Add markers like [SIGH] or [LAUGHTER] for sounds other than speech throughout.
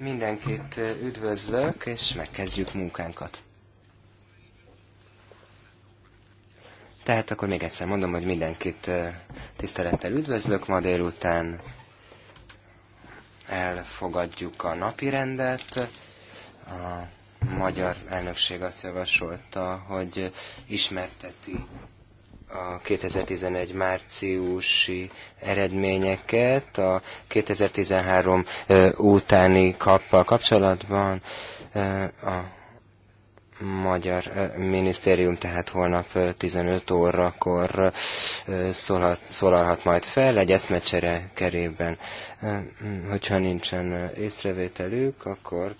Mindenkit üdvözlök, és megkezdjük munkánkat. Tehát akkor még egyszer mondom, hogy mindenkit tisztelettel üdvözlök ma délután. Elfogadjuk a napi rendet. A magyar elnökség azt javasolta, hogy ismerteti a 2011 márciusi eredményeket a 2013 utáni kappal kapcsolatban a magyar minisztérium tehát holnap 15 órakor szólhat, szólalhat majd fel egy eszmecsere kerében. Hogyha nincsen észrevételük, akkor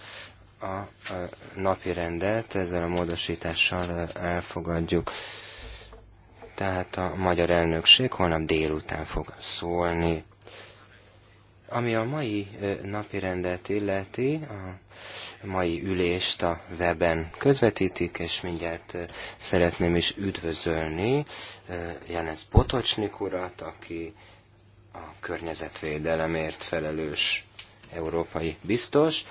a napi rendet ezzel a módosítással elfogadjuk tehát a magyar elnökség holnap délután fog szólni. Ami a mai rendet illeti, a mai ülést a weben közvetítik, és mindjárt szeretném is üdvözölni Janez Potocsnik urat, aki a környezetvédelemért felelős európai biztos.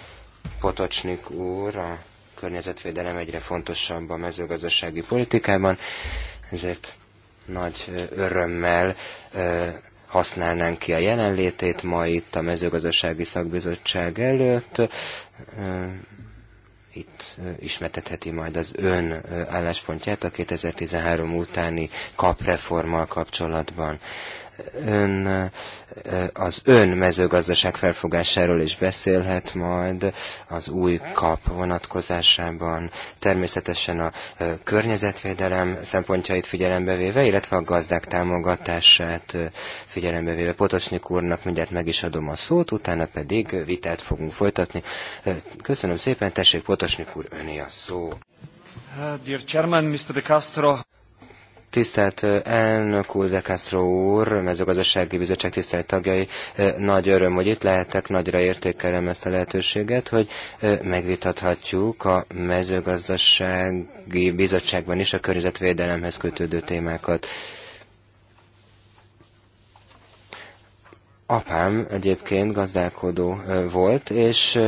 Potocsnik úr a környezetvédelem egyre fontosabb a mezőgazdasági politikában, ezért nagy örömmel használnánk ki a jelenlétét ma itt a mezőgazdasági szakbizottság előtt. Itt ismertetheti majd az ön álláspontját a 2013 utáni kapreformmal kapcsolatban ön eh, az ön mezőgazdaság felfogásáról is beszélhet majd az új kap vonatkozásában, természetesen a eh, környezetvédelem szempontjait figyelembe véve, illetve a gazdák támogatását eh, figyelembe véve. Potosnyik úrnak mindjárt meg is adom a szót, utána pedig vitát fogunk folytatni. Köszönöm szépen, tessék Potosnyik úr, öné a szó. Dear Chairman, Mr. De Castro. Tisztelt elnök úr, de Castro úr, mezőgazdasági bizottság tisztelt tagjai, nagy öröm, hogy itt lehetek, nagyra értékelem ezt a lehetőséget, hogy megvitathatjuk a mezőgazdasági bizottságban is a környezetvédelemhez kötődő témákat. Apám egyébként gazdálkodó volt, és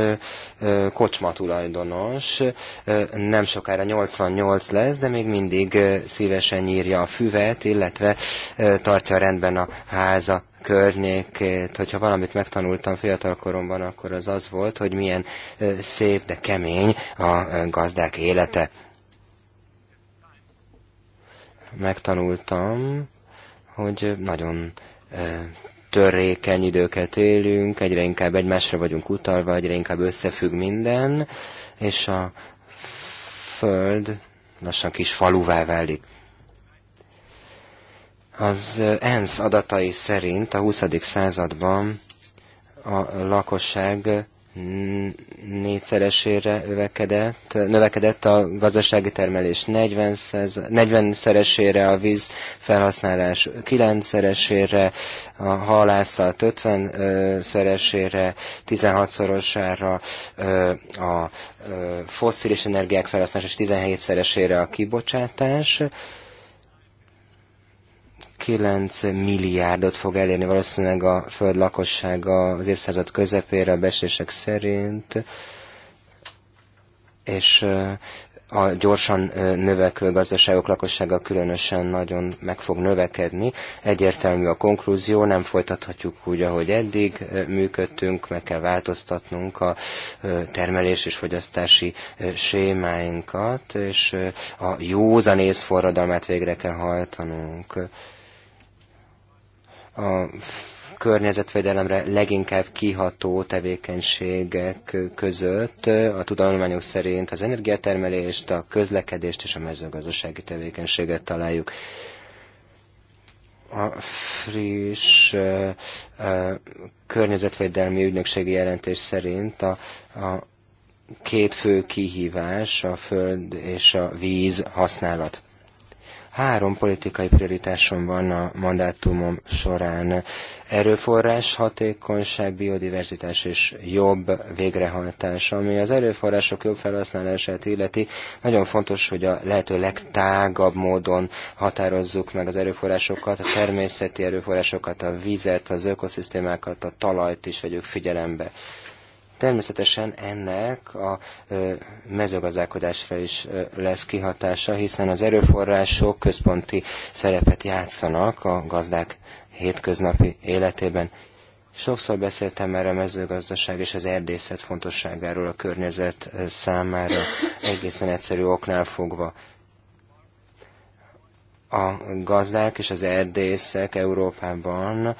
kocsma tulajdonos. Nem sokára 88 lesz, de még mindig szívesen nyírja a füvet, illetve tartja rendben a háza környékét. Hogyha valamit megtanultam fiatalkoromban, akkor az az volt, hogy milyen szép, de kemény a gazdák élete. Megtanultam, hogy nagyon törékeny időket élünk, egyre inkább egymásra vagyunk utalva, egyre inkább összefügg minden, és a föld lassan kis faluvá válik. Az ENSZ adatai szerint a 20. században a lakosság négyszeresére övekedett, növekedett a gazdasági termelés 40, 40 szeresére, a víz felhasználás 9 szeresére, a halászat 50 szeresére, 16 szorosára, a fosszilis energiák és 17 szeresére a kibocsátás, 9 milliárdot fog elérni valószínűleg a föld lakossága az évszázad közepére a besések szerint, és a gyorsan növekvő gazdaságok lakossága különösen nagyon meg fog növekedni. Egyértelmű a konklúzió, nem folytathatjuk úgy, ahogy eddig működtünk, meg kell változtatnunk a termelés és fogyasztási sémáinkat, és a józanész forradalmát végre kell hajtanunk a környezetvédelemre leginkább kiható tevékenységek között a tudományok szerint az energiatermelést, a közlekedést és a mezőgazdasági tevékenységet találjuk. A friss környezetvédelmi ügynökségi jelentés szerint a, a két fő kihívás a föld és a víz használat Három politikai prioritásom van a mandátumom során. Erőforrás, hatékonyság, biodiverzitás és jobb végrehajtás. Ami az erőforrások jobb felhasználását illeti, nagyon fontos, hogy a lehető legtágabb módon határozzuk meg az erőforrásokat, a természeti erőforrásokat, a vizet, az ökoszisztémákat, a talajt is vegyük figyelembe. Természetesen ennek a mezőgazdálkodásra is lesz kihatása, hiszen az erőforrások központi szerepet játszanak a gazdák hétköznapi életében. Sokszor beszéltem már a mezőgazdaság és az erdészet fontosságáról a környezet számára, egészen egyszerű oknál fogva a gazdák és az erdészek Európában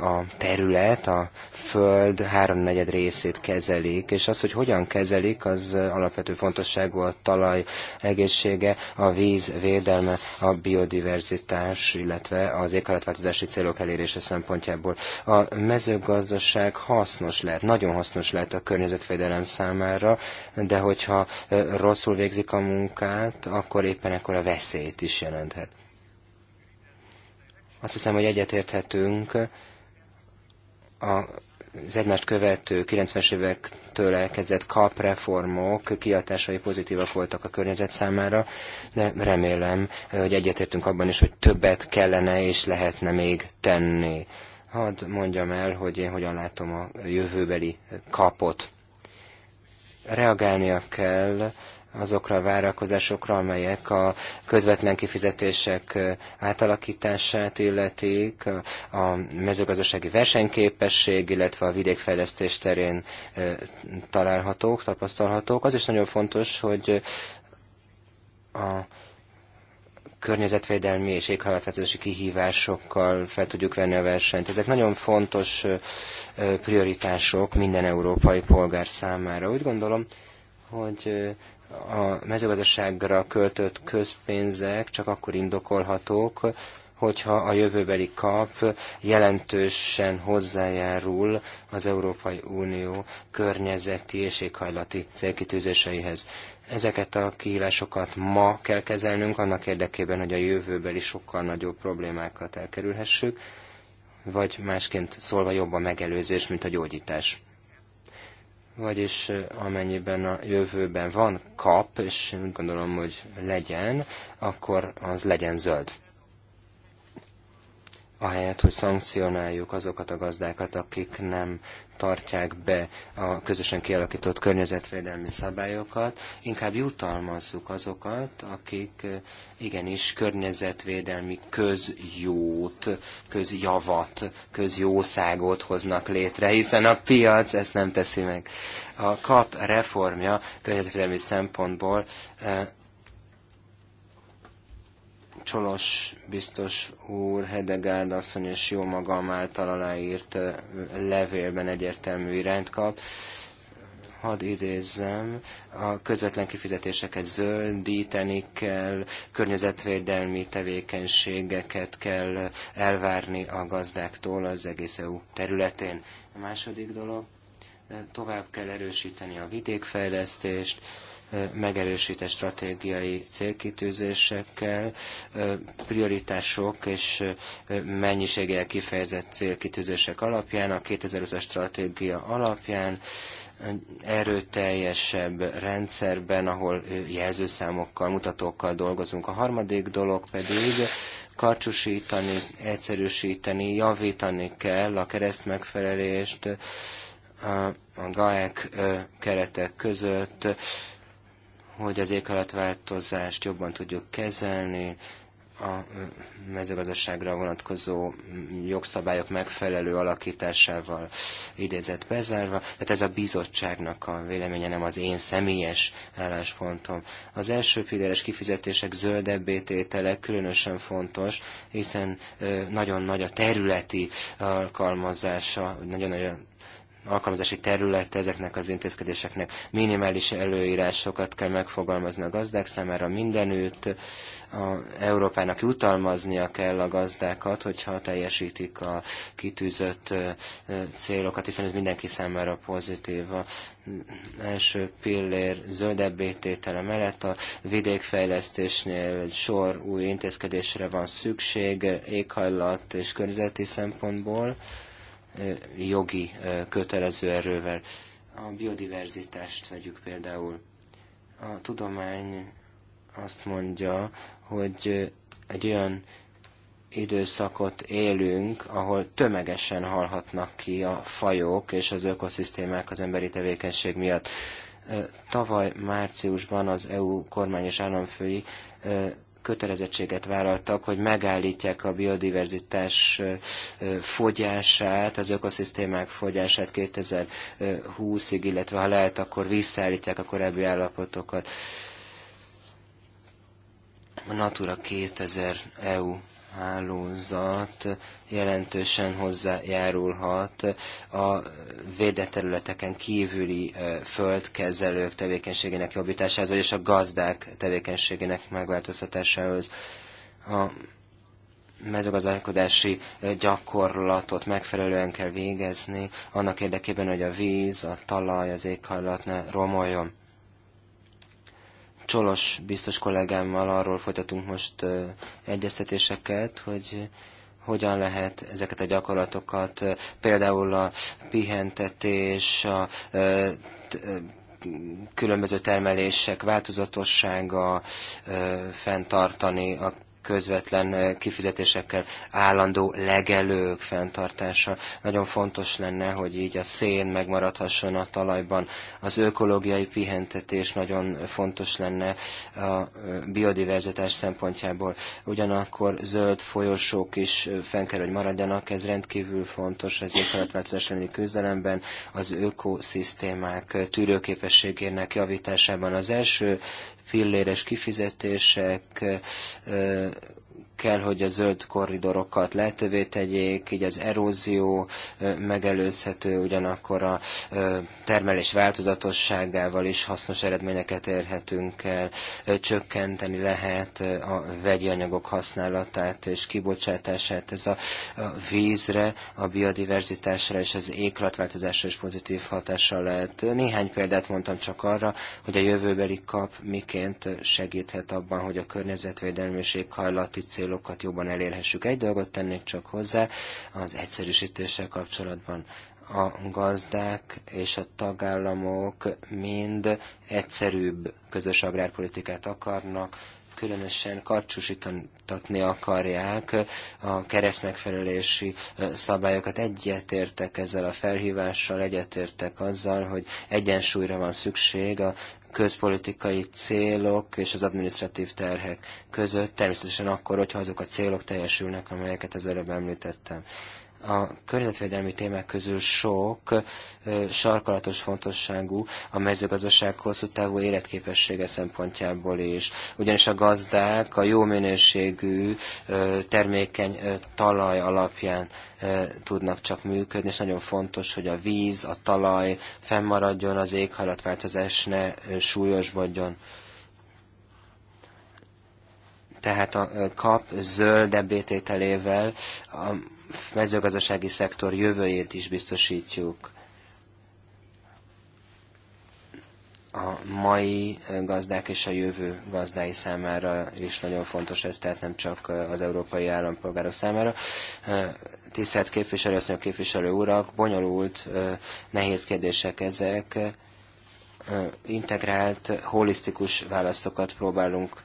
a terület, a föld háromnegyed részét kezelik, és az, hogy hogyan kezelik, az alapvető fontosságú a talaj egészsége, a víz védelme, a biodiverzitás, illetve az éghajlatváltozási célok elérése szempontjából. A mezőgazdaság hasznos lehet, nagyon hasznos lehet a környezetvédelem számára, de hogyha rosszul végzik a munkát, akkor éppen ekkor a veszélyt is jelenthet. Azt hiszem, hogy egyetérthetünk az egymást követő 90-es évektől elkezdett kapreformok kiadásai pozitívak voltak a környezet számára, de remélem, hogy egyetértünk abban is, hogy többet kellene és lehetne még tenni. Hadd mondjam el, hogy én hogyan látom a jövőbeli kapot. Reagálnia kell azokra a várakozásokra, amelyek a közvetlen kifizetések átalakítását illetik, a mezőgazdasági versenyképesség, illetve a vidékfejlesztés terén találhatók, tapasztalhatók. Az is nagyon fontos, hogy a környezetvédelmi és éghajlatváltozási kihívásokkal fel tudjuk venni a versenyt. Ezek nagyon fontos prioritások minden európai polgár számára. Úgy gondolom, hogy a mezőgazdaságra költött közpénzek csak akkor indokolhatók, hogyha a jövőbeli kap jelentősen hozzájárul az Európai Unió környezeti és éghajlati célkitűzéseihez. Ezeket a kihívásokat ma kell kezelnünk annak érdekében, hogy a jövőbeli sokkal nagyobb problémákat elkerülhessük, vagy másként szólva jobb a megelőzés, mint a gyógyítás vagyis amennyiben a jövőben van kap, és úgy gondolom, hogy legyen, akkor az legyen zöld. Ahelyett, hogy szankcionáljuk azokat a gazdákat, akik nem tartják be a közösen kialakított környezetvédelmi szabályokat, inkább jutalmazzuk azokat, akik igenis környezetvédelmi közjót, közjavat, közjószágot hoznak létre, hiszen a piac ezt nem teszi meg. A kap reformja környezetvédelmi szempontból Csolos biztos úr, Hedegárd asszony és jó magam által aláírt levélben egyértelmű irányt kap. Hadd idézzem, a közvetlen kifizetéseket zöldíteni kell, környezetvédelmi tevékenységeket kell elvárni a gazdáktól az egész EU területén. A második dolog, tovább kell erősíteni a vidékfejlesztést, megerősített stratégiai célkitűzésekkel, prioritások és mennyiséggel kifejezett célkitűzések alapján, a 2020-as stratégia alapján, erőteljesebb rendszerben, ahol jelzőszámokkal, mutatókkal dolgozunk. A harmadik dolog pedig karcsúsítani, egyszerűsíteni, javítani kell a keresztmegfelelést a GAEK keretek között hogy az éghajlatváltozást jobban tudjuk kezelni, a mezőgazdaságra vonatkozó jogszabályok megfelelő alakításával idézett bezárva. Tehát ez a bizottságnak a véleménye, nem az én személyes álláspontom. Az első pilléres kifizetések zöldebbé tétele különösen fontos, hiszen nagyon nagy a területi alkalmazása, nagyon nagy a alkalmazási területe ezeknek az intézkedéseknek. Minimális előírásokat kell megfogalmazni a gazdák számára mindenütt, a Európának jutalmaznia kell a gazdákat, hogyha teljesítik a kitűzött célokat, hiszen ez mindenki számára pozitív. A első pillér zöldebb tétele mellett a vidékfejlesztésnél egy sor új intézkedésre van szükség, éghajlat és környezeti szempontból jogi kötelező erővel. A biodiverzitást vegyük például. A tudomány azt mondja, hogy egy olyan időszakot élünk, ahol tömegesen halhatnak ki a fajok és az ökoszisztémák az emberi tevékenység miatt. Tavaly márciusban az EU kormány és államfői kötelezettséget vállaltak, hogy megállítják a biodiverzitás fogyását, az ökoszisztémák fogyását 2020-ig, illetve ha lehet, akkor visszaállítják a korábbi állapotokat. A Natura 2000 EU hálózat jelentősen hozzájárulhat a védett területeken kívüli földkezelők tevékenységének jobbításához, vagyis a gazdák tevékenységének megváltoztatásához. A mezőgazdálkodási gyakorlatot megfelelően kell végezni, annak érdekében, hogy a víz, a talaj, az éghajlat ne romoljon. Csolos biztos kollégámmal arról folytatunk most egyeztetéseket, hogy hogyan lehet ezeket a gyakorlatokat, például a pihentetés, a különböző termelések változatossága fenntartani a közvetlen kifizetésekkel, állandó legelők fenntartása. Nagyon fontos lenne, hogy így a szén megmaradhasson a talajban. Az ökológiai pihentetés nagyon fontos lenne a biodiverzitás szempontjából. Ugyanakkor zöld folyosók is fenn kell, hogy maradjanak, ez rendkívül fontos az éghajlatváltozás elleni küzdelemben, az ökoszisztémák tűrőképességének javításában. Az első filléres kifizetések, kell, hogy a zöld korridorokat lehetővé tegyék, így az erózió megelőzhető, ugyanakkor a termelés változatosságával is hasznos eredményeket érhetünk el, csökkenteni lehet a vegyi anyagok használatát és kibocsátását. Ez a vízre, a biodiverzitásra és az éklatváltozásra is pozitív hatással lehet. Néhány példát mondtam csak arra, hogy a jövőbeli kap miként segíthet abban, hogy a környezetvédelmi és éghajlati célok célokat jobban elérhessük. Egy dolgot tennék csak hozzá, az egyszerűsítéssel kapcsolatban a gazdák és a tagállamok mind egyszerűbb közös agrárpolitikát akarnak, különösen karcsúsítani akarják a keresztmegfelelési szabályokat. Egyetértek ezzel a felhívással, egyetértek azzal, hogy egyensúlyra van szükség a közpolitikai célok és az administratív terhek között, természetesen akkor, hogyha azok a célok teljesülnek, amelyeket az előbb említettem. A környezetvédelmi témák közül sok sarkalatos fontosságú a mezőgazdaság hosszú távú életképessége szempontjából is. Ugyanis a gazdák a jó minőségű, termékeny talaj alapján tudnak csak működni, és nagyon fontos, hogy a víz, a talaj fennmaradjon, az éghajlatváltozás ne súlyosbodjon tehát a kap zöld ebétételével mezőgazdasági szektor jövőjét is biztosítjuk. a mai gazdák és a jövő gazdái számára is nagyon fontos ez, tehát nem csak az európai állampolgárok számára. Tisztelt képviselő, asszonyok képviselő urak, bonyolult, nehéz kérdések ezek. Integrált, holisztikus válaszokat próbálunk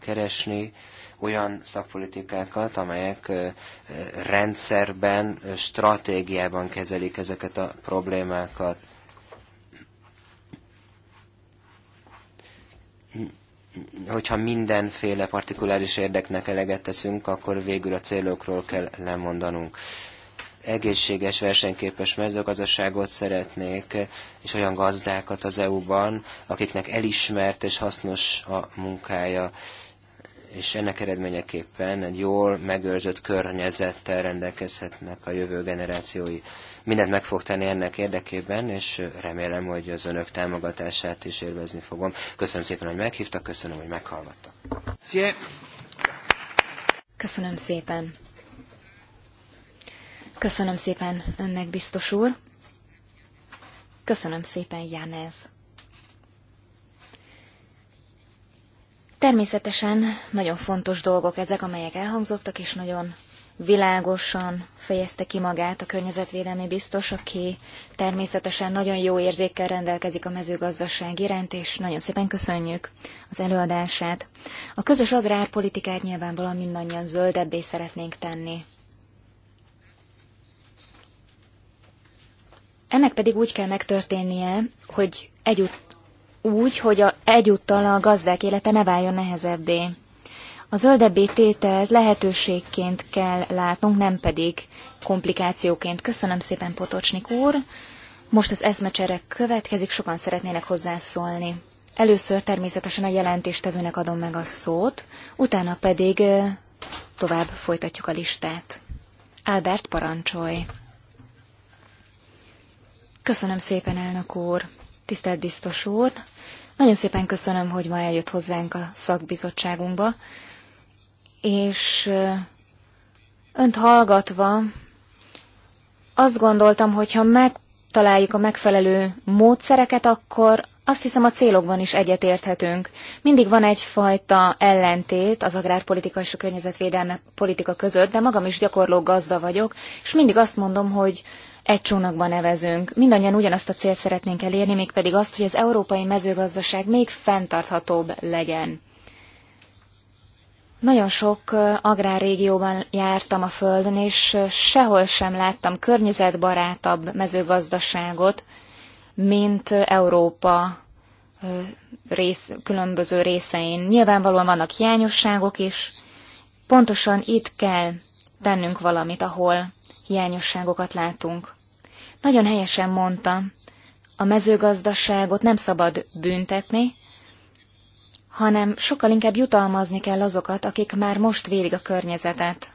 keresni olyan szakpolitikákat, amelyek rendszerben, stratégiában kezelik ezeket a problémákat. hogyha mindenféle partikuláris érdeknek eleget teszünk, akkor végül a célokról kell lemondanunk. Egészséges, versenyképes mezőgazdaságot szeretnék, és olyan gazdákat az EU-ban, akiknek elismert és hasznos a munkája és ennek eredményeképpen egy jól megőrzött környezettel rendelkezhetnek a jövő generációi. Mindent meg fog tenni ennek érdekében, és remélem, hogy az önök támogatását is élvezni fogom. Köszönöm szépen, hogy meghívtak, köszönöm, hogy meghallgattak. Szia! Köszönöm szépen. Köszönöm szépen önnek, biztos úr. Köszönöm szépen, Jánez Természetesen nagyon fontos dolgok ezek, amelyek elhangzottak, és nagyon világosan fejezte ki magát a környezetvédelmi biztos, aki természetesen nagyon jó érzékkel rendelkezik a mezőgazdaság iránt, és nagyon szépen köszönjük az előadását. A közös agrárpolitikát nyilvánvalóan mindannyian zöldebbé szeretnénk tenni. Ennek pedig úgy kell megtörténnie, hogy együtt, úgy, hogy a, egyúttal a gazdák élete ne váljon nehezebbé. A zöldebbé tételt lehetőségként kell látnunk, nem pedig komplikációként. Köszönöm szépen, Potocsnik úr! Most az eszmecserek következik, sokan szeretnének hozzászólni. Először természetesen a jelentéstevőnek adom meg a szót, utána pedig tovább folytatjuk a listát. Albert, parancsolj! Köszönöm szépen, elnök úr! Tisztelt biztos úr, nagyon szépen köszönöm, hogy ma eljött hozzánk a szakbizottságunkba, és önt hallgatva azt gondoltam, hogy ha megtaláljuk a megfelelő módszereket, akkor azt hiszem a célokban is egyetérthetünk. Mindig van egyfajta ellentét az agrárpolitika és a környezetvédelme politika között, de magam is gyakorló gazda vagyok, és mindig azt mondom, hogy egy csónakban nevezünk. Mindannyian ugyanazt a célt szeretnénk elérni, mégpedig azt, hogy az európai mezőgazdaság még fenntarthatóbb legyen. Nagyon sok agrárrégióban jártam a Földön, és sehol sem láttam környezetbarátabb mezőgazdaságot, mint Európa rész, különböző részein. Nyilvánvalóan vannak hiányosságok is, pontosan itt kell tennünk valamit, ahol hiányosságokat látunk. Nagyon helyesen mondta, a mezőgazdaságot nem szabad büntetni, hanem sokkal inkább jutalmazni kell azokat, akik már most vérik a környezetet.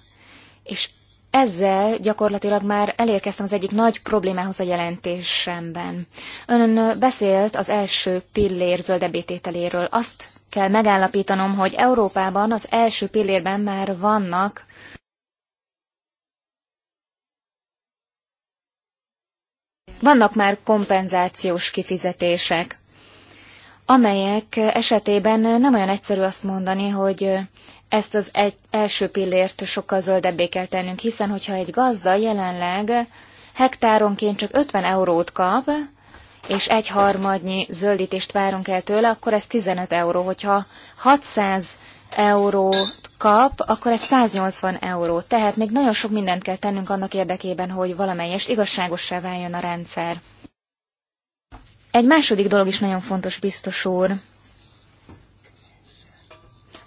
És ezzel gyakorlatilag már elérkeztem az egyik nagy problémához a jelentésemben. Ön beszélt az első pillér zöldebétételéről. Azt kell megállapítanom, hogy Európában az első pillérben már vannak vannak már kompenzációs kifizetések, amelyek esetében nem olyan egyszerű azt mondani, hogy ezt az egy, első pillért sokkal zöldebbé kell tennünk, hiszen hogyha egy gazda jelenleg hektáronként csak 50 eurót kap, és egy harmadnyi zöldítést várunk el tőle, akkor ez 15 euró. Hogyha 600 eurót kap, akkor ez 180 euró. Tehát még nagyon sok mindent kell tennünk annak érdekében, hogy valamelyes igazságossá váljon a rendszer. Egy második dolog is nagyon fontos, biztos úr.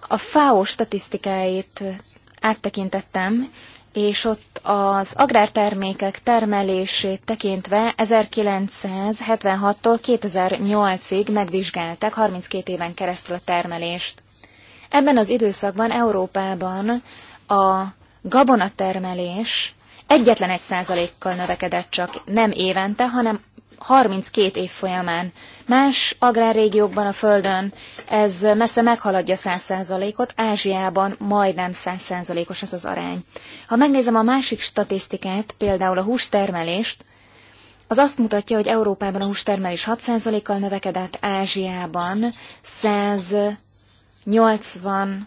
A FAO statisztikáit áttekintettem, és ott az agrártermékek termelését tekintve 1976-tól 2008-ig megvizsgálták 32 éven keresztül a termelést. Ebben az időszakban Európában a gabonatermelés egyetlen egy százalékkal növekedett csak nem évente, hanem 32 év folyamán. Más agrárrégiókban a Földön ez messze meghaladja 100%-ot, Ázsiában majdnem 100%-os ez az arány. Ha megnézem a másik statisztikát, például a hústermelést, az azt mutatja, hogy Európában a hústermelés 6%-kal növekedett, Ázsiában 100 80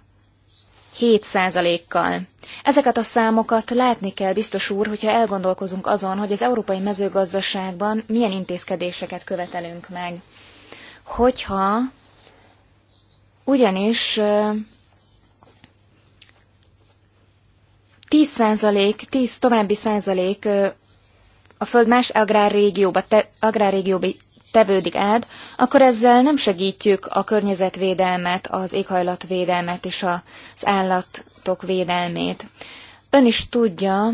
7%-kal. Ezeket a számokat látni kell, biztos úr, hogyha elgondolkozunk azon, hogy az európai mezőgazdaságban milyen intézkedéseket követelünk meg. Hogyha ugyanis 10 százalék, 10 további százalék a föld más agrárrégióba, te, agrárrégióba tevődik át, akkor ezzel nem segítjük a környezetvédelmet, az éghajlatvédelmet és az állatok védelmét. Ön is tudja,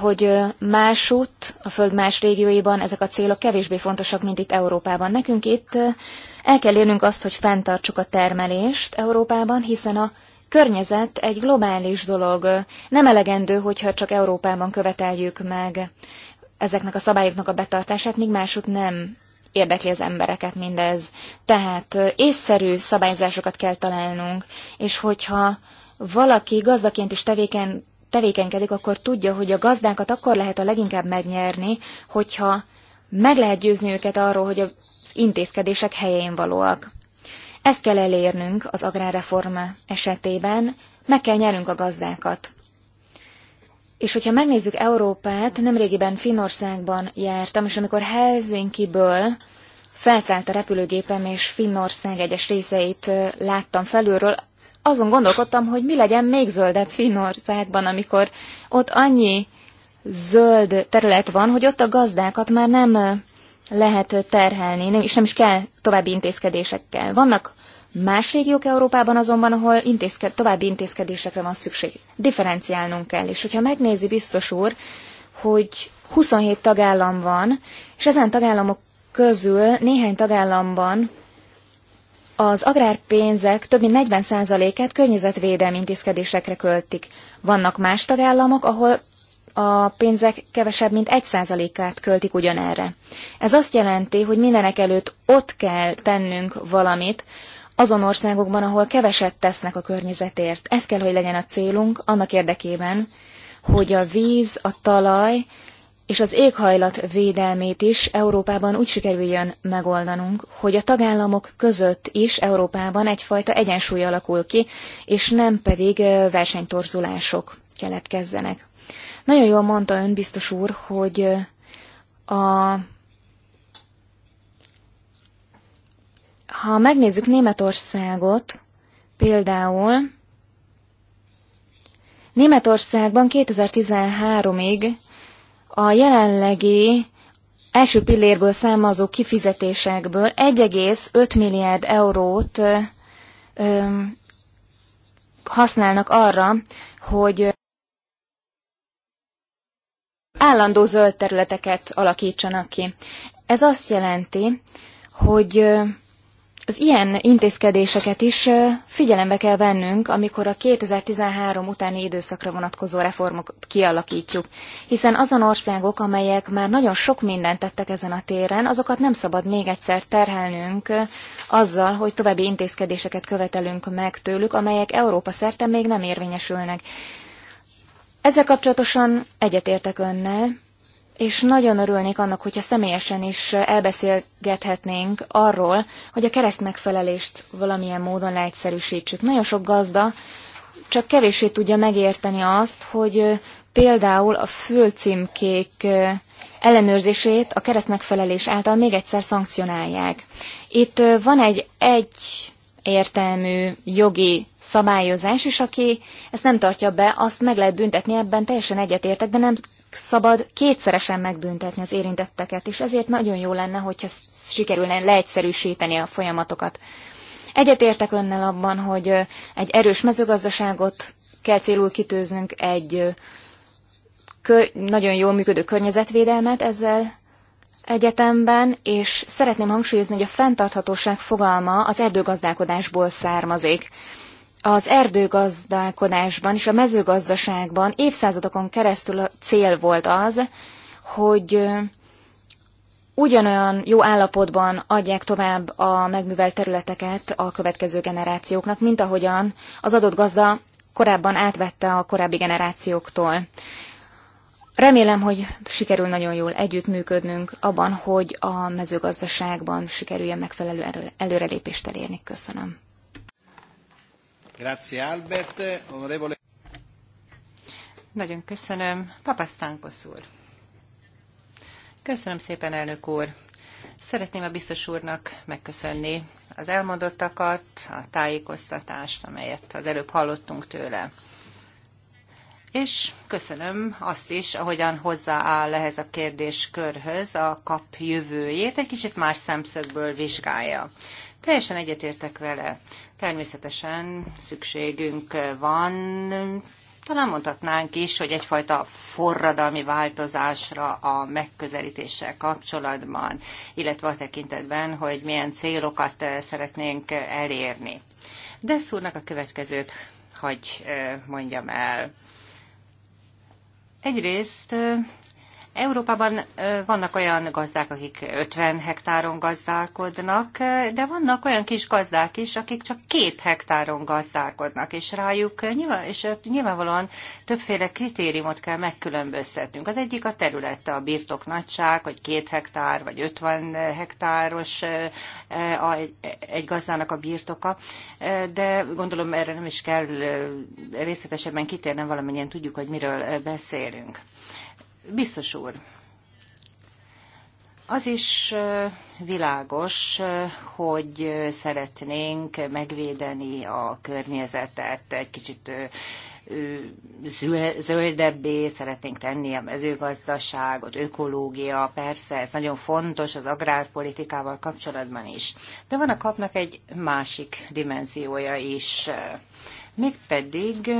hogy másút, a Föld más régióiban ezek a célok kevésbé fontosak, mint itt Európában. Nekünk itt el kell érnünk azt, hogy fenntartsuk a termelést Európában, hiszen a környezet egy globális dolog. Nem elegendő, hogyha csak Európában követeljük meg ezeknek a szabályoknak a betartását, míg másút nem érdekli az embereket mindez. Tehát észszerű szabályzásokat kell találnunk, és hogyha valaki gazdaként is tevéken, tevékenykedik, akkor tudja, hogy a gazdákat akkor lehet a leginkább megnyerni, hogyha meg lehet győzni őket arról, hogy az intézkedések helyén valóak. Ezt kell elérnünk az agrárreforma esetében, meg kell nyerünk a gazdákat. És hogyha megnézzük Európát, nemrégiben Finnországban jártam, és amikor Helsinkiből felszállt a repülőgépem, és Finnország egyes részeit láttam felülről, azon gondolkodtam, hogy mi legyen még zöldebb Finnországban, amikor ott annyi zöld terület van, hogy ott a gazdákat már nem lehet terhelni, nem, és nem is kell további intézkedésekkel. Vannak Más régiók Európában azonban, ahol intézked, további intézkedésekre van szükség. Differenciálnunk kell, és hogyha megnézi biztos úr, hogy 27 tagállam van, és ezen tagállamok közül néhány tagállamban az agrárpénzek több mint 40%-át környezetvédelmi intézkedésekre költik. Vannak más tagállamok, ahol a pénzek kevesebb, mint 1%-át költik ugyanerre. Ez azt jelenti, hogy mindenek előtt ott kell tennünk valamit, azon országokban, ahol keveset tesznek a környezetért. Ez kell, hogy legyen a célunk annak érdekében, hogy a víz, a talaj és az éghajlat védelmét is Európában úgy sikerüljön megoldanunk, hogy a tagállamok között is Európában egyfajta egyensúly alakul ki, és nem pedig versenytorzulások keletkezzenek. Nagyon jól mondta ön, biztos úr, hogy a Ha megnézzük Németországot, például Németországban 2013-ig a jelenlegi első pillérből származó kifizetésekből 1,5 milliárd eurót ö, ö, használnak arra, hogy állandó zöld területeket alakítsanak ki. Ez azt jelenti, hogy az ilyen intézkedéseket is figyelembe kell vennünk, amikor a 2013 utáni időszakra vonatkozó reformokat kialakítjuk, hiszen azon országok, amelyek már nagyon sok mindent tettek ezen a téren, azokat nem szabad még egyszer terhelnünk azzal, hogy további intézkedéseket követelünk meg tőlük, amelyek Európa szerte még nem érvényesülnek. Ezzel kapcsolatosan egyetértek önnel, és nagyon örülnék annak, hogyha személyesen is elbeszélgethetnénk arról, hogy a kereszt megfelelést valamilyen módon leegyszerűsítsük. Nagyon sok gazda csak kevéssé tudja megérteni azt, hogy például a fülcímkék ellenőrzését a kereszt megfelelés által még egyszer szankcionálják. Itt van egy egy értelmű jogi szabályozás, és aki ezt nem tartja be, azt meg lehet büntetni, ebben teljesen egyetértek, de nem szabad kétszeresen megbüntetni az érintetteket, és ezért nagyon jó lenne, hogyha sikerülne leegyszerűsíteni a folyamatokat. Egyetértek önnel abban, hogy egy erős mezőgazdaságot kell célul kitűznünk, egy nagyon jól működő környezetvédelmet ezzel egyetemben, és szeretném hangsúlyozni, hogy a fenntarthatóság fogalma az erdőgazdálkodásból származik az erdőgazdálkodásban és a mezőgazdaságban évszázadokon keresztül a cél volt az, hogy ugyanolyan jó állapotban adják tovább a megművelt területeket a következő generációknak, mint ahogyan az adott gazda korábban átvette a korábbi generációktól. Remélem, hogy sikerül nagyon jól együttműködnünk abban, hogy a mezőgazdaságban sikerüljön megfelelő előrelépést elérni. Köszönöm. Grazie Albert. Onorevole... Nagyon köszönöm. Papasztánkosz úr. Köszönöm szépen, elnök úr. Szeretném a biztos úrnak megköszönni az elmondottakat, a tájékoztatást, amelyet az előbb hallottunk tőle. És köszönöm azt is, ahogyan hozzááll ehhez a kérdéskörhöz, a kap jövőjét egy kicsit más szemszögből vizsgálja. Teljesen egyetértek vele. Természetesen szükségünk van, talán mondhatnánk is, hogy egyfajta forradalmi változásra a megközelítéssel kapcsolatban, illetve a tekintetben, hogy milyen célokat eh, szeretnénk elérni. De szúrnak a következőt, hogy eh, mondjam el. Egyrészt eh, Európában vannak olyan gazdák, akik 50 hektáron gazdálkodnak, de vannak olyan kis gazdák is, akik csak két hektáron gazdálkodnak, és rájuk nyilván, és nyilvánvalóan többféle kritériumot kell megkülönböztetnünk. Az egyik a terület, a birtok nagyság, hogy két hektár vagy 50 hektáros egy gazdának a birtoka, de gondolom erre nem is kell részletesebben kitérnem, valamennyien tudjuk, hogy miről beszélünk. Biztos úr, az is világos, hogy szeretnénk megvédeni a környezetet, egy kicsit zöldebbé szeretnénk tenni a mezőgazdaságot, ökológia, persze, ez nagyon fontos az agrárpolitikával kapcsolatban is. De van a kapnak egy másik dimenziója is mégpedig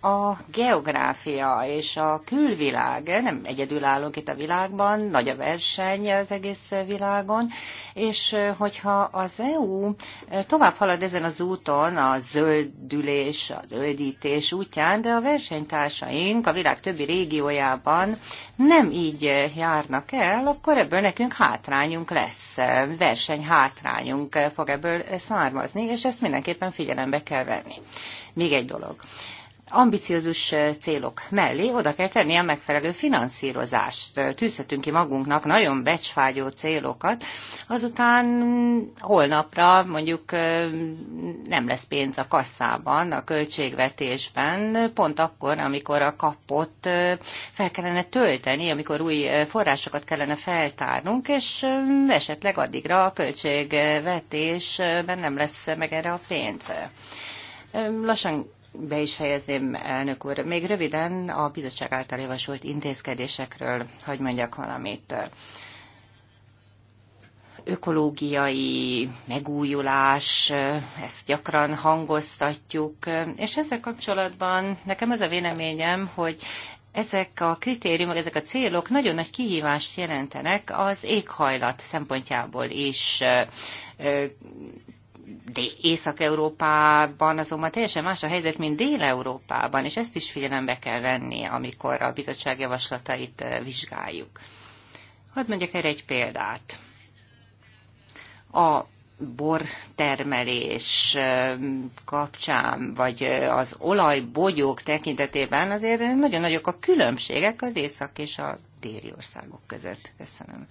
a geográfia és a külvilág, nem állunk itt a világban, nagy a verseny az egész világon, és hogyha az EU tovább halad ezen az úton, a zöldülés, a zöldítés útján, de a versenytársaink a világ többi régiójában nem így járnak el, akkor ebből nekünk hátrányunk lesz, verseny hátrányunk fog ebből származni, és ezt mindenképpen figyelembe kell venni. Még egy dolog. Ambiciózus eh, célok mellé oda kell tenni a megfelelő finanszírozást. Eh, tűzhetünk ki magunknak nagyon becsfágyó célokat, azután holnapra mondjuk eh, nem lesz pénz a kasszában, a költségvetésben, pont akkor, amikor a kapott fel kellene tölteni, amikor új forrásokat kellene feltárnunk, és esetleg addigra a költségvetésben nem lesz meg erre a pénz. Lassan be is fejezném, elnök úr. Még röviden a bizottság által javasolt intézkedésekről, hogy mondjak valamit ökológiai megújulás, ezt gyakran hangoztatjuk, és ezzel kapcsolatban nekem az a véleményem, hogy ezek a kritériumok, ezek a célok nagyon nagy kihívást jelentenek az éghajlat szempontjából is de Észak-Európában azonban teljesen más a helyzet, mint Dél-Európában, és ezt is figyelembe kell venni, amikor a bizottság javaslatait eh, vizsgáljuk. Hadd mondjak erre egy példát. A bortermelés eh, kapcsán, vagy eh, az olajbogyók tekintetében azért nagyon nagyok a különbségek az észak és a déli országok között. Köszönöm.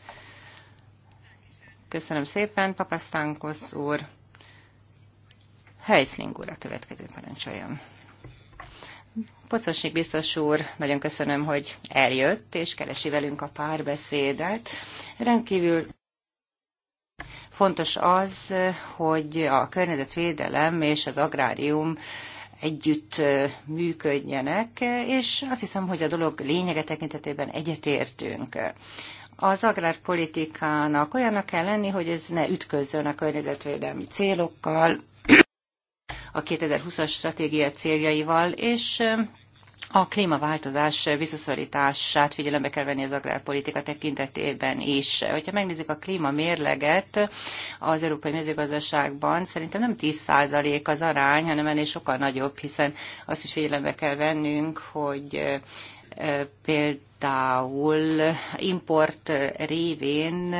Köszönöm szépen, Papasztánkosz úr. Helyszling úr a következő parancsoljon. Pocosnik biztos úr, nagyon köszönöm, hogy eljött, és keresi velünk a párbeszédet. Rendkívül fontos az, hogy a környezetvédelem és az agrárium együtt működjenek, és azt hiszem, hogy a dolog lényege tekintetében egyetértünk. Az agrárpolitikának olyannak kell lenni, hogy ez ne ütközzön a környezetvédelmi célokkal, a 2020-as stratégia céljaival, és a klímaváltozás visszaszorítását figyelembe kell venni az agrárpolitika tekintetében is. Hogyha megnézzük a klímamérleget az európai mezőgazdaságban, szerintem nem 10% az arány, hanem ennél sokkal nagyobb, hiszen azt is figyelembe kell vennünk, hogy például például import révén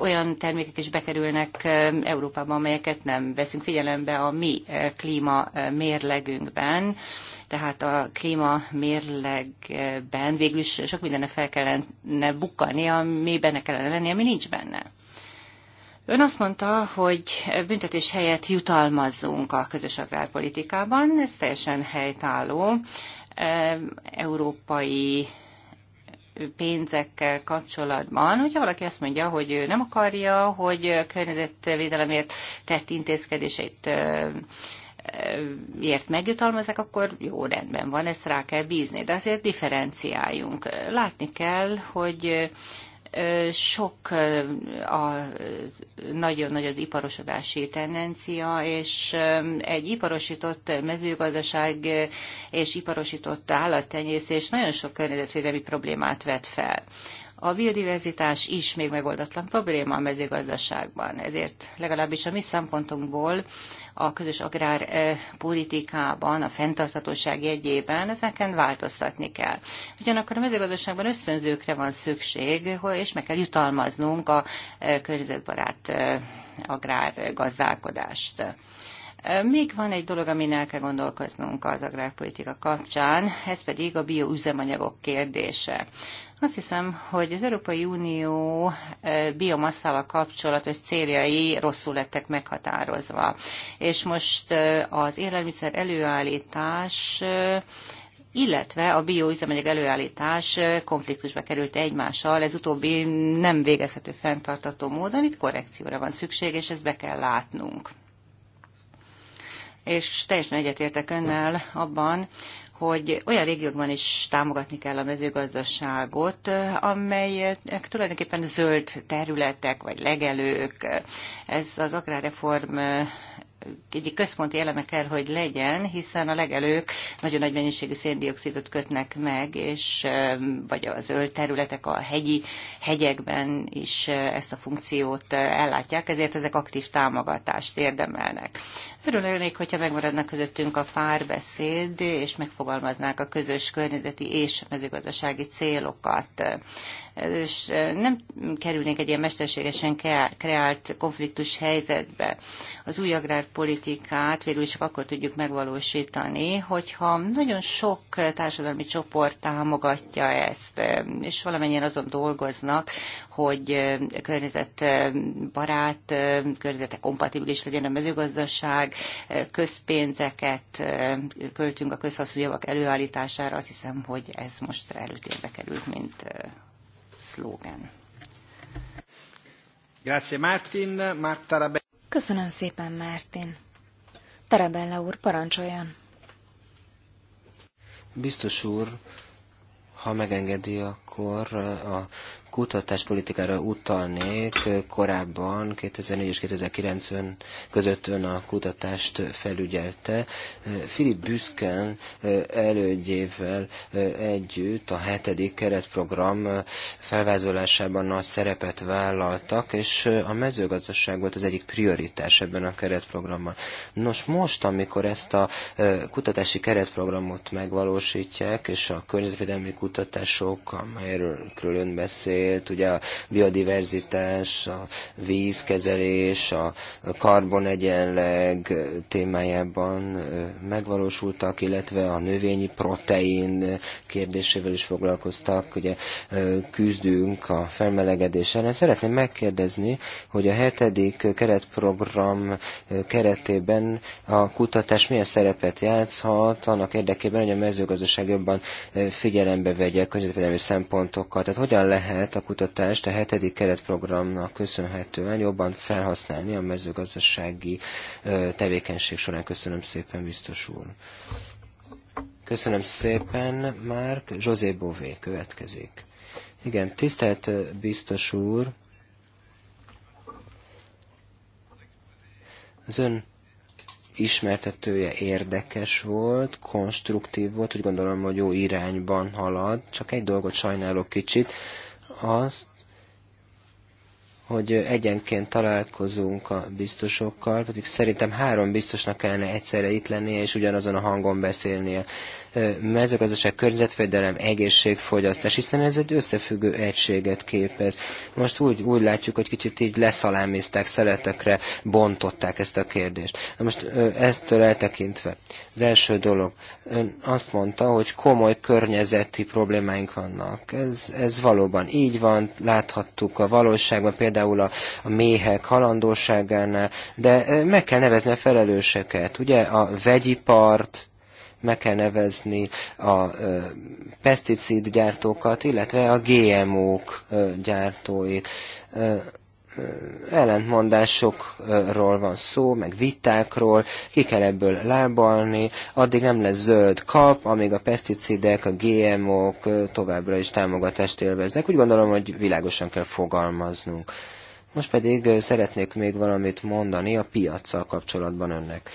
olyan termékek is bekerülnek Európába, amelyeket nem veszünk figyelembe a mi klíma mérlegünkben, tehát a klíma mérlegben végül is sok mindenre fel kellene bukkani, ami benne kellene lenni, ami nincs benne. Ön azt mondta, hogy büntetés helyett jutalmazzunk a közös agrárpolitikában, ez teljesen helytálló. Európai pénzekkel kapcsolatban, hogyha valaki azt mondja, hogy ő nem akarja, hogy környezetvédelemért tett intézkedéseit miért megjutalmazzák, akkor jó, rendben van, ezt rá kell bízni. De azért differenciáljunk. Látni kell, hogy sok a nagyon nagy az iparosodási tendencia, és egy iparosított mezőgazdaság és iparosított állattenyésztés nagyon sok környezetvédelmi problémát vet fel. A biodiverzitás is még megoldatlan probléma a mezőgazdaságban, ezért legalábbis a mi szempontunkból a közös agrárpolitikában, eh, a fenntarthatóság jegyében ezeken változtatni kell. Ugyanakkor a mezőgazdaságban összönzőkre van szükség, és meg kell jutalmaznunk a eh, környezetbarát eh, agrárgazdálkodást. Még van egy dolog, amin el kell gondolkoznunk az agrárpolitika kapcsán, ez pedig a bioüzemanyagok kérdése. Azt hiszem, hogy az Európai Unió eh, biomasszával kapcsolatos céljai rosszul lettek meghatározva. És most eh, az élelmiszer előállítás eh, illetve a bioüzemanyag előállítás konfliktusba került egymással, ez utóbbi nem végezhető fenntartató módon, itt korrekcióra van szükség, és ezt be kell látnunk. És teljesen egyetértek önnel abban, hogy olyan régiókban is támogatni kell a mezőgazdaságot, amelyek tulajdonképpen zöld területek vagy legelők. Ez az agrárreform egyik központi eleme kell, hogy legyen, hiszen a legelők nagyon nagy mennyiségű széndiokszidot kötnek meg, és vagy a zöld területek a hegyi hegyekben is eh, ezt a funkciót eh, ellátják, ezért ezek aktív támogatást érdemelnek. Örülnék, hogyha megmaradnak közöttünk a párbeszéd, és megfogalmaznák a közös környezeti és mezőgazdasági célokat és nem kerülnénk egy ilyen mesterségesen kreált konfliktus helyzetbe. Az új agrárpolitikát végül is akkor tudjuk megvalósítani, hogyha nagyon sok társadalmi csoport támogatja ezt, és valamennyien azon dolgoznak, hogy környezetbarát, környezete kompatibilis legyen a mezőgazdaság, közpénzeket költünk a közhasznú javak előállítására, azt hiszem, hogy ez most előtérbe került, mint szlógen. Grazie Martin, Marta Köszönöm szépen, Mártin. Tarabella úr, parancsoljon. Biztos úr, ha megengedi, akkor a kutatáspolitikára utalnék. Korábban 2004 és ön, között ön a kutatást felügyelte. Filip Büszken elődjével együtt a hetedik keretprogram felvázolásában nagy szerepet vállaltak, és a mezőgazdaság volt az egyik prioritás ebben a keretprogramban. Nos, most, amikor ezt a kutatási keretprogramot megvalósítják, és a környezetvédelmi kutatások, amelyről ön beszél, beszélt, ugye a biodiverzitás, a vízkezelés, a karbonegyenleg témájában megvalósultak, illetve a növényi protein kérdésével is foglalkoztak, ugye küzdünk a felmelegedés ellen. Szeretném megkérdezni, hogy a hetedik keretprogram keretében a kutatás milyen szerepet játszhat annak érdekében, hogy a mezőgazdaság jobban figyelembe vegye a környezetvédelmi szempontokat. Tehát hogyan lehet lehet a kutatást a hetedik keretprogramnak köszönhetően jobban felhasználni a mezőgazdasági tevékenység során. Köszönöm szépen, biztos úr. Köszönöm szépen, Márk. José Bové következik. Igen, tisztelt biztos úr, az ön ismertetője érdekes volt, konstruktív volt, úgy gondolom, hogy jó irányban halad, csak egy dolgot sajnálok kicsit, azt, hogy egyenként találkozunk a biztosokkal, pedig szerintem három biztosnak kellene egyszerre itt lennie, és ugyanazon a hangon beszélnie mezőgazdaság, környezetvédelem, egészségfogyasztás, hiszen ez egy összefüggő egységet képez. Most úgy, úgy látjuk, hogy kicsit így leszalámizták, szeretekre bontották ezt a kérdést. Na most eztől eltekintve, az első dolog, ön azt mondta, hogy komoly környezeti problémáink vannak. Ez, ez valóban így van, láthattuk a valóságban, például a, a méhek halandóságánál, de meg kell nevezni a felelőseket, ugye a vegyipart, meg kell nevezni a peszticid gyártókat, illetve a GMO-k gyártóit. Ellentmondásokról van szó, meg vitákról, ki kell ebből lábalni, addig nem lesz zöld kap, amíg a peszticidek, a GMO-k továbbra is támogatást élveznek. Úgy gondolom, hogy világosan kell fogalmaznunk. Most pedig szeretnék még valamit mondani a piaccal kapcsolatban önnek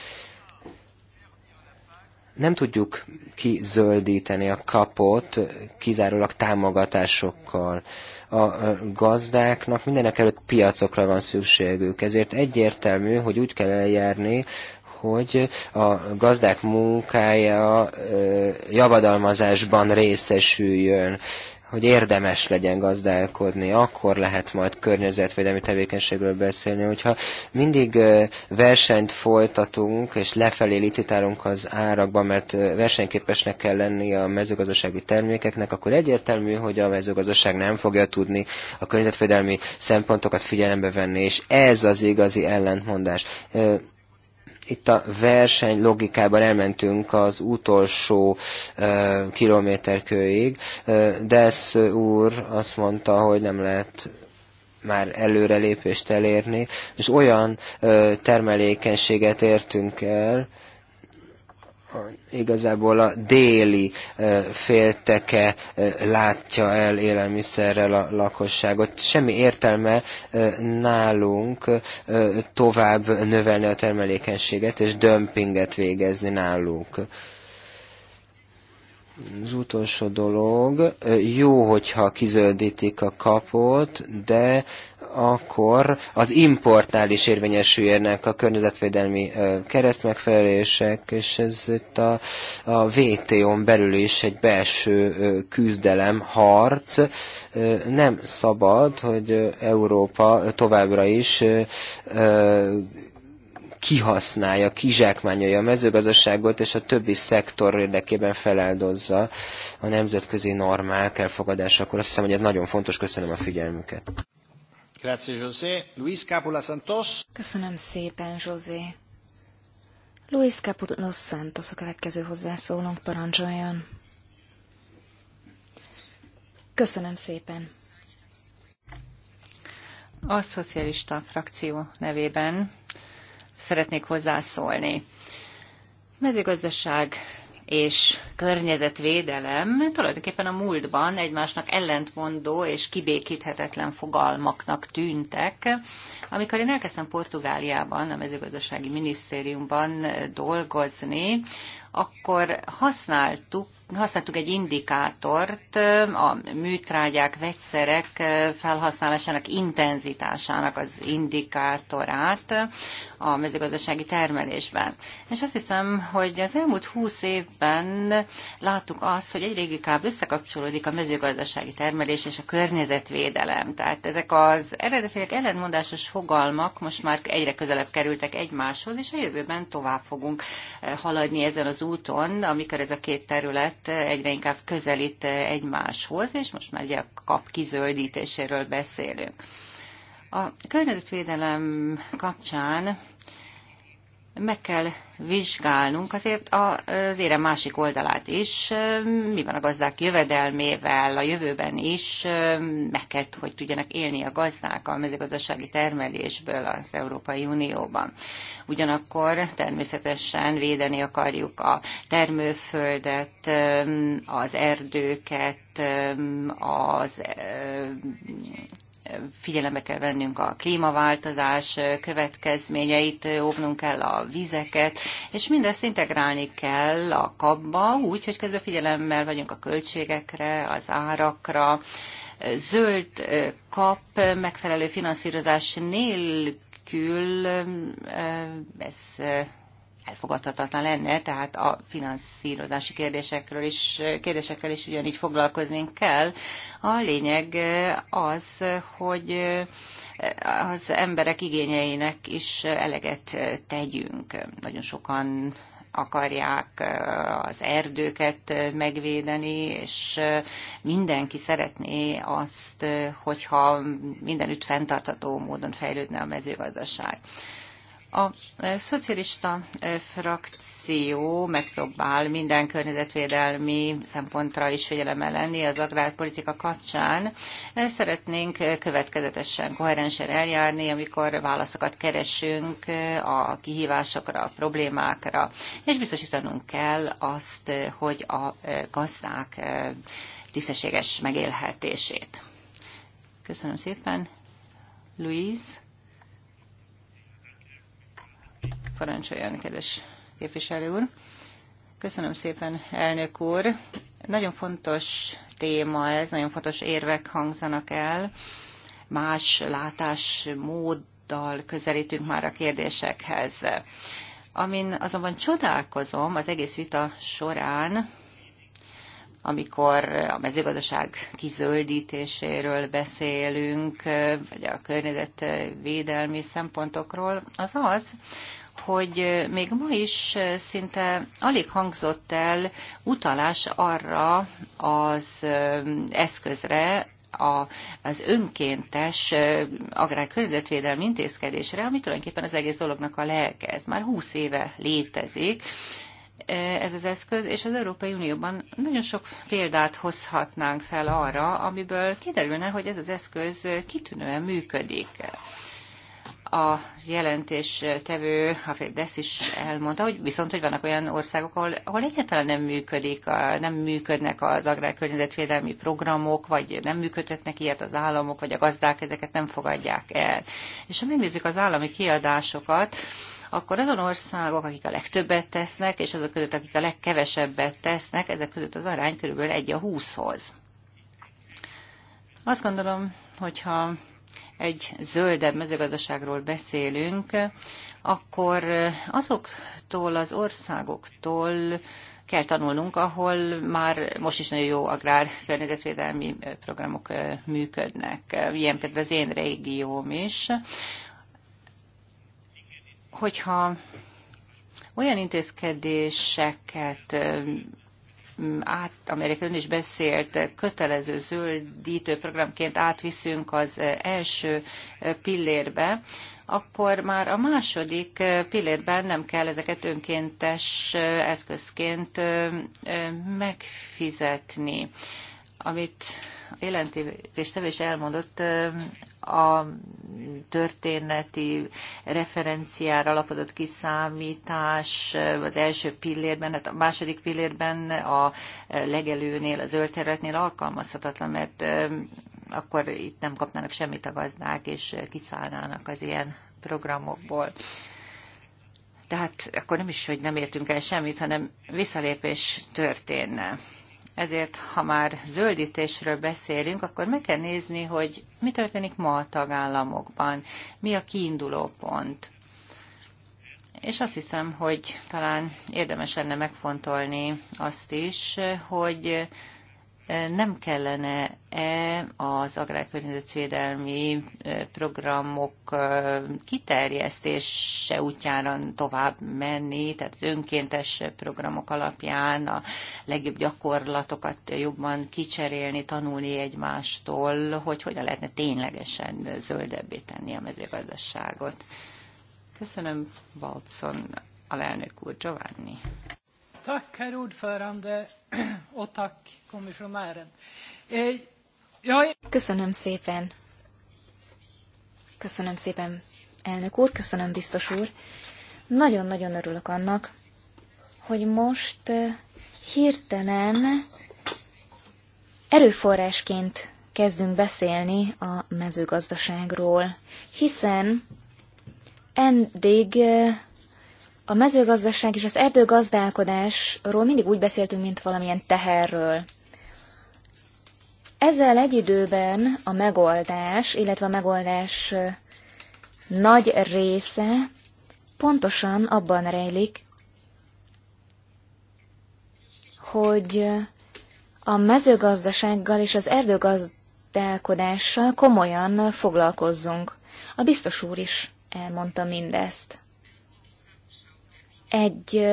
nem tudjuk kizöldíteni a kapot kizárólag támogatásokkal. A gazdáknak mindenek előtt piacokra van szükségük, ezért egyértelmű, hogy úgy kell eljárni, hogy a gazdák munkája javadalmazásban részesüljön hogy érdemes legyen gazdálkodni, akkor lehet majd környezetvédelmi tevékenységről beszélni. Hogyha mindig versenyt folytatunk, és lefelé licitálunk az árakban, mert versenyképesnek kell lenni a mezőgazdasági termékeknek, akkor egyértelmű, hogy a mezőgazdaság nem fogja tudni a környezetvédelmi szempontokat figyelembe venni, és ez az igazi ellentmondás. Itt a verseny logikában elmentünk az utolsó kilométerkőig. Desz úr azt mondta, hogy nem lehet már előrelépést elérni, és olyan uh, termelékenységet értünk el, igazából a déli félteke látja el élelmiszerrel a lakosságot. Semmi értelme nálunk tovább növelni a termelékenységet és dömpinget végezni nálunk. Az utolsó dolog, jó, hogyha kizöldítik a kapot, de akkor az importnál is érvényesüljenek a környezetvédelmi keresztmegfelelések, és ez itt a, a VTO-n belül is egy belső küzdelem, harc. Nem szabad, hogy Európa továbbra is kihasználja, kizsákmányolja a mezőgazdaságot, és a többi szektor érdekében feláldozza a nemzetközi normák elfogadásakor. Azt hiszem, hogy ez nagyon fontos. Köszönöm a figyelmüket. Grazie, José. Luis Capula Santos. Köszönöm szépen, José. Luis Capula Santos a következő hozzászólónk parancsoljon. Köszönöm szépen. A szocialista frakció nevében szeretnék hozzászólni. Mezőgazdaság és környezetvédelem tulajdonképpen a múltban egymásnak ellentmondó és kibékíthetetlen fogalmaknak tűntek. Amikor én elkezdtem Portugáliában, a mezőgazdasági minisztériumban dolgozni, akkor használtuk, használtuk egy indikátort a műtrágyák, vegyszerek felhasználásának intenzitásának az indikátorát a mezőgazdasági termelésben. És azt hiszem, hogy az elmúlt húsz évben láttuk azt, hogy egyre inkább összekapcsolódik a mezőgazdasági termelés és a környezetvédelem. Tehát ezek az eredetileg ellentmondásos fogalmak most már egyre közelebb kerültek egymáshoz, és a jövőben tovább fogunk haladni ezen az úton, amikor ez a két terület egyre inkább közelít egymáshoz, és most már ugye a kap kizöldítéséről beszélünk. A környezetvédelem kapcsán meg kell vizsgálnunk azért az érem másik oldalát is. Mi van a gazdák jövedelmével a jövőben is? Meg kell, hogy tudjanak élni a gazdák a mezőgazdasági termelésből az Európai Unióban. Ugyanakkor természetesen védeni akarjuk a termőföldet, az erdőket, az figyelembe kell vennünk a klímaváltozás következményeit, óvnunk kell a vizeket, és mindezt integrálni kell a kapba, úgy, hogy közben figyelemmel vagyunk a költségekre, az árakra, zöld kap megfelelő finanszírozás nélkül ez elfogadhatatlan lenne, tehát a finanszírozási kérdésekről is, kérdésekkel is ugyanígy foglalkozni kell. A lényeg az, hogy az emberek igényeinek is eleget tegyünk. Nagyon sokan akarják az erdőket megvédeni, és mindenki szeretné azt, hogyha mindenütt fenntartató módon fejlődne a mezőgazdaság. A e, szocialista e, frakció megpróbál minden környezetvédelmi szempontra is figyelemmel lenni az agrárpolitika kapcsán. E, szeretnénk következetesen, koherensen eljárni, amikor válaszokat keresünk a kihívásokra, a problémákra, és biztosítanunk kell azt, hogy a gazdák tisztességes megélhetését. Köszönöm szépen. Louise. Parancsoljon, kedves képviselő úr. Köszönöm szépen, elnök úr. Nagyon fontos téma ez, nagyon fontos érvek hangzanak el. Más látásmóddal közelítünk már a kérdésekhez. Amin azonban csodálkozom az egész vita során, amikor a mezőgazdaság kizöldítéséről beszélünk, vagy a környezetvédelmi szempontokról, az az, hogy még ma is szinte alig hangzott el utalás arra az eszközre, a, az önkéntes agrárkörnyezetvédelmi intézkedésre, ami tulajdonképpen az egész dolognak a lelke. Ez már 20 éve létezik, Eh, ez az eszköz, és az Európai Unióban nagyon sok példát hozhatnánk fel arra, amiből kiderülne, hogy ez az eszköz kitűnően működik. A jelentéstevő, Hafid Desz is elmondta, hogy viszont, hogy vannak olyan országok, ahol, ahol egyáltalán nem működik, nem működnek az agrárkörnyezetvédelmi programok, vagy nem működtetnek ilyet az államok, vagy a gazdák ezeket nem fogadják el. És ha megnézzük az állami kiadásokat, akkor azon országok, akik a legtöbbet tesznek, és azok között, akik a legkevesebbet tesznek, ezek között az arány körülbelül egy a húszhoz. Azt gondolom, hogyha egy zöldebb mezőgazdaságról beszélünk, akkor azoktól az országoktól kell tanulnunk, ahol már most is nagyon jó agrár környezetvédelmi programok működnek. Ilyen például az én régióm is, hogyha olyan intézkedéseket mm, át, amelyekről ön is beszélt, kötelező zöldítő programként átviszünk az első e, pillérbe, akkor már a második e, pillérben nem kell ezeket önkéntes e, eszközként megfizetni. Amit a jelentés tevés elmondott, a történeti referenciára alapodott kiszámítás az első pillérben, hát a második pillérben a legelőnél, a zöld területnél alkalmazhatatlan, mert akkor itt nem kapnának semmit a gazdák, és kiszállnának az ilyen programokból. Tehát akkor nem is, hogy nem értünk el semmit, hanem visszalépés történne. Ezért, ha már zöldítésről beszélünk, akkor meg kell nézni, hogy mi történik ma a tagállamokban, mi a kiinduló pont. És azt hiszem, hogy talán érdemes lenne megfontolni azt is, hogy nem kellene-e az agrárkörnyezetvédelmi programok kiterjesztése útjára tovább menni, tehát önkéntes programok alapján a legjobb gyakorlatokat jobban kicserélni, tanulni egymástól, hogy hogyan lehetne ténylegesen zöldebbé tenni a mezőgazdaságot. Köszönöm, Balcon alelnök úr, Giovanni. Tack, herr ordförande, [CLEARS THROAT] och tack, kommissionären. Eh, jag... Köszönöm szépen. Köszönöm szépen, elnök úr, köszönöm, biztos úr. Nagyon-nagyon örülök annak, hogy most eh, hirtelen erőforrásként kezdünk beszélni a mezőgazdaságról, hiszen eddig eh, a mezőgazdaság és az erdőgazdálkodásról mindig úgy beszéltünk, mint valamilyen teherről. Ezzel egy időben a megoldás, illetve a megoldás nagy része pontosan abban rejlik, hogy a mezőgazdasággal és az erdőgazdálkodással komolyan foglalkozzunk. A biztos úr is elmondta mindezt egy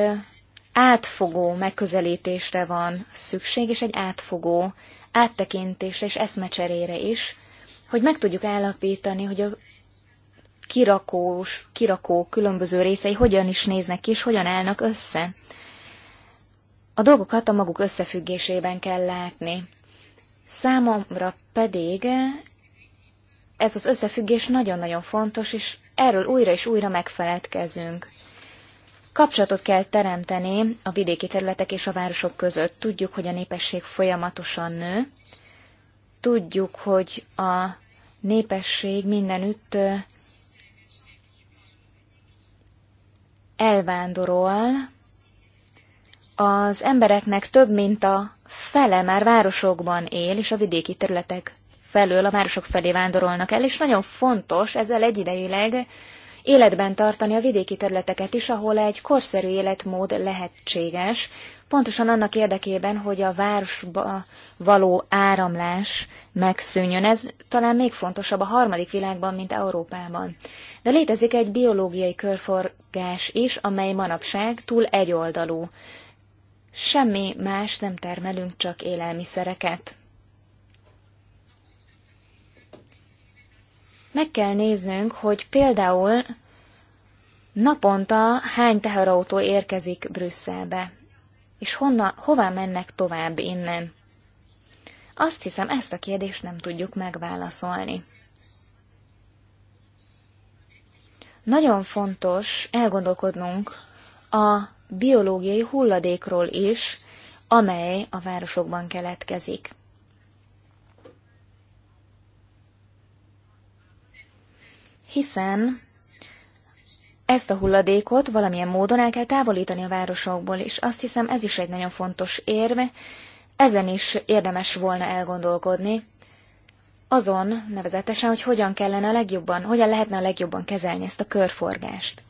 átfogó megközelítésre van szükség, és egy átfogó áttekintésre és eszmecserére is, hogy meg tudjuk állapítani, hogy a kirakós, kirakó különböző részei hogyan is néznek ki, és hogyan állnak össze. A dolgokat a maguk összefüggésében kell látni. Számomra pedig ez az összefüggés nagyon-nagyon fontos, és erről újra és újra megfeledkezünk. Kapcsolatot kell teremteni a vidéki területek és a városok között. Tudjuk, hogy a népesség folyamatosan nő, tudjuk, hogy a népesség mindenütt elvándorol, az embereknek több mint a fele már városokban él, és a vidéki területek felől a városok felé vándorolnak el, és nagyon fontos ezzel egyidejileg életben tartani a vidéki területeket is, ahol egy korszerű életmód lehetséges, pontosan annak érdekében, hogy a városba való áramlás megszűnjön. Ez talán még fontosabb a harmadik világban, mint Európában. De létezik egy biológiai körforgás is, amely manapság túl egyoldalú. Semmi más nem termelünk, csak élelmiszereket. Meg kell néznünk, hogy például naponta hány teherautó érkezik Brüsszelbe, és honna, hová mennek tovább innen. Azt hiszem, ezt a kérdést nem tudjuk megválaszolni. Nagyon fontos elgondolkodnunk a biológiai hulladékról is, amely a városokban keletkezik. hiszen ezt a hulladékot valamilyen módon el kell távolítani a városokból, és azt hiszem ez is egy nagyon fontos érve, ezen is érdemes volna elgondolkodni, azon nevezetesen, hogy hogyan kellene a legjobban, hogyan lehetne a legjobban kezelni ezt a körforgást.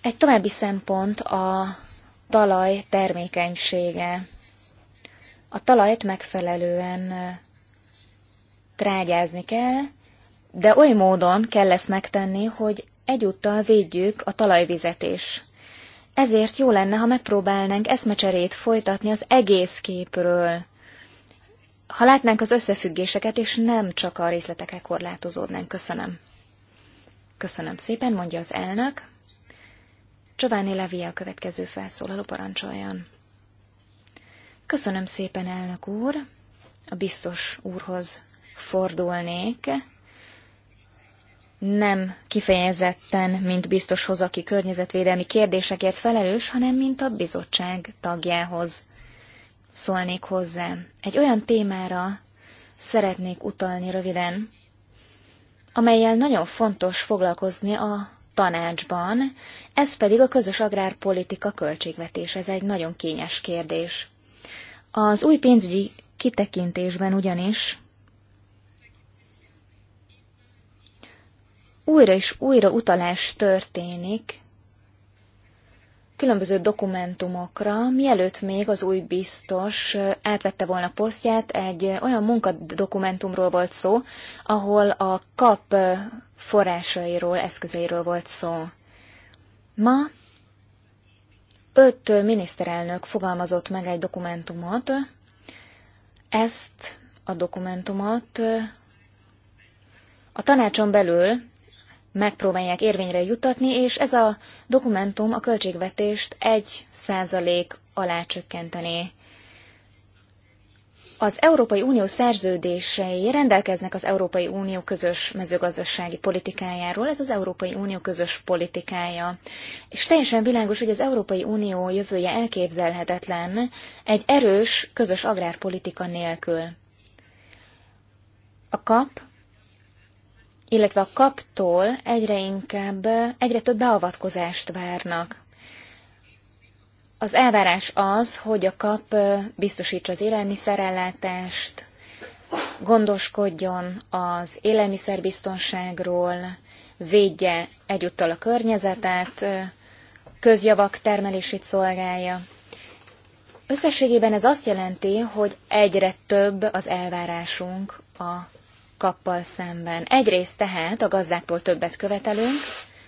Egy további szempont a talaj termékenysége. A talajt megfelelően trágyázni kell, de oly módon kell ezt megtenni, hogy egyúttal védjük a talajvizet is. Ezért jó lenne, ha megpróbálnánk eszmecserét folytatni az egész képről. Ha látnánk az összefüggéseket, és nem csak a részletekre korlátozódnánk. Köszönöm. Köszönöm szépen, mondja az elnök. Giovanni Levi a következő felszólaló parancsoljon. Köszönöm szépen, elnök úr. A biztos úrhoz fordulnék nem kifejezetten, mint biztoshoz, aki környezetvédelmi kérdésekért felelős, hanem mint a bizottság tagjához szólnék hozzá. Egy olyan témára szeretnék utalni röviden, amelyel nagyon fontos foglalkozni a tanácsban, ez pedig a közös agrárpolitika költségvetés. Ez egy nagyon kényes kérdés. Az új pénzügyi kitekintésben ugyanis újra és újra utalás történik különböző dokumentumokra, mielőtt még az új biztos eh, átvette volna posztját, egy eh, olyan munkadokumentumról volt szó, ahol a kap eh, forrásairól, eszközeiről volt szó. Ma öt miniszterelnök fogalmazott meg egy dokumentumot, ezt a dokumentumot a tanácson belül megpróbálják érvényre jutatni és ez a dokumentum a költségvetést egy százalék alá csökkentené. Az Európai Unió szerződései rendelkeznek az Európai Unió közös mezőgazdasági politikájáról, ez az Európai Unió közös politikája. És teljesen világos, hogy az Európai Unió jövője elképzelhetetlen egy erős közös agrárpolitika nélkül. A kap illetve a kaptól egyre inkább, egyre több beavatkozást várnak. Az elvárás az, hogy a kap biztosítsa az élelmiszerellátást, gondoskodjon az élelmiszerbiztonságról, védje egyúttal a környezetet, közjavak termelését szolgálja. Összességében ez azt jelenti, hogy egyre több az elvárásunk a kappal szemben. Egyrészt tehát a gazdáktól többet követelünk,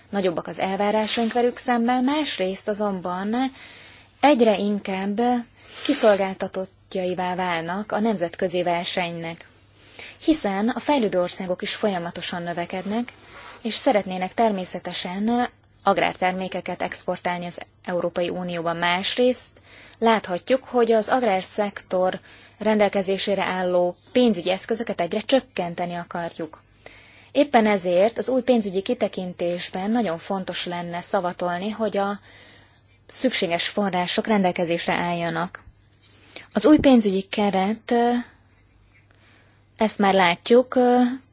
nagyobbak az elvárásaink velük szemben, másrészt azonban egyre inkább kiszolgáltatottjaivá válnak a nemzetközi versenynek. Hiszen a fejlődő országok is folyamatosan növekednek, és szeretnének természetesen agrártermékeket exportálni az Európai Unióban. Másrészt láthatjuk, hogy az agrárszektor rendelkezésére álló pénzügyi eszközöket egyre csökkenteni akarjuk. Éppen ezért az új pénzügyi kitekintésben nagyon fontos lenne szavatolni, hogy a szükséges források rendelkezésre álljanak. Az új pénzügyi keret ezt már látjuk,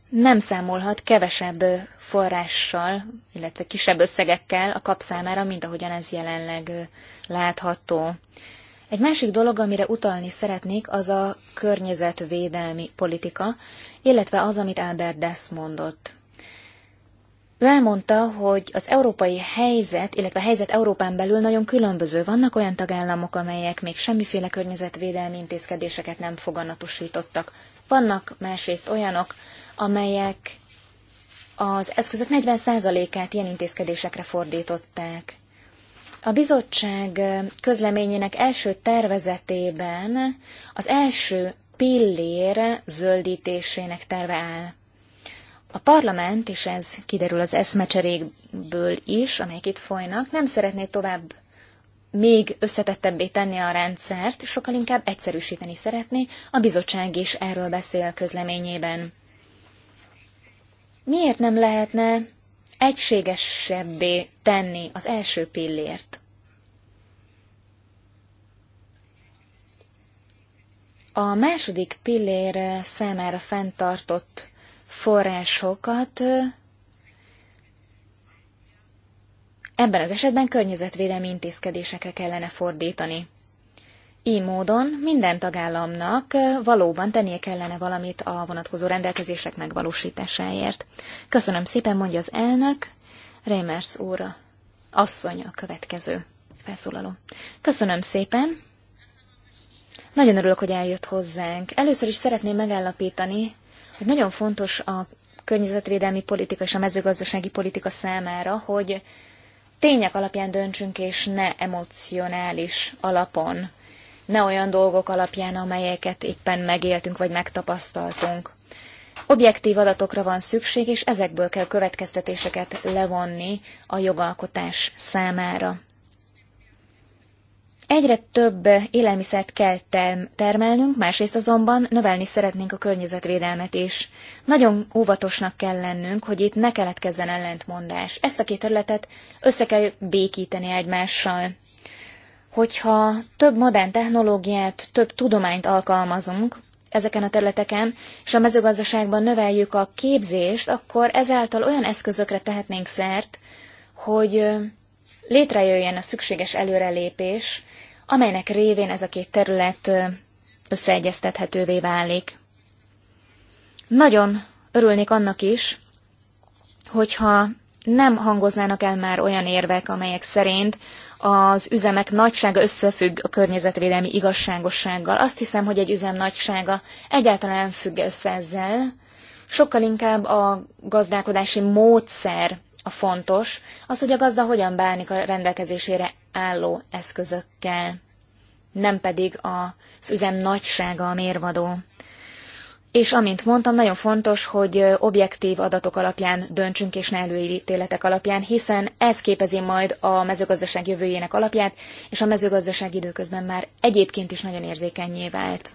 nem számolhat kevesebb forrással, illetve kisebb összegekkel a kap számára, mint ahogyan ez jelenleg látható. Egy másik dolog, amire utalni szeretnék, az a környezetvédelmi politika, illetve az, amit Albert Dess mondott. Ő elmondta, hogy az európai helyzet, illetve a helyzet Európán belül nagyon különböző. Vannak olyan tagállamok, amelyek még semmiféle környezetvédelmi intézkedéseket nem foganatosítottak vannak másrészt olyanok, amelyek az eszközök 40%-át ilyen intézkedésekre fordították. A bizottság közleményének első tervezetében az első pillér zöldítésének terve áll. A parlament, és ez kiderül az eszmecserékből is, amelyek itt folynak, nem szeretné tovább még összetettebbé tenni a rendszert, sokkal inkább egyszerűsíteni szeretné, a bizottság is erről beszél közleményében. Miért nem lehetne egységesebbé tenni az első pillért? A második pillér számára fenntartott forrásokat Ebben az esetben környezetvédelmi intézkedésekre kellene fordítani. Így módon minden tagállamnak valóban tennie kellene valamit a vonatkozó rendelkezések megvalósításáért. Köszönöm szépen, mondja az elnök, Reimers úr, asszony a következő felszólaló. Köszönöm szépen, nagyon örülök, hogy eljött hozzánk. Először is szeretném megállapítani, hogy nagyon fontos a környezetvédelmi politika és a mezőgazdasági politika számára, hogy tények alapján döntsünk, és ne emocionális alapon, ne olyan dolgok alapján, amelyeket éppen megéltünk vagy megtapasztaltunk. Objektív adatokra van szükség, és ezekből kell következtetéseket levonni a jogalkotás számára. Egyre több élelmiszert kell termelnünk, másrészt azonban növelni szeretnénk a környezetvédelmet is. Nagyon óvatosnak kell lennünk, hogy itt ne keletkezzen ellentmondás. Ezt a két területet össze kell békíteni egymással. Hogyha több modern technológiát, több tudományt alkalmazunk ezeken a területeken, és a mezőgazdaságban növeljük a képzést, akkor ezáltal olyan eszközökre tehetnénk szert, hogy létrejöjjen a szükséges előrelépés amelynek révén ez a két terület összeegyeztethetővé válik. Nagyon örülnék annak is, hogyha nem hangoznának el már olyan érvek, amelyek szerint az üzemek nagysága összefügg a környezetvédelmi igazságossággal. Azt hiszem, hogy egy üzem nagysága egyáltalán függ össze ezzel. Sokkal inkább a gazdálkodási módszer a fontos, az, hogy a gazda hogyan bánik a rendelkezésére álló eszközökkel, nem pedig az üzem nagysága a mérvadó. És amint mondtam, nagyon fontos, hogy objektív adatok alapján döntsünk, és ne előítéletek alapján, hiszen ez képezi majd a mezőgazdaság jövőjének alapját, és a mezőgazdaság időközben már egyébként is nagyon érzékenyé vált.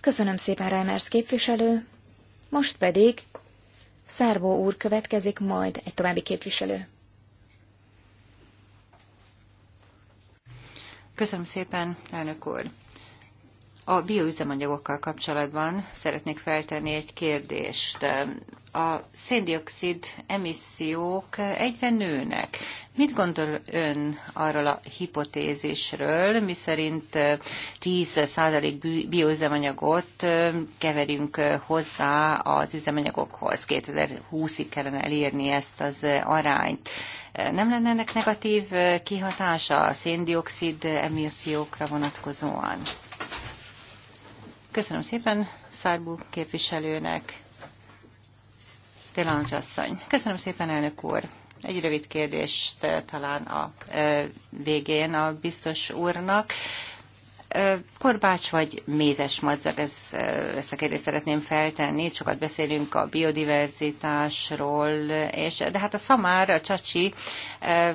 Köszönöm szépen, Reimers képviselő. Most pedig Szárvó úr következik, majd egy további képviselő. Köszönöm szépen, elnök úr. A bioüzemanyagokkal kapcsolatban szeretnék feltenni egy kérdést. A széndiokszid emissziók egyre nőnek. Mit gondol ön arról a hipotézisről, miszerint 10% bioüzemanyagot keverünk hozzá az üzemanyagokhoz? 2020-ig kellene elérni ezt az arányt. Nem lenne ennek negatív kihatása a széndiokszid emissziókra vonatkozóan? Köszönöm szépen Szárbú képviselőnek. Télancs asszony. Köszönöm szépen, elnök úr. Egy rövid kérdést talán a végén a biztos úrnak. Korbács vagy mézes madzag, ez, ezt a kérdést szeretném feltenni. Sokat beszélünk a biodiverzitásról, és, de hát a szamár, a csacsi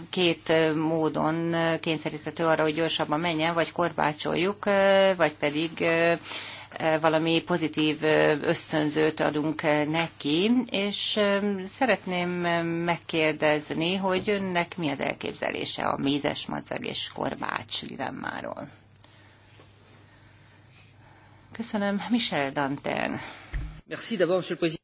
két módon kényszerítető arra, hogy gyorsabban menjen, vagy korbácsoljuk, vagy pedig valami pozitív ösztönzőt adunk neki, és szeretném megkérdezni, hogy önnek mi az elképzelése a mézes madzag és korbács dilemmáról? Köszönöm. Michel Danten. Merci d'abord, monsieur le président.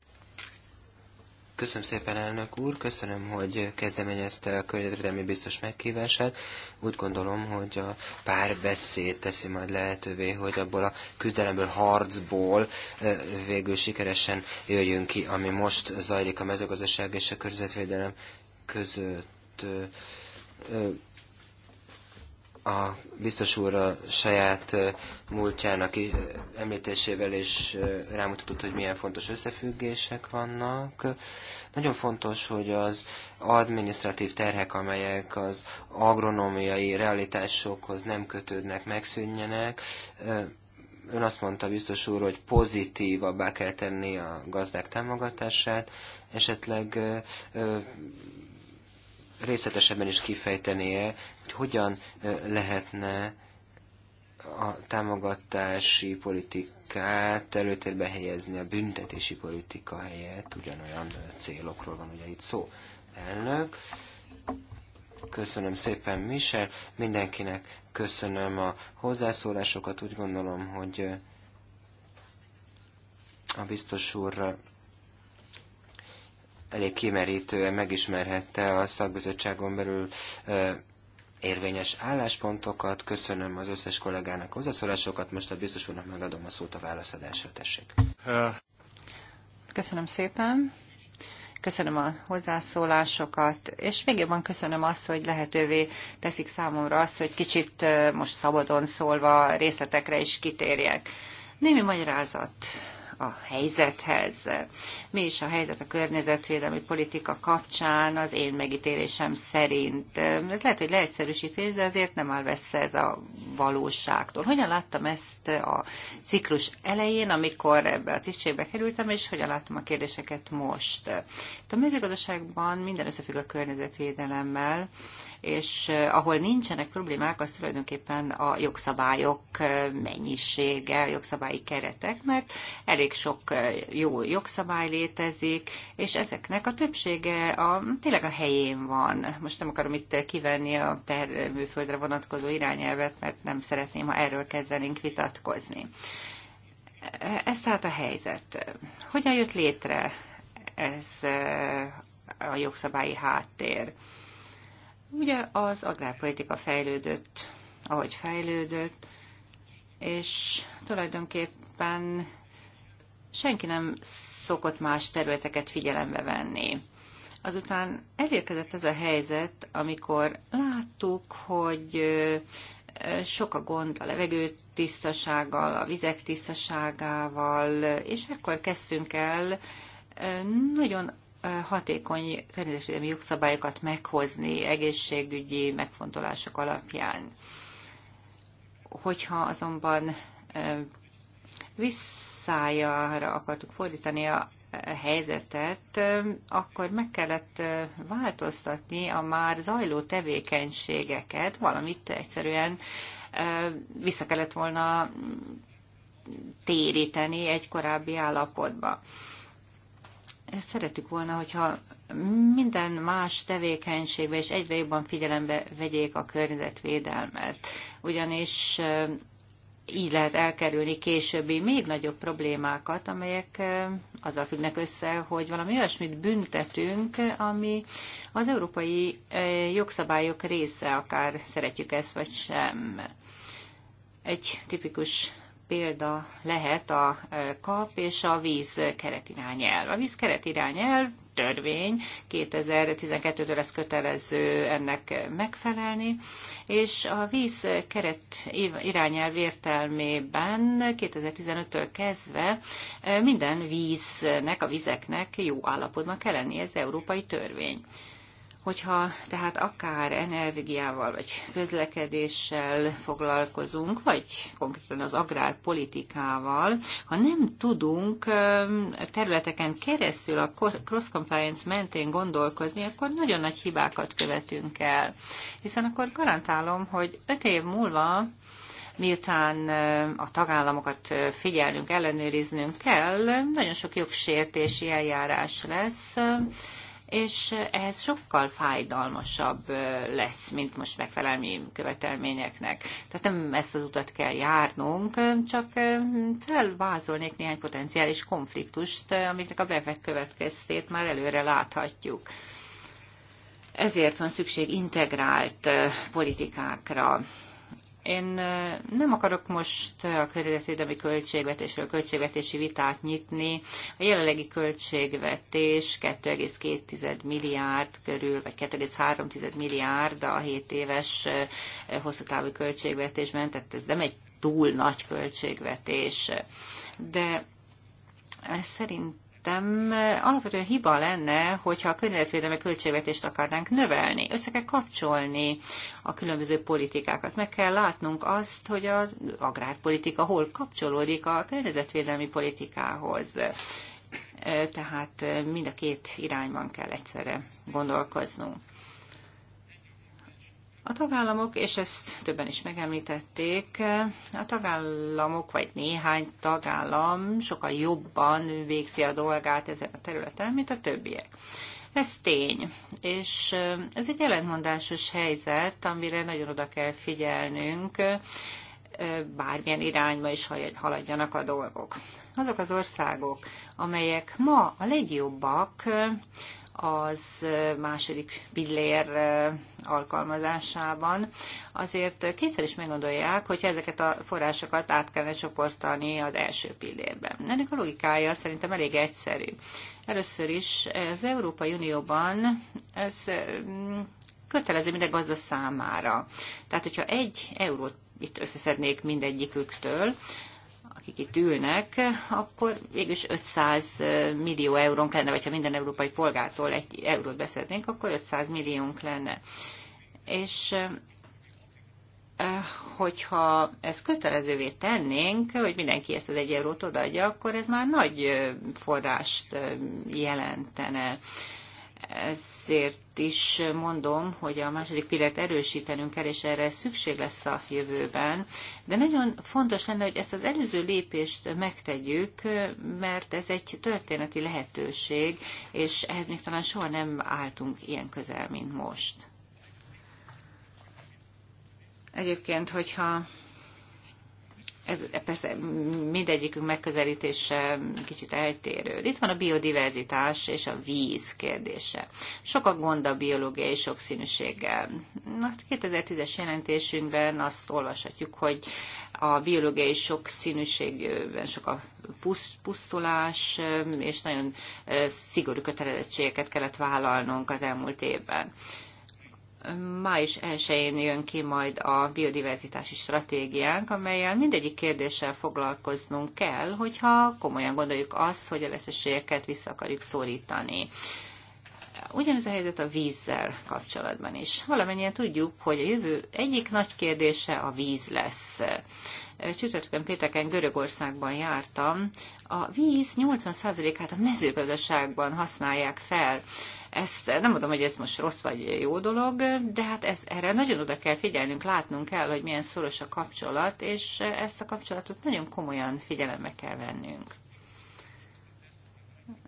Köszönöm szépen, elnök úr, köszönöm, hogy kezdeményezte a környezetvédelmi biztos meghívását. Úgy gondolom, hogy a párbeszéd teszi majd lehetővé, hogy abból a küzdelemből, harcból végül sikeresen jöjjünk ki, ami most zajlik a mezőgazdaság és a környezetvédelem között a biztos úr a saját múltjának említésével is rámutatott, hogy milyen fontos összefüggések vannak. Nagyon fontos, hogy az administratív terhek, amelyek az agronómiai realitásokhoz nem kötődnek, megszűnjenek. Ön azt mondta biztos úr, hogy pozitívabbá kell tenni a gazdák támogatását, esetleg részletesebben is kifejtenie, hogy hogyan lehetne a támogatási politikát előtérbe helyezni a büntetési politika helyett, ugyanolyan célokról van ugye itt szó. Elnök, köszönöm szépen Michel, mindenkinek köszönöm a hozzászólásokat, úgy gondolom, hogy a biztos úr elég kimerítően megismerhette a szakbizottságon belül érvényes álláspontokat. Köszönöm az összes kollégának hozzászólásokat. Most a biztos úrnak megadom a szót a válaszadásra. Tessék. Köszönöm szépen. Köszönöm a hozzászólásokat, és még jobban köszönöm azt, hogy lehetővé teszik számomra azt, hogy kicsit most szabadon szólva részletekre is kitérjek. Némi magyarázat a helyzethez. Mi is a helyzet a környezetvédelmi politika kapcsán, az én megítélésem szerint. Ez lehet, hogy leegyszerűsítés, de azért nem áll vesz ez a valóságtól. Hogyan láttam ezt a ciklus elején, amikor ebbe a tisztségbe kerültem, és hogyan láttam a kérdéseket most? A mezőgazdaságban minden összefügg a környezetvédelemmel, és ahol nincsenek problémák, az tulajdonképpen a jogszabályok mennyisége, jogszabályi keretek, mert elég sok jó jogszabály létezik, és ezeknek a többsége a, tényleg a helyén van. Most nem akarom itt kivenni a termőföldre vonatkozó irányelvet, mert nem szeretném, ha erről kezdenénk vitatkozni. Ez tehát a helyzet. Hogyan jött létre ez a jogszabályi háttér? Ugye az agrárpolitika fejlődött, ahogy fejlődött, és tulajdonképpen senki nem szokott más területeket figyelembe venni. Azután elérkezett ez a helyzet, amikor láttuk, hogy sok a gond a levegő tisztasággal, a vizek tisztaságával, és ekkor kezdtünk el nagyon hatékony környezetvédelmi jogszabályokat meghozni egészségügyi megfontolások alapján. Hogyha azonban visszájára akartuk fordítani a e, helyzetet, akkor meg kellett változtatni a már zajló tevékenységeket, valamit egyszerűen vissza kellett volna téríteni egy korábbi állapotba szeretük volna, hogyha minden más tevékenységbe és egyre jobban figyelembe vegyék a környezetvédelmet, ugyanis így lehet elkerülni későbbi még nagyobb problémákat, amelyek azzal függnek össze, hogy valami olyasmit büntetünk, ami az európai jogszabályok része, akár szeretjük ezt vagy sem. Egy tipikus példa lehet a e, kap és a víz keretirányelv. A víz keretirányelv törvény, 2012-től lesz kötelező ennek megfelelni, és a víz keret irányelv értelmében 2015-től kezdve e, minden víznek, a vizeknek jó állapotban kell lenni, ez európai törvény. Hogyha tehát akár energiával vagy közlekedéssel foglalkozunk, vagy konkrétan az agrárpolitikával, ha nem tudunk területeken keresztül a cross-compliance mentén gondolkozni, akkor nagyon nagy hibákat követünk el. Hiszen akkor garantálom, hogy öt év múlva miután a tagállamokat figyelnünk, ellenőriznünk kell, nagyon sok jogsértési eljárás lesz, és eh, ez sokkal fájdalmasabb eh, lesz, mint most megfelelmi követelményeknek. Tehát nem ezt az utat kell járnunk, eh, csak felvázolnék néhány potenciális konfliktust, amiknek a bevek következtét már előre láthatjuk. Ezért van szükség integrált politikákra én nem akarok most a környezetvédelmi költségvetésről költségvetési vitát nyitni. A jelenlegi költségvetés 2,2 milliárd körül, vagy 2,3 milliárd a 7 éves hosszú távú költségvetésben, tehát ez nem egy túl nagy költségvetés. De szerint szerintem alapvetően hiba lenne, hogyha a környezetvédelmi költségvetést akarnánk növelni. Össze kell kapcsolni a különböző politikákat. Meg kell látnunk azt, hogy az agrárpolitika hol kapcsolódik a környezetvédelmi politikához. Tehát mind a két irányban kell egyszerre gondolkoznunk. A tagállamok, és ezt többen is megemlítették, a tagállamok, vagy néhány tagállam sokkal jobban végzi a dolgát ezen a területen, mint a többiek. Ez tény, és ez egy ellentmondásos helyzet, amire nagyon oda kell figyelnünk, bármilyen irányba is haladjanak a dolgok. Azok az országok, amelyek ma a legjobbak az második pillér alkalmazásában. Azért kétszer is meggondolják, hogy ezeket a forrásokat át kellene csoportani az első pillérben. Ennek a logikája szerintem elég egyszerű. Először is az Európai Unióban ez kötelező minden gazda számára. Tehát, hogyha egy eurót itt összeszednék mindegyiküktől, akik itt ülnek, akkor végülis 500 millió eurónk lenne, vagy ha minden európai polgártól egy eurót beszednénk, akkor 500 milliónk lenne. És eh, hogyha ezt kötelezővé tennénk, hogy mindenki ezt az egy eurót odaadja, akkor ez már nagy eh, forrást eh, jelentene ezért is mondom, hogy a második pillért erősítenünk kell, és erre szükség lesz a jövőben. De nagyon fontos lenne, hogy ezt az előző lépést megtegyük, mert ez egy történeti lehetőség, és ehhez még talán soha nem álltunk ilyen közel, mint most. Egyébként, hogyha ez, e, persze mindegyikünk megközelítése kicsit eltérő. Itt van a biodiverzitás és a víz kérdése. Sok a gond a biológiai sokszínűséggel. Na, 2010-es hát jelentésünkben azt olvashatjuk, hogy a biológiai sokszínűségben sok a pusztulás, és nagyon e, szigorú kötelezettségeket kellett vállalnunk az elmúlt évben május 1-én jön ki majd a biodiverzitási stratégiánk, amelyel mindegyik kérdéssel foglalkoznunk kell, hogyha komolyan gondoljuk azt, hogy a veszélyeket vissza akarjuk szorítani. Ugyanez a helyzet a vízzel kapcsolatban is. Valamennyien tudjuk, hogy a jövő egyik nagy kérdése a víz lesz. Csütörtökön pénteken Görögországban jártam. A víz 80%-át a mezőgazdaságban használják fel ez, nem mondom, hogy ez most rossz vagy jó dolog, de hát ez, erre nagyon oda kell figyelnünk, látnunk kell, hogy milyen szoros a kapcsolat, és ezt a kapcsolatot nagyon komolyan figyelembe kell vennünk.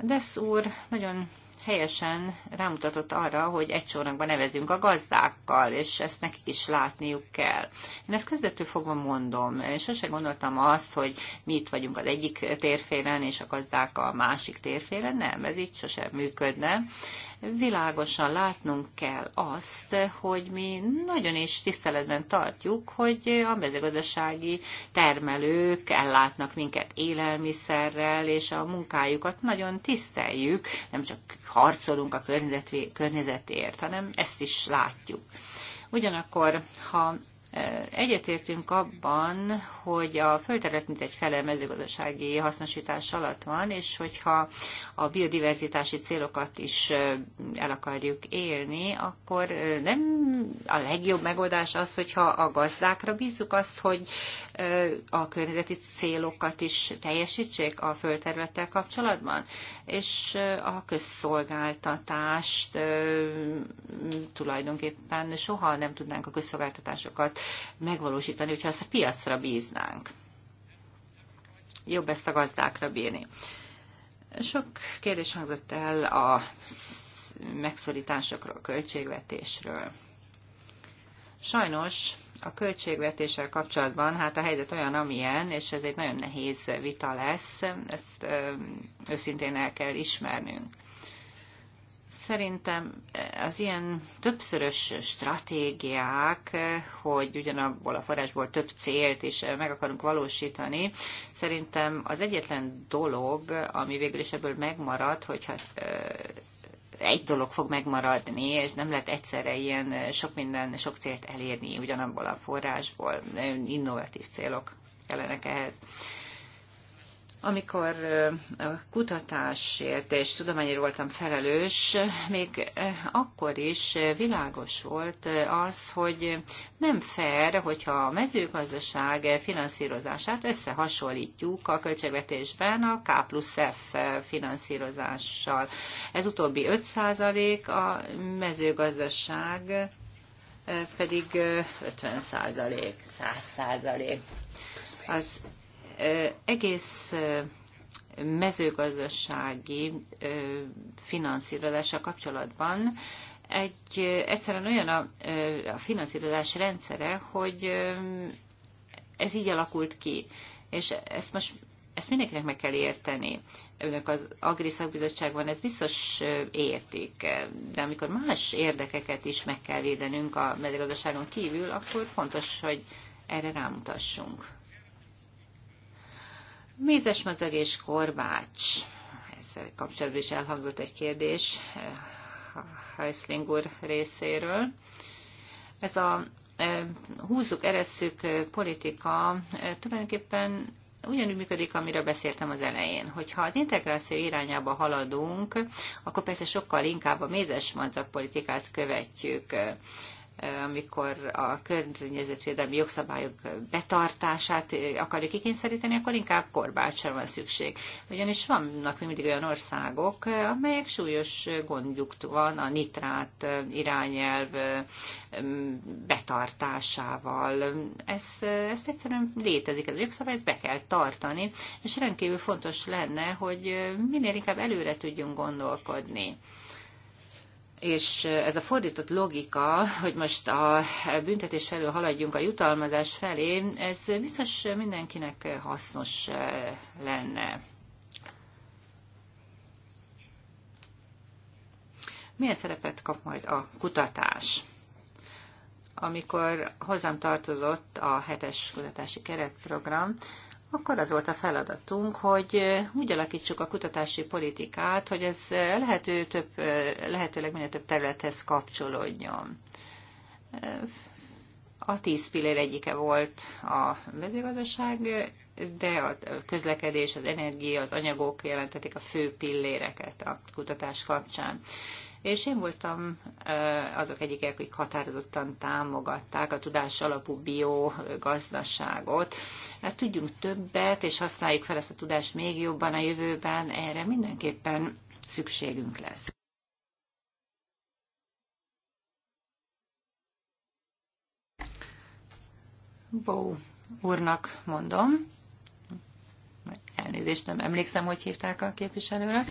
Desz úr nagyon helyesen rámutatott arra, hogy egy csónakban nevezünk a gazdákkal, és ezt nekik is látniuk kell. Én ezt kezdettől fogva mondom, és sose gondoltam azt, hogy mi itt vagyunk az egyik térfélen, és a gazdák a másik térfélen, nem, ez így sose működne világosan látnunk kell azt, hogy mi nagyon is tiszteletben tartjuk, hogy a mezőgazdasági termelők ellátnak minket élelmiszerrel, és a munkájukat nagyon tiszteljük, nem csak harcolunk a környezetért, hanem ezt is látjuk. Ugyanakkor, ha Egyetértünk abban, hogy a földterület mint egy fele mezőgazdasági hasznosítás alatt van, és hogyha a biodiverzitási célokat is el akarjuk élni, akkor nem a legjobb megoldás az, hogyha a gazdákra bízzuk azt, hogy a környezeti célokat is teljesítsék a földterülettel kapcsolatban, és a közszolgáltatást tulajdonképpen soha nem tudnánk a közszolgáltatásokat megvalósítani, hogyha ezt a piacra bíznánk. Jobb ezt a gazdákra bírni. Sok kérdés hangzott el a megszorításokról, a költségvetésről. Sajnos a költségvetéssel kapcsolatban hát a helyzet olyan, amilyen, és ez egy nagyon nehéz vita lesz, ezt őszintén el kell ismernünk. Szerintem az ilyen többszörös stratégiák, hogy ugyanabból a forrásból több célt is meg akarunk valósítani, szerintem az egyetlen dolog, ami végül is ebből megmarad, hogyha egy dolog fog megmaradni, és nem lehet egyszerre ilyen sok minden, sok célt elérni ugyanabból a forrásból, innovatív célok kellenek ehhez. Amikor a kutatásért és tudományért voltam felelős, még akkor is világos volt az, hogy nem fair, hogyha a mezőgazdaság finanszírozását összehasonlítjuk a költségvetésben a K plusz F finanszírozással. Ez utóbbi 5% a mezőgazdaság pedig 50 százalék, 100 százalék. Az egész mezőgazdasági finanszírozása kapcsolatban egy egyszerűen olyan a, a finanszírozás rendszere, hogy ez így alakult ki. És ezt most ezt mindenkinek meg kell érteni. Önök az Agri Szakbizottságban ez biztos értik, de amikor más érdekeket is meg kell védenünk a mezőgazdaságon kívül, akkor fontos, hogy erre rámutassunk. Mézes madár és korbács. Ezzel kapcsolatban is elhangzott egy kérdés eh, Heisling úr részéről. Ez a eh, húzzuk, eresszük eh, politika tulajdonképpen ugyanúgy működik, amiről beszéltem az elején. hogy ha az integráció irányába haladunk, akkor persze sokkal inkább a mézes madzak politikát követjük. Eh, amikor a környezetvédelmi jogszabályok betartását eh, akarjuk kikényszeríteni, akkor inkább korbácsra van szükség. Ugyanis vannak még mindig olyan országok, eh, amelyek súlyos gondjuk van a nitrát irányelv betartásával. Ez, ez egyszerűen létezik, ez a jogszabály, ezt be kell tartani, és rendkívül fontos lenne, hogy minél inkább előre tudjunk gondolkodni és ez a fordított logika, hogy most a büntetés felől haladjunk a jutalmazás felé, ez biztos mindenkinek hasznos lenne. Milyen szerepet kap majd a kutatás? Amikor hozzám tartozott a hetes kutatási keretprogram, akkor az volt a feladatunk, hogy úgy alakítsuk a kutatási politikát, hogy ez lehető több, lehetőleg minél több területhez kapcsolódjon. A tíz pillér egyike volt a mezőgazdaság, de a közlekedés, az energia, az anyagok jelentetik a fő pilléreket a kutatás kapcsán és én voltam azok egyik, akik határozottan támogatták a tudás alapú biogazdaságot. Hát tudjunk többet, és használjuk fel ezt a tudást még jobban a jövőben, erre mindenképpen szükségünk lesz. Bó úrnak mondom, elnézést nem emlékszem, hogy hívták a képviselőre.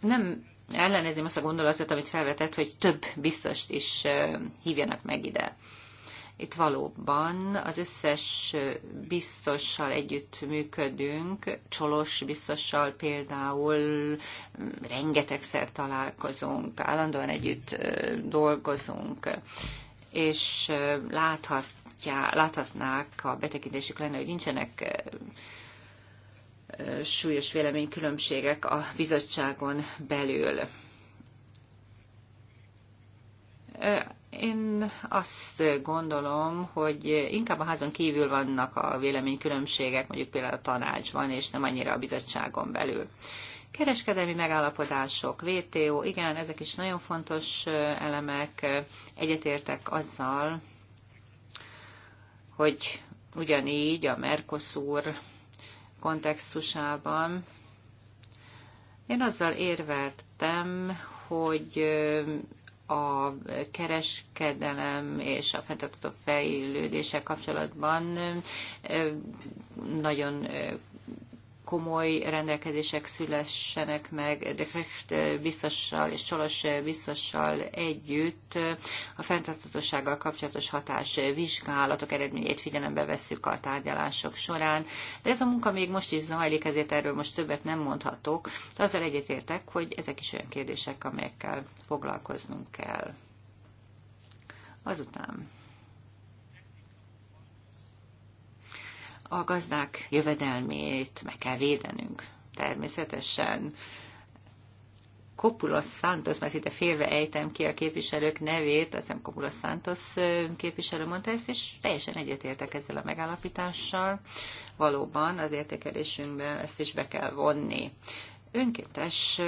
nem ellenezném azt a gondolatot, amit felvetett, hogy több biztost is hívjanak meg ide. Itt valóban az összes biztossal együtt működünk, Csolos biztossal például mm, rengetegszer találkozunk, állandóan együtt dolgozunk, és láthatják, láthatnák, ha betekintésük lenne, hogy nincsenek súlyos véleménykülönbségek a bizottságon belül. Én azt gondolom, hogy inkább a házon kívül vannak a véleménykülönbségek, mondjuk például a tanácsban, és nem annyira a bizottságon belül. Kereskedelmi megállapodások, VTO, igen, ezek is nagyon fontos elemek. Egyetértek azzal, hogy ugyanígy a Mercosur kontextusában én azzal érveltem, hogy a kereskedelem és a fenntartható fejlődése kapcsolatban nagyon komoly rendelkezések szülessenek meg, de Krecht eh, biztossal és Csolos eh, biztossal együtt eh, a fenntartatósággal kapcsolatos hatás vizsgálatok eredményét figyelembe vesszük a tárgyalások során. De ez a munka még most is zajlik, ezért erről most többet nem mondhatok. De azzal egyetértek, hogy ezek is olyan kérdések, amelyekkel foglalkoznunk kell. Azután A gazdák jövedelmét meg kell védenünk, természetesen. Kopulos Santos, mert itt félve ejtem ki a képviselők nevét, azt hiszem Kopulos Santos képviselő mondta ezt, és teljesen egyetértek ezzel a megállapítással. Valóban az értékelésünkben ezt is be kell vonni. Önkéntes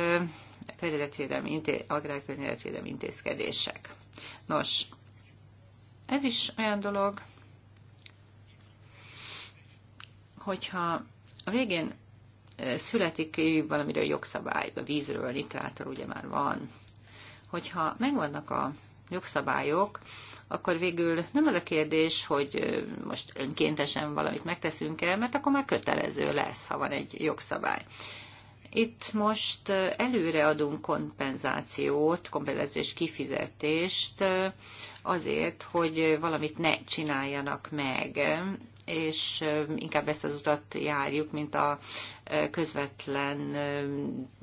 környezetvédelmi, agrárkörnyezetvédelmi intézkedések. Nos, ez is olyan dolog, hogyha a végén születik valamiről jogszabály, a vízről, nitrátor ugye már van, hogyha megvannak a jogszabályok, akkor végül nem az a kérdés, hogy most önkéntesen valamit megteszünk-e, mert akkor már kötelező lesz, ha van egy jogszabály. Itt most előre adunk kompenzációt, kompenzációs kifizetést azért, hogy valamit ne csináljanak meg, és inkább ezt az utat járjuk, mint a közvetlen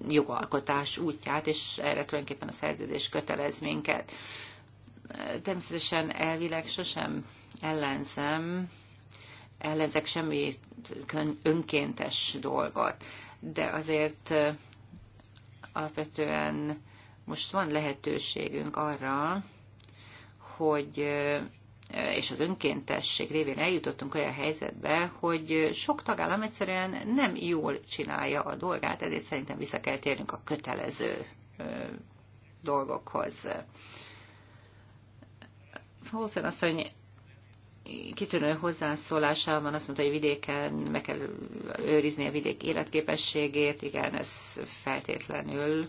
jogalkotás útját, és erre tulajdonképpen a szerződés kötelez minket. Természetesen elvileg sosem ellenzem, ellenzek semmi önkéntes dolgot, de azért alapvetően most van lehetőségünk arra, hogy és az önkéntesség révén eljutottunk olyan helyzetbe, hogy sok tagállam egyszerűen nem jól csinálja a dolgát, ezért szerintem vissza kell térnünk a kötelező dolgokhoz. azt mondja, kitűnő hozzászólásában azt mondta, hogy vidéken meg kell őrizni a vidék életképességét, igen, ez feltétlenül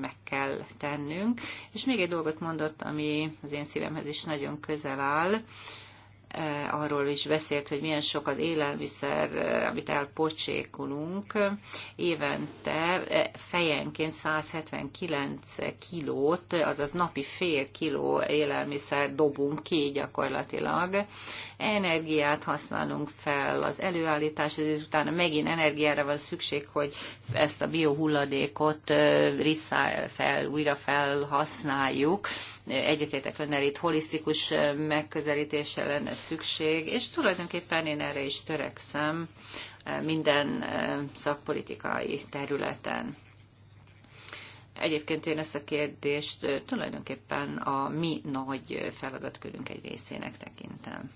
meg kell tennünk. És még egy dolgot mondott, ami az én szívemhez is nagyon közel áll. E, arról is beszélt, hogy milyen sok az élelmiszer, e, amit elpocsékolunk. Évente e, fejenként 179 kilót, azaz napi fél kiló élelmiszer dobunk ki gyakorlatilag. Energiát használunk fel az előállítás és utána megint energiára van szükség, hogy ezt a biohulladékot fel, újra felhasználjuk egyetétek önnel itt holisztikus megközelítéssel lenne szükség, és tulajdonképpen én erre is törekszem minden szakpolitikai területen. Egyébként én ezt a kérdést tulajdonképpen a mi nagy feladatkörünk egy részének tekintem.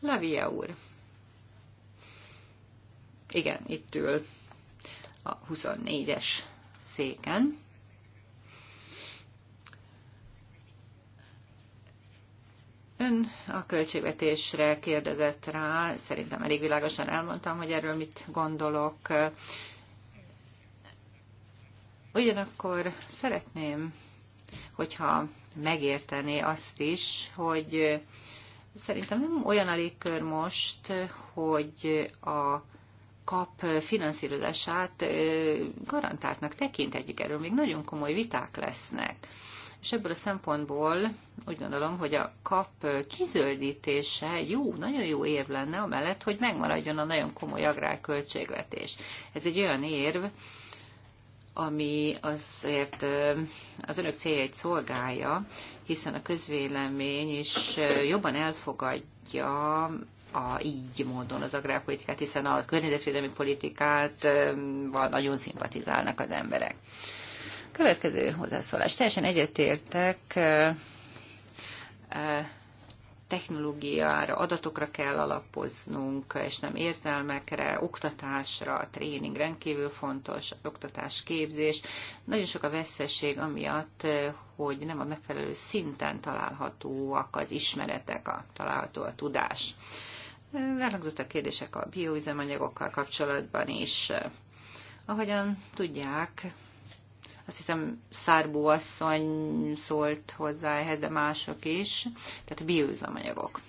Lavia úr. Igen, itt ül a 24-es széken. Ön a költségvetésre kérdezett rá, szerintem elég világosan elmondtam, hogy erről mit gondolok. Ugyanakkor szeretném, hogyha megértené azt is, hogy szerintem nem olyan a légkör most, hogy a kap finanszírozását garantáltnak tekintetjük. Erről még nagyon komoly viták lesznek. És ebből a szempontból úgy gondolom, hogy a kap kizöldítése jó, nagyon jó érv lenne, amellett, hogy megmaradjon a nagyon komoly agrárköltségvetés. Ez egy olyan érv, ami azért az önök céljait szolgálja, hiszen a közvélemény is jobban elfogadja a, így módon az agrárpolitikát, hiszen a környezetvédelmi politikát nagyon szimpatizálnak az emberek. Következő hozzászólás. Teljesen egyetértek technológiára, adatokra kell alapoznunk, és nem érzelmekre, oktatásra, a tréning rendkívül fontos, az oktatás képzés. Nagyon sok a veszesség amiatt, hogy nem a megfelelő szinten találhatóak az ismeretek, a, található a tudás. Elhangzott a kérdések a bioüzemanyagokkal kapcsolatban is. Ahogyan tudják, azt hiszem Szárbó asszony szólt hozzá ehhez, de mások is. Tehát bióüzemanyagok.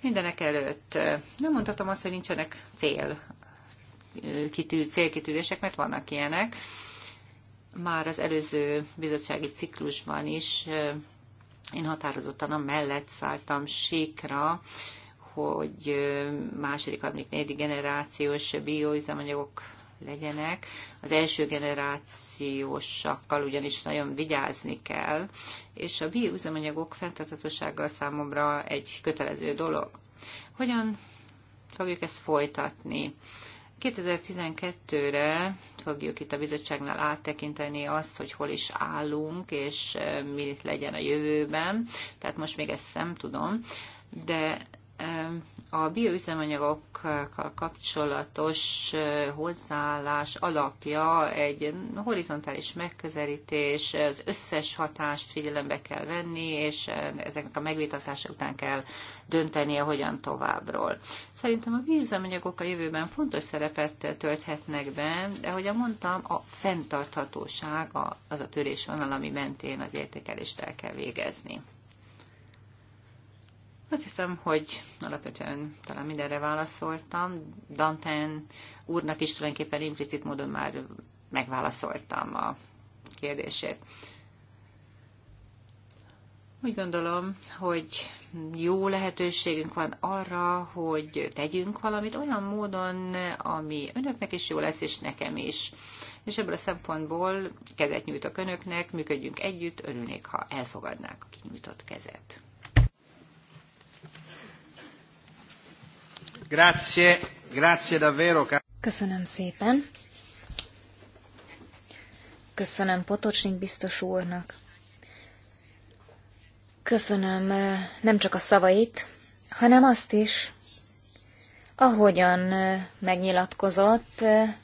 Mindenek előtt nem mondhatom azt, hogy nincsenek cél, kitű, célkitűzések, mert vannak ilyenek. Már az előző bizottsági ciklusban is én határozottan a mellett szálltam síkra, hogy második, harmadik, negyedik generációs bioüzemanyagok legyenek. Az első generáció emissziósakkal ugyanis nagyon vigyázni kell, és a bioüzemanyagok fenntarthatósággal számomra egy kötelező dolog. Hogyan fogjuk ezt folytatni? 2012-re fogjuk itt a bizottságnál áttekinteni azt, hogy hol is állunk, és mi legyen a jövőben. Tehát most még ezt nem tudom, de a bioüzemanyagokkal kapcsolatos hozzáállás alapja egy horizontális megközelítés, az összes hatást figyelembe kell venni, és ezeknek a megvitatása után kell döntenie, hogyan továbbról. Szerintem a bioüzemanyagok a jövőben fontos szerepet tölthetnek be, de ahogy mondtam, a fenntarthatóság az a törésvonal, ami mentén az értékelést el kell végezni. Azt hiszem, hogy alapvetően talán mindenre válaszoltam. Danten úrnak is tulajdonképpen implicit módon már megválaszoltam a kérdését. Úgy gondolom, hogy jó lehetőségünk van arra, hogy tegyünk valamit olyan módon, ami önöknek is jó lesz, és nekem is. És ebből a szempontból kezet nyújtok önöknek, működjünk együtt, örülnék, ha elfogadnák a kinyújtott kezet. Grazie, grazie davvero. Köszönöm szépen. Köszönöm Potocsnik biztos úrnak. Köszönöm eh, nem csak a szavait, hanem azt is, ahogyan eh, megnyilatkozott, eh,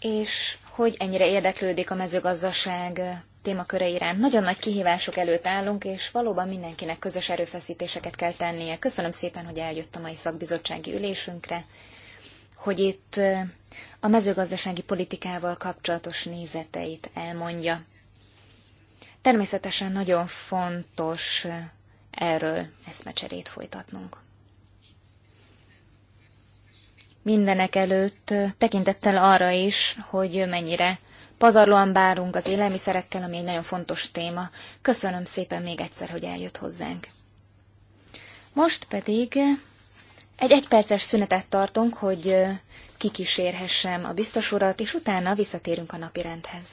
és hogy ennyire érdeklődik a mezőgazdaság témaköre iránt. Nagyon nagy kihívások előtt állunk, és valóban mindenkinek közös erőfeszítéseket kell tennie. Köszönöm szépen, hogy eljött a mai szakbizottsági ülésünkre, hogy itt a mezőgazdasági politikával kapcsolatos nézeteit elmondja. Természetesen nagyon fontos erről eszmecserét folytatnunk. Mindenek előtt tekintettel arra is, hogy mennyire pazarlóan bárunk az élelmiszerekkel, ami egy nagyon fontos téma. Köszönöm szépen még egyszer, hogy eljött hozzánk. Most pedig egy egyperces szünetet tartunk, hogy kikísérhessem a biztos urat, és utána visszatérünk a napirendhez.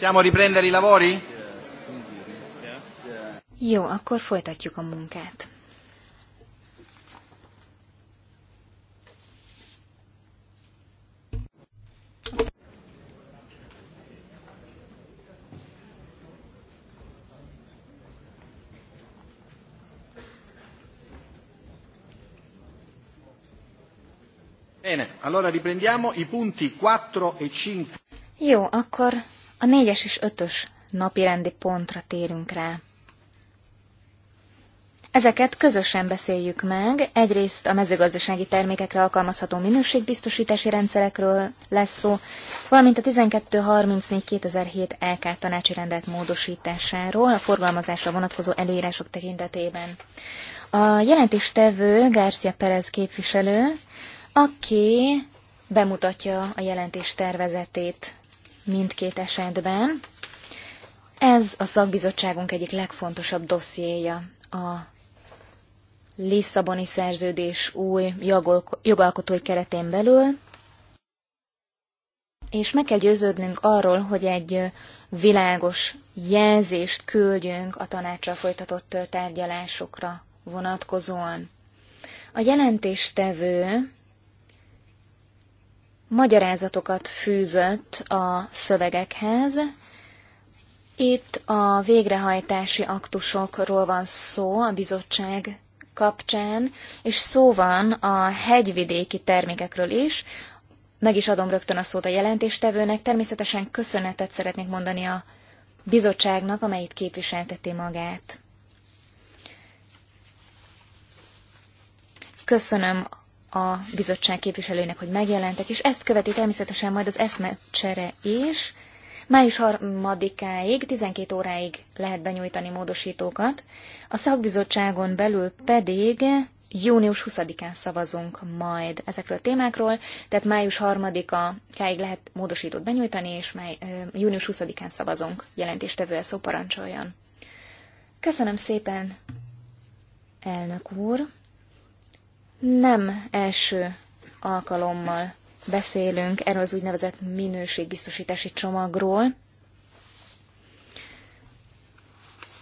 Possiamo riprendere i lavori? Jó, akkor folytatjuk a munkát. Bene, allora riprendiamo i punti 4 e 5. Jó, akkor a négyes és ötös napi rendi pontra térünk rá. Ezeket közösen beszéljük meg, egyrészt a mezőgazdasági termékekre alkalmazható minőségbiztosítási rendszerekről lesz szó, valamint a 1234-2007 LK tanácsi rendelet módosításáról a forgalmazásra vonatkozó előírások tekintetében. A jelentéstevő Garcia Perez képviselő, aki bemutatja a jelentés tervezetét mindkét esetben. Ez a szakbizottságunk egyik legfontosabb dossziéja, a Lisszaboni szerződés új jogalkotói keretén belül, és meg kell győződnünk arról, hogy egy világos jelzést küldjünk a tanácsra folytatott tárgyalásokra vonatkozóan. A jelentéstevő magyarázatokat fűzött a szövegekhez. Itt a végrehajtási aktusokról van szó a bizottság kapcsán, és szó van a hegyvidéki termékekről is. Meg is adom rögtön a szót a jelentéstevőnek. Természetesen köszönetet szeretnék mondani a bizottságnak, amelyik képviselteti magát. Köszönöm a bizottság képviselőinek, hogy megjelentek, és ezt követi természetesen majd az eszmecsere is. Május harmadikáig, 12 óráig lehet benyújtani módosítókat, a szakbizottságon belül pedig június 20-án szavazunk majd ezekről a témákról, tehát május 3-áig lehet módosítót benyújtani, és máj, június 20-án szavazunk. Jelentéstevője szó parancsoljon. Köszönöm szépen, elnök úr! nem első alkalommal beszélünk erről az úgynevezett minőségbiztosítási csomagról.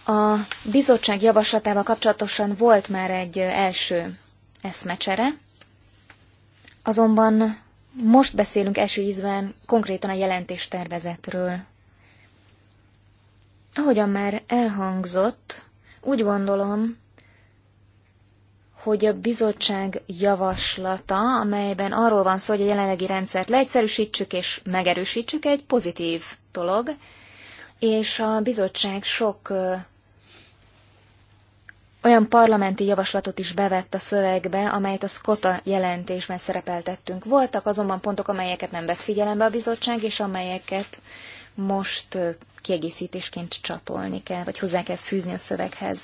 A bizottság javaslatával kapcsolatosan volt már egy első eszmecsere, azonban most beszélünk első ízben konkrétan a jelentéstervezetről. Ahogyan már elhangzott, úgy gondolom, hogy a bizottság javaslata, amelyben arról van szó, hogy a jelenlegi rendszert leegyszerűsítsük és megerősítsük, egy pozitív dolog, és a bizottság sok olyan parlamenti javaslatot is bevett a szövegbe, amelyet a Skota jelentésben szerepeltettünk. Voltak azonban pontok, amelyeket nem vett figyelembe a bizottság, és amelyeket most kiegészítésként csatolni kell, vagy hozzá kell fűzni a szöveghez.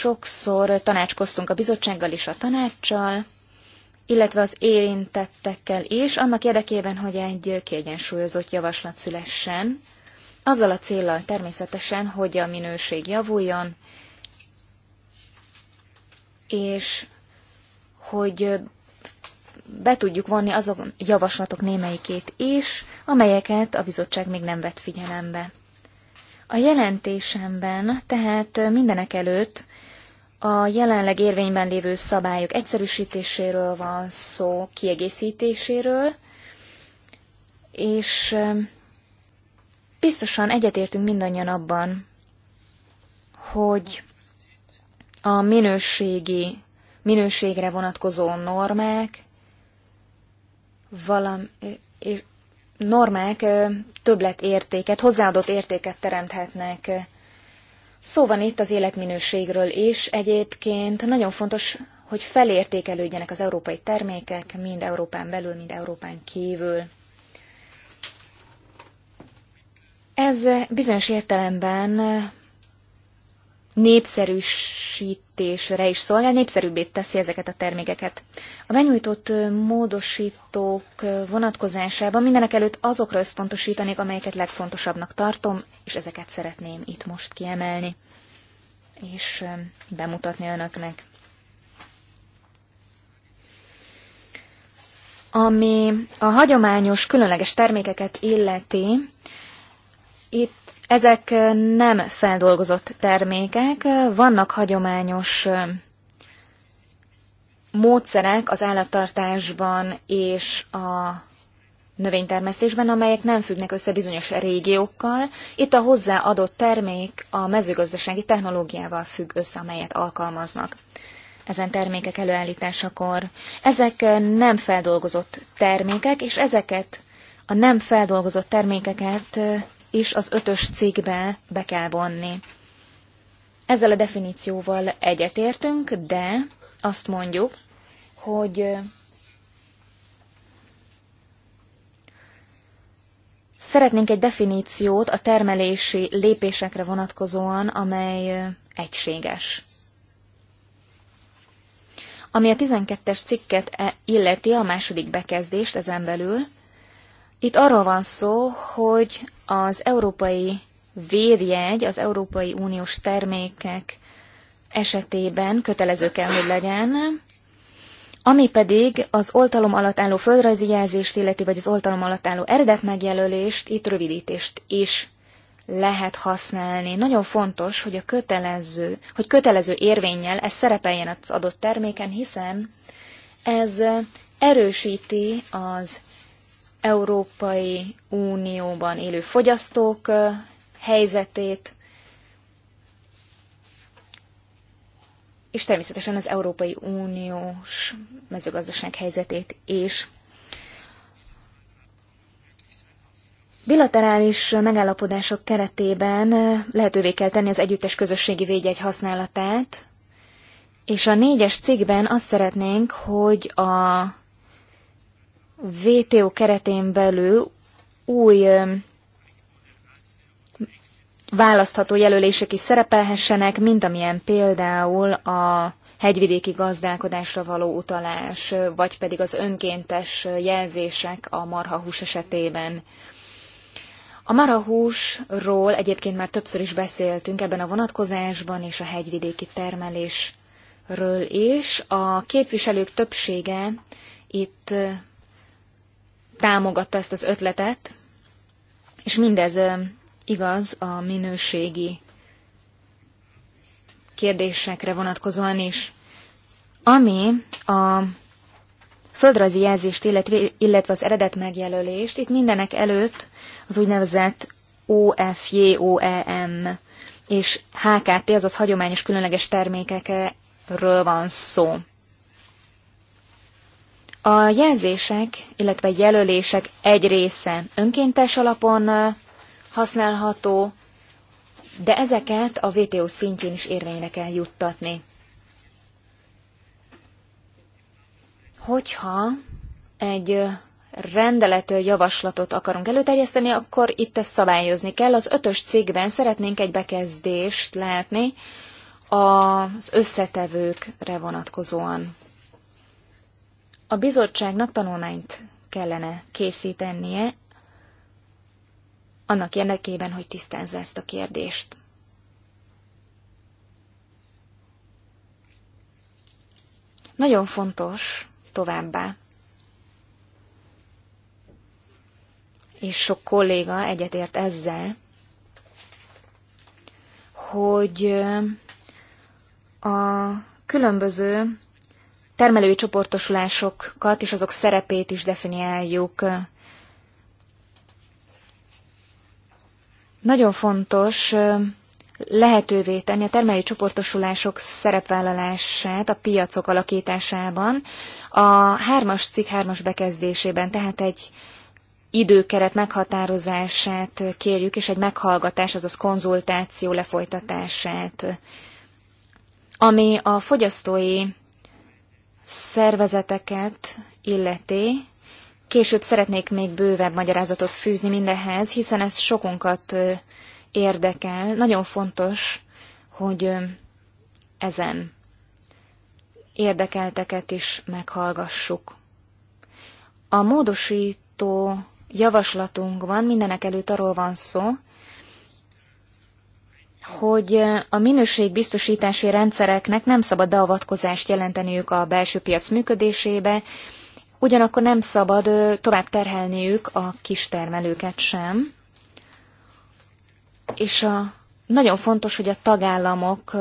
Sokszor tanácskoztunk a bizottsággal és a tanácssal, illetve az érintettekkel is, annak érdekében, hogy egy kiegyensúlyozott javaslat szülessen, azzal a célral természetesen, hogy a minőség javuljon, és hogy be tudjuk vonni azok javaslatok némelyikét is, amelyeket a bizottság még nem vett figyelembe. A jelentésemben tehát mindenek előtt a jelenleg érvényben lévő szabályok egyszerűsítéséről van szó, kiegészítéséről, és biztosan egyetértünk mindannyian abban, hogy a minőségi, minőségre vonatkozó normák, valam, és normák értéket hozzáadott értéket teremthetnek. Szó van itt az életminőségről is. Egyébként nagyon fontos, hogy felértékelődjenek az európai termékek, mind Európán belül, mind Európán kívül. Ez bizonyos értelemben népszerűsítésre is szolgál, népszerűbbé teszi ezeket a termékeket. A benyújtott módosítók vonatkozásában mindenek előtt azokra összpontosítanék, amelyeket legfontosabbnak tartom, és ezeket szeretném itt most kiemelni, és bemutatni önöknek. Ami a hagyományos, különleges termékeket illeti, itt ezek nem feldolgozott termékek, vannak hagyományos módszerek az állattartásban és a növénytermesztésben, amelyek nem függnek össze bizonyos régiókkal. Itt a hozzáadott termék a mezőgazdasági technológiával függ össze, amelyet alkalmaznak ezen termékek előállításakor. Ezek nem feldolgozott termékek, és ezeket a nem feldolgozott termékeket is az ötös cikkbe be kell vonni. Ezzel a definícióval egyetértünk, de azt mondjuk, hogy szeretnénk egy definíciót a termelési lépésekre vonatkozóan, amely egységes. Ami a 12-es cikket e- illeti a második bekezdést ezen belül, itt arról van szó, hogy az európai védjegy az Európai Uniós termékek esetében kötelező kell, hogy legyen, ami pedig az oltalom alatt álló földrajzi jelzést illeti, vagy az oltalom alatt álló eredetmegjelölést, itt rövidítést is lehet használni. Nagyon fontos, hogy a kötelező, hogy kötelező érvényel ez szerepeljen az adott terméken, hiszen ez erősíti az Európai Unióban élő fogyasztók helyzetét, és természetesen az Európai Uniós mezőgazdaság helyzetét is. Bilaterális megállapodások keretében lehetővé kell tenni az együttes közösségi védjegy használatát, és a négyes cikkben azt szeretnénk, hogy a VTO keretén belül új választható jelölések is szerepelhessenek, mint amilyen például a hegyvidéki gazdálkodásra való utalás, vagy pedig az önkéntes jelzések a marhahús esetében. A marahúsról egyébként már többször is beszéltünk ebben a vonatkozásban, és a hegyvidéki termelésről is. A képviselők többsége itt támogatta ezt az ötletet, és mindez igaz a minőségi kérdésekre vonatkozóan is. Ami a földrajzi jelzést, illetve az eredet megjelölést, itt mindenek előtt az úgynevezett OFJOEM és HKT, azaz hagyományos különleges termékekről van szó. A jelzések, illetve jelölések egy része önkéntes alapon használható, de ezeket a VTO szintjén is érvényre kell juttatni. Hogyha egy rendelető javaslatot akarunk előterjeszteni, akkor itt ezt szabályozni kell. Az ötös cégben szeretnénk egy bekezdést látni az összetevőkre vonatkozóan a bizottságnak tanulmányt kellene készítenie annak érdekében, hogy tisztázza ezt a kérdést. Nagyon fontos továbbá, és sok kolléga egyetért ezzel, hogy a különböző termelői csoportosulásokat és azok szerepét is definiáljuk. Nagyon fontos lehetővé tenni a termelői csoportosulások szerepvállalását a piacok alakításában. A hármas cikk hármas bekezdésében, tehát egy időkeret meghatározását kérjük, és egy meghallgatás, azaz konzultáció lefolytatását, ami a fogyasztói szervezeteket illeti, később szeretnék még bővebb magyarázatot fűzni mindehhez, hiszen ez sokunkat érdekel. Nagyon fontos, hogy ezen érdekelteket is meghallgassuk. A módosító javaslatunkban mindenek előtt arról van szó, hogy a minőségbiztosítási rendszereknek nem szabad beavatkozást jelenteniük a belső piac működésébe, ugyanakkor nem szabad tovább terhelniük a kistermelőket sem. És a, nagyon fontos, hogy a tagállamok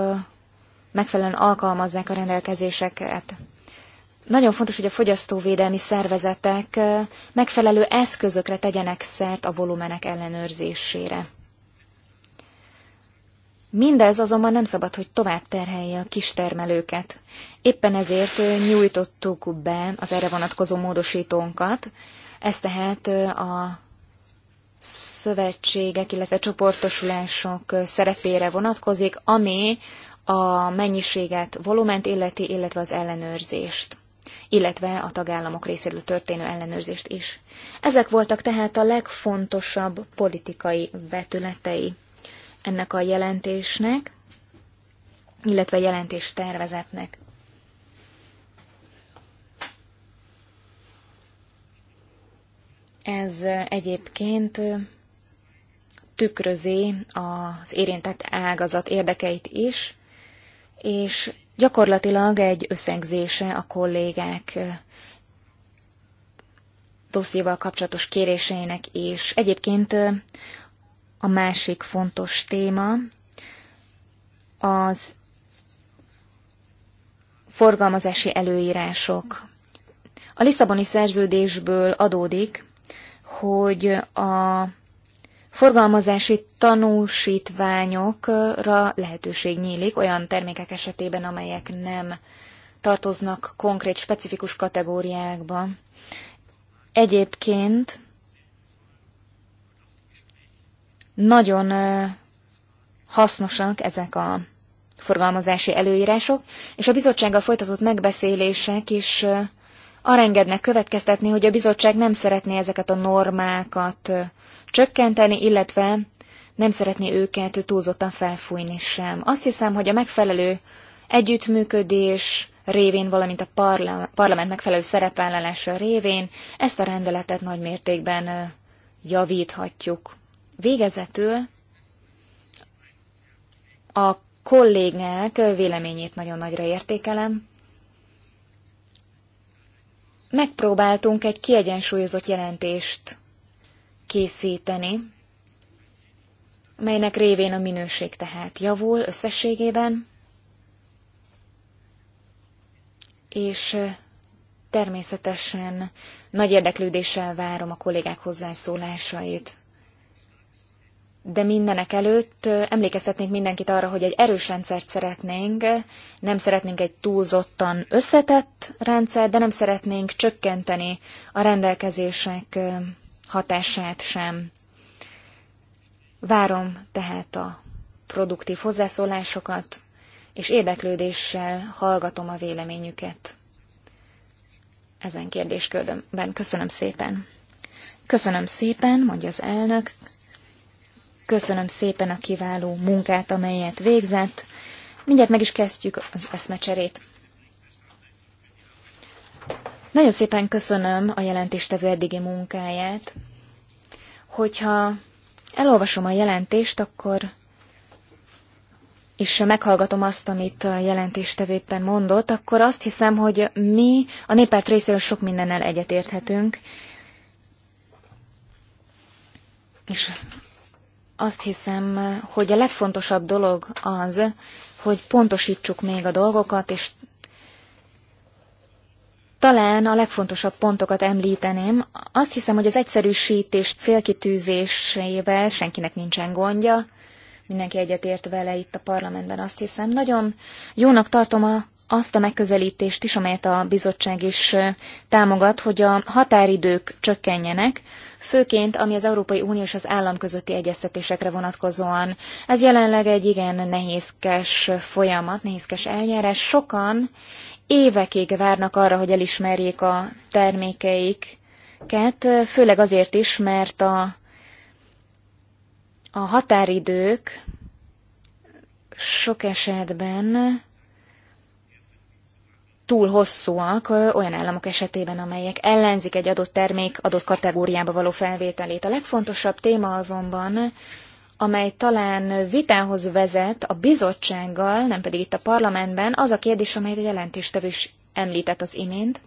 megfelelően alkalmazzák a rendelkezéseket. Nagyon fontos, hogy a fogyasztóvédelmi szervezetek megfelelő eszközökre tegyenek szert a volumenek ellenőrzésére. Mindez azonban nem szabad, hogy tovább terhelje a kistermelőket. Éppen ezért nyújtottuk be az erre vonatkozó módosítónkat, ez tehát a szövetségek, illetve csoportosulások szerepére vonatkozik, ami a mennyiséget, volument illeti, illetve az ellenőrzést illetve a tagállamok részéről történő ellenőrzést is. Ezek voltak tehát a legfontosabb politikai vetületei ennek a jelentésnek, illetve jelentés tervezetnek. Ez egyébként tükrözi az érintett ágazat érdekeit is, és gyakorlatilag egy összegzése a kollégák dossziéval kapcsolatos kéréseinek is. Egyébként a másik fontos téma az forgalmazási előírások. A Lisszaboni szerződésből adódik, hogy a forgalmazási tanúsítványokra lehetőség nyílik olyan termékek esetében, amelyek nem tartoznak konkrét, specifikus kategóriákba. Egyébként nagyon hasznosak ezek a forgalmazási előírások, és a bizottsággal folytatott megbeszélések is arra engednek következtetni, hogy a bizottság nem szeretné ezeket a normákat csökkenteni, illetve nem szeretné őket túlzottan felfújni sem. Azt hiszem, hogy a megfelelő együttműködés révén, valamint a parlament megfelelő szerepvállalása révén ezt a rendeletet nagy mértékben javíthatjuk. Végezetül a kollégák véleményét nagyon nagyra értékelem. Megpróbáltunk egy kiegyensúlyozott jelentést készíteni, melynek révén a minőség tehát javul összességében, és természetesen nagy érdeklődéssel várom a kollégák hozzászólásait de mindenek előtt emlékeztetnék mindenkit arra, hogy egy erős rendszert szeretnénk, nem szeretnénk egy túlzottan összetett rendszer, de nem szeretnénk csökkenteni a rendelkezések hatását sem. Várom tehát a produktív hozzászólásokat, és érdeklődéssel hallgatom a véleményüket ezen kérdéskörben. Köszönöm szépen! Köszönöm szépen, mondja az elnök, Köszönöm szépen a kiváló munkát, amelyet végzett. Mindjárt meg is kezdjük az eszmecserét. Nagyon szépen köszönöm a jelentéstevő eddigi munkáját. Hogyha elolvasom a jelentést, akkor és meghallgatom azt, amit a éppen mondott, akkor azt hiszem, hogy mi a néppárt részéről sok mindennel egyetérthetünk, és azt hiszem, hogy a legfontosabb dolog az, hogy pontosítsuk még a dolgokat, és talán a legfontosabb pontokat említeném. Azt hiszem, hogy az egyszerűsítés célkitűzésével senkinek nincsen gondja. Mindenki egyetért vele itt a parlamentben, azt hiszem. Nagyon jónak tartom a azt a megközelítést is, amelyet a bizottság is támogat, hogy a határidők csökkenjenek, főként ami az Európai Unió és az állam közötti egyeztetésekre vonatkozóan. Ez jelenleg egy igen nehézkes folyamat, nehézkes eljárás. Sokan évekig várnak arra, hogy elismerjék a termékeiket, főleg azért is, mert a, a határidők sok esetben túl hosszúak olyan államok esetében, amelyek ellenzik egy adott termék adott kategóriába való felvételét. A legfontosabb téma azonban, amely talán vitához vezet a bizottsággal, nem pedig itt a parlamentben, az a kérdés, amelyet a jelentéstevő is említett az imént,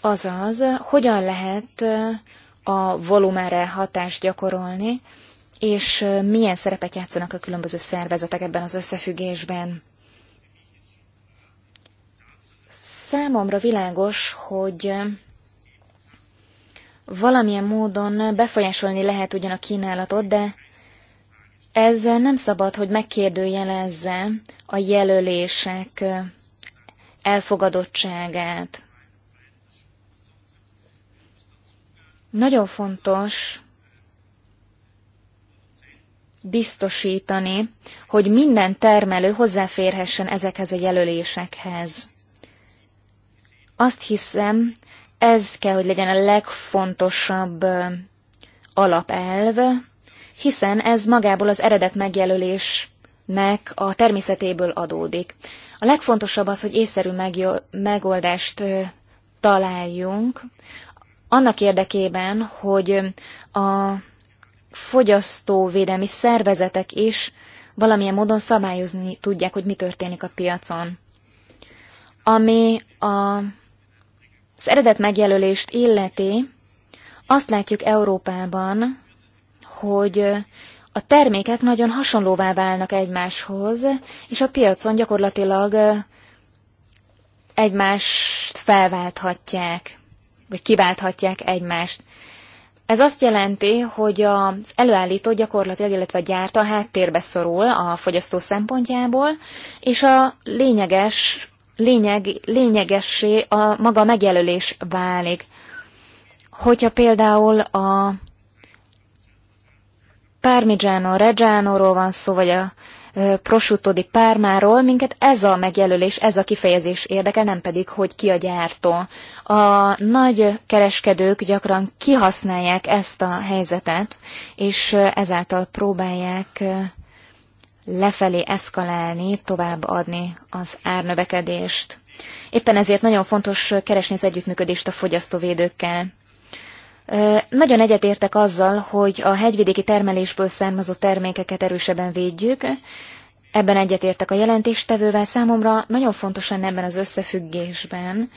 azaz, hogyan lehet a volumára hatást gyakorolni, és milyen szerepet játszanak a különböző szervezetek ebben az összefüggésben. Számomra világos, hogy valamilyen módon befolyásolni lehet ugyan a kínálatot, de ez nem szabad, hogy megkérdőjelezze a jelölések elfogadottságát. Nagyon fontos biztosítani, hogy minden termelő hozzáférhessen ezekhez a jelölésekhez. Azt hiszem, ez kell, hogy legyen a legfontosabb alapelv, hiszen ez magából az eredet megjelölésnek a természetéből adódik. A legfontosabb az, hogy észszerű megoldást találjunk, annak érdekében, hogy a fogyasztóvédelmi szervezetek is valamilyen módon szabályozni tudják, hogy mi történik a piacon. Ami a az eredet megjelölést illeti, azt látjuk Európában, hogy a termékek nagyon hasonlóvá válnak egymáshoz, és a piacon gyakorlatilag egymást felválthatják, vagy kiválthatják egymást. Ez azt jelenti, hogy az előállító gyakorlatilag, illetve a gyárta háttérbe szorul a fogyasztó szempontjából, és a lényeges lényeg, lényegessé a maga megjelölés válik. Hogyha például a Parmigiano Reggianoról van szó, vagy a prosciutto di Parmáról, minket ez a megjelölés, ez a kifejezés érdekel, nem pedig, hogy ki a gyártó. A nagy kereskedők gyakran kihasználják ezt a helyzetet, és ezáltal próbálják lefelé eszkalálni, tovább adni az árnövekedést. Éppen ezért nagyon fontos keresni az együttműködést a fogyasztóvédőkkel. Nagyon egyetértek azzal, hogy a hegyvidéki termelésből származó termékeket erősebben védjük. Ebben egyetértek a jelentéstevővel. Számomra nagyon fontos lenne ebben az összefüggésben,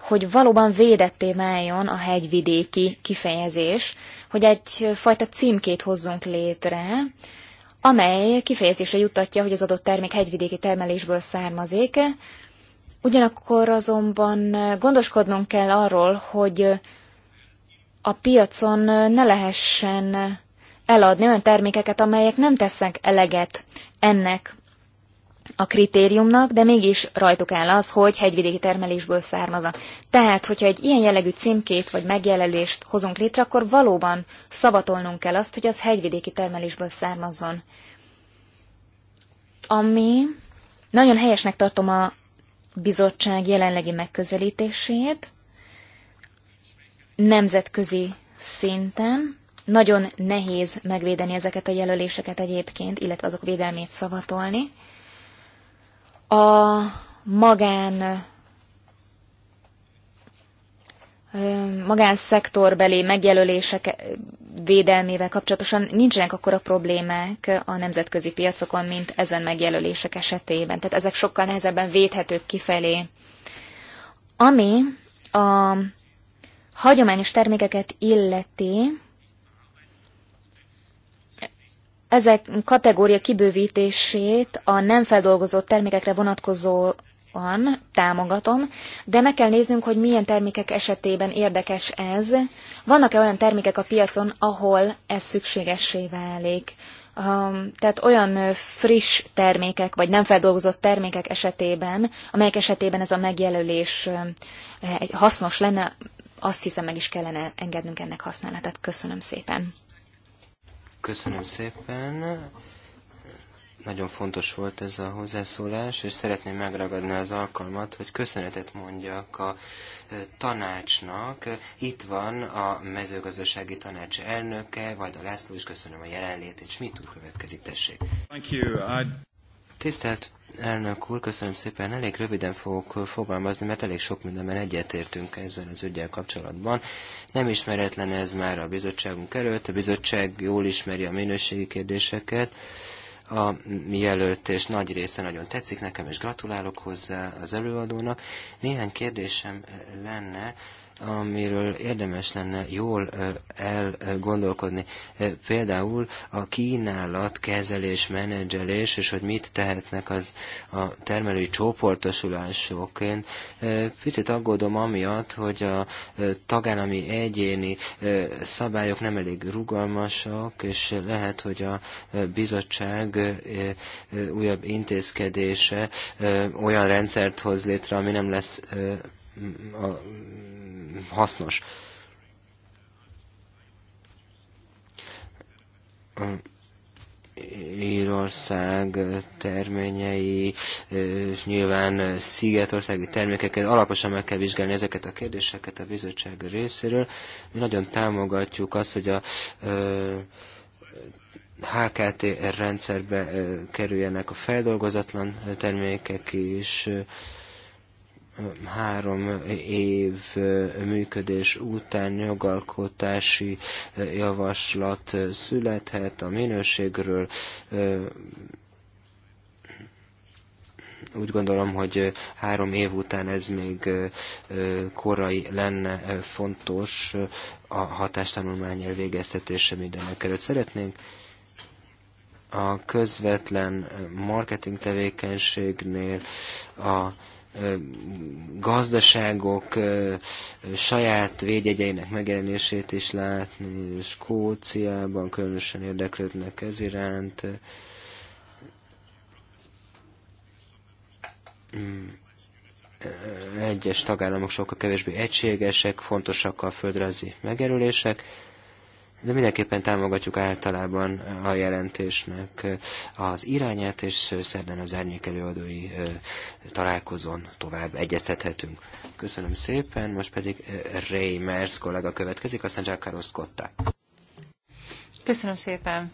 hogy valóban védetté váljon a hegyvidéki kifejezés, hogy egyfajta címkét hozzunk létre, amely kifejezésre juttatja, hogy az adott termék hegyvidéki termelésből származik. Ugyanakkor azonban gondoskodnunk kell arról, hogy a piacon ne lehessen eladni olyan termékeket, amelyek nem tesznek eleget ennek a kritériumnak, de mégis rajtuk áll az, hogy hegyvidéki termelésből származa. Tehát, hogyha egy ilyen jellegű címkét vagy megjelölést hozunk létre, akkor valóban szavatolnunk kell azt, hogy az hegyvidéki termelésből származzon. Ami nagyon helyesnek tartom a bizottság jelenlegi megközelítését, nemzetközi szinten, nagyon nehéz megvédeni ezeket a jelöléseket egyébként, illetve azok védelmét szavatolni a magán magánszektorbeli megjelölések védelmével kapcsolatosan nincsenek akkor a problémák a nemzetközi piacokon, mint ezen megjelölések esetében. Tehát ezek sokkal nehezebben védhetők kifelé. Ami a hagyományos termékeket illeti, ezek kategória kibővítését a nem feldolgozott termékekre vonatkozóan támogatom, de meg kell néznünk, hogy milyen termékek esetében érdekes ez. Vannak-e olyan termékek a piacon, ahol ez szükségessé válik? Um, tehát olyan friss termékek, vagy nem feldolgozott termékek esetében, amelyek esetében ez a megjelölés hasznos lenne, azt hiszem meg is kellene engednünk ennek használatát. Köszönöm szépen. Köszönöm szépen. Nagyon fontos volt ez a hozzászólás, és szeretném megragadni az alkalmat, hogy köszönetet mondjak a tanácsnak. Itt van a mezőgazdasági tanács elnöke, Vajda László, és köszönöm a jelenlétét. Schmidt úr következik, tessék. Thank you. I... Tisztelt elnök úr, köszönöm szépen. Elég röviden fogok fogalmazni, mert elég sok mindenben egyetértünk ezzel az ügyel kapcsolatban. Nem ismeretlen ez már a bizottságunk előtt. A bizottság jól ismeri a minőségi kérdéseket. A előtt és nagy része nagyon tetszik nekem, és gratulálok hozzá az előadónak. Néhány kérdésem lenne amiről érdemes lenne jól elgondolkodni. Például a kínálat, kezelés, menedzselés, és hogy mit tehetnek az a termelői csoportosulások. Én picit aggódom amiatt, hogy a tagállami egyéni szabályok nem elég rugalmasak, és lehet, hogy a bizottság újabb intézkedése olyan rendszert hoz létre, ami nem lesz a hasznos. Írország terményei, nyilván szigetországi termékeket, alaposan meg kell vizsgálni ezeket a kérdéseket a bizottság részéről. Mi nagyon támogatjuk azt, hogy a HKT rendszerbe kerüljenek a feldolgozatlan termékek is, három év működés után jogalkotási javaslat születhet a minőségről. Úgy gondolom, hogy három év után ez még korai lenne fontos a hatástanulmány elvégeztetése mindenek előtt. Szeretnénk a közvetlen marketing tevékenységnél a gazdaságok saját védjegyeinek megjelenését is látni. Skóciában különösen érdeklődnek ez iránt. Egyes tagállamok sokkal kevésbé egységesek, fontosak a földrajzi megerülések de mindenképpen támogatjuk általában a jelentésnek az irányát, és szerdán az árnyékelőadói találkozón tovább egyeztethetünk. Köszönöm szépen, most pedig Ray Mers kollega következik, aztán Giancarlo Scotta. Köszönöm szépen.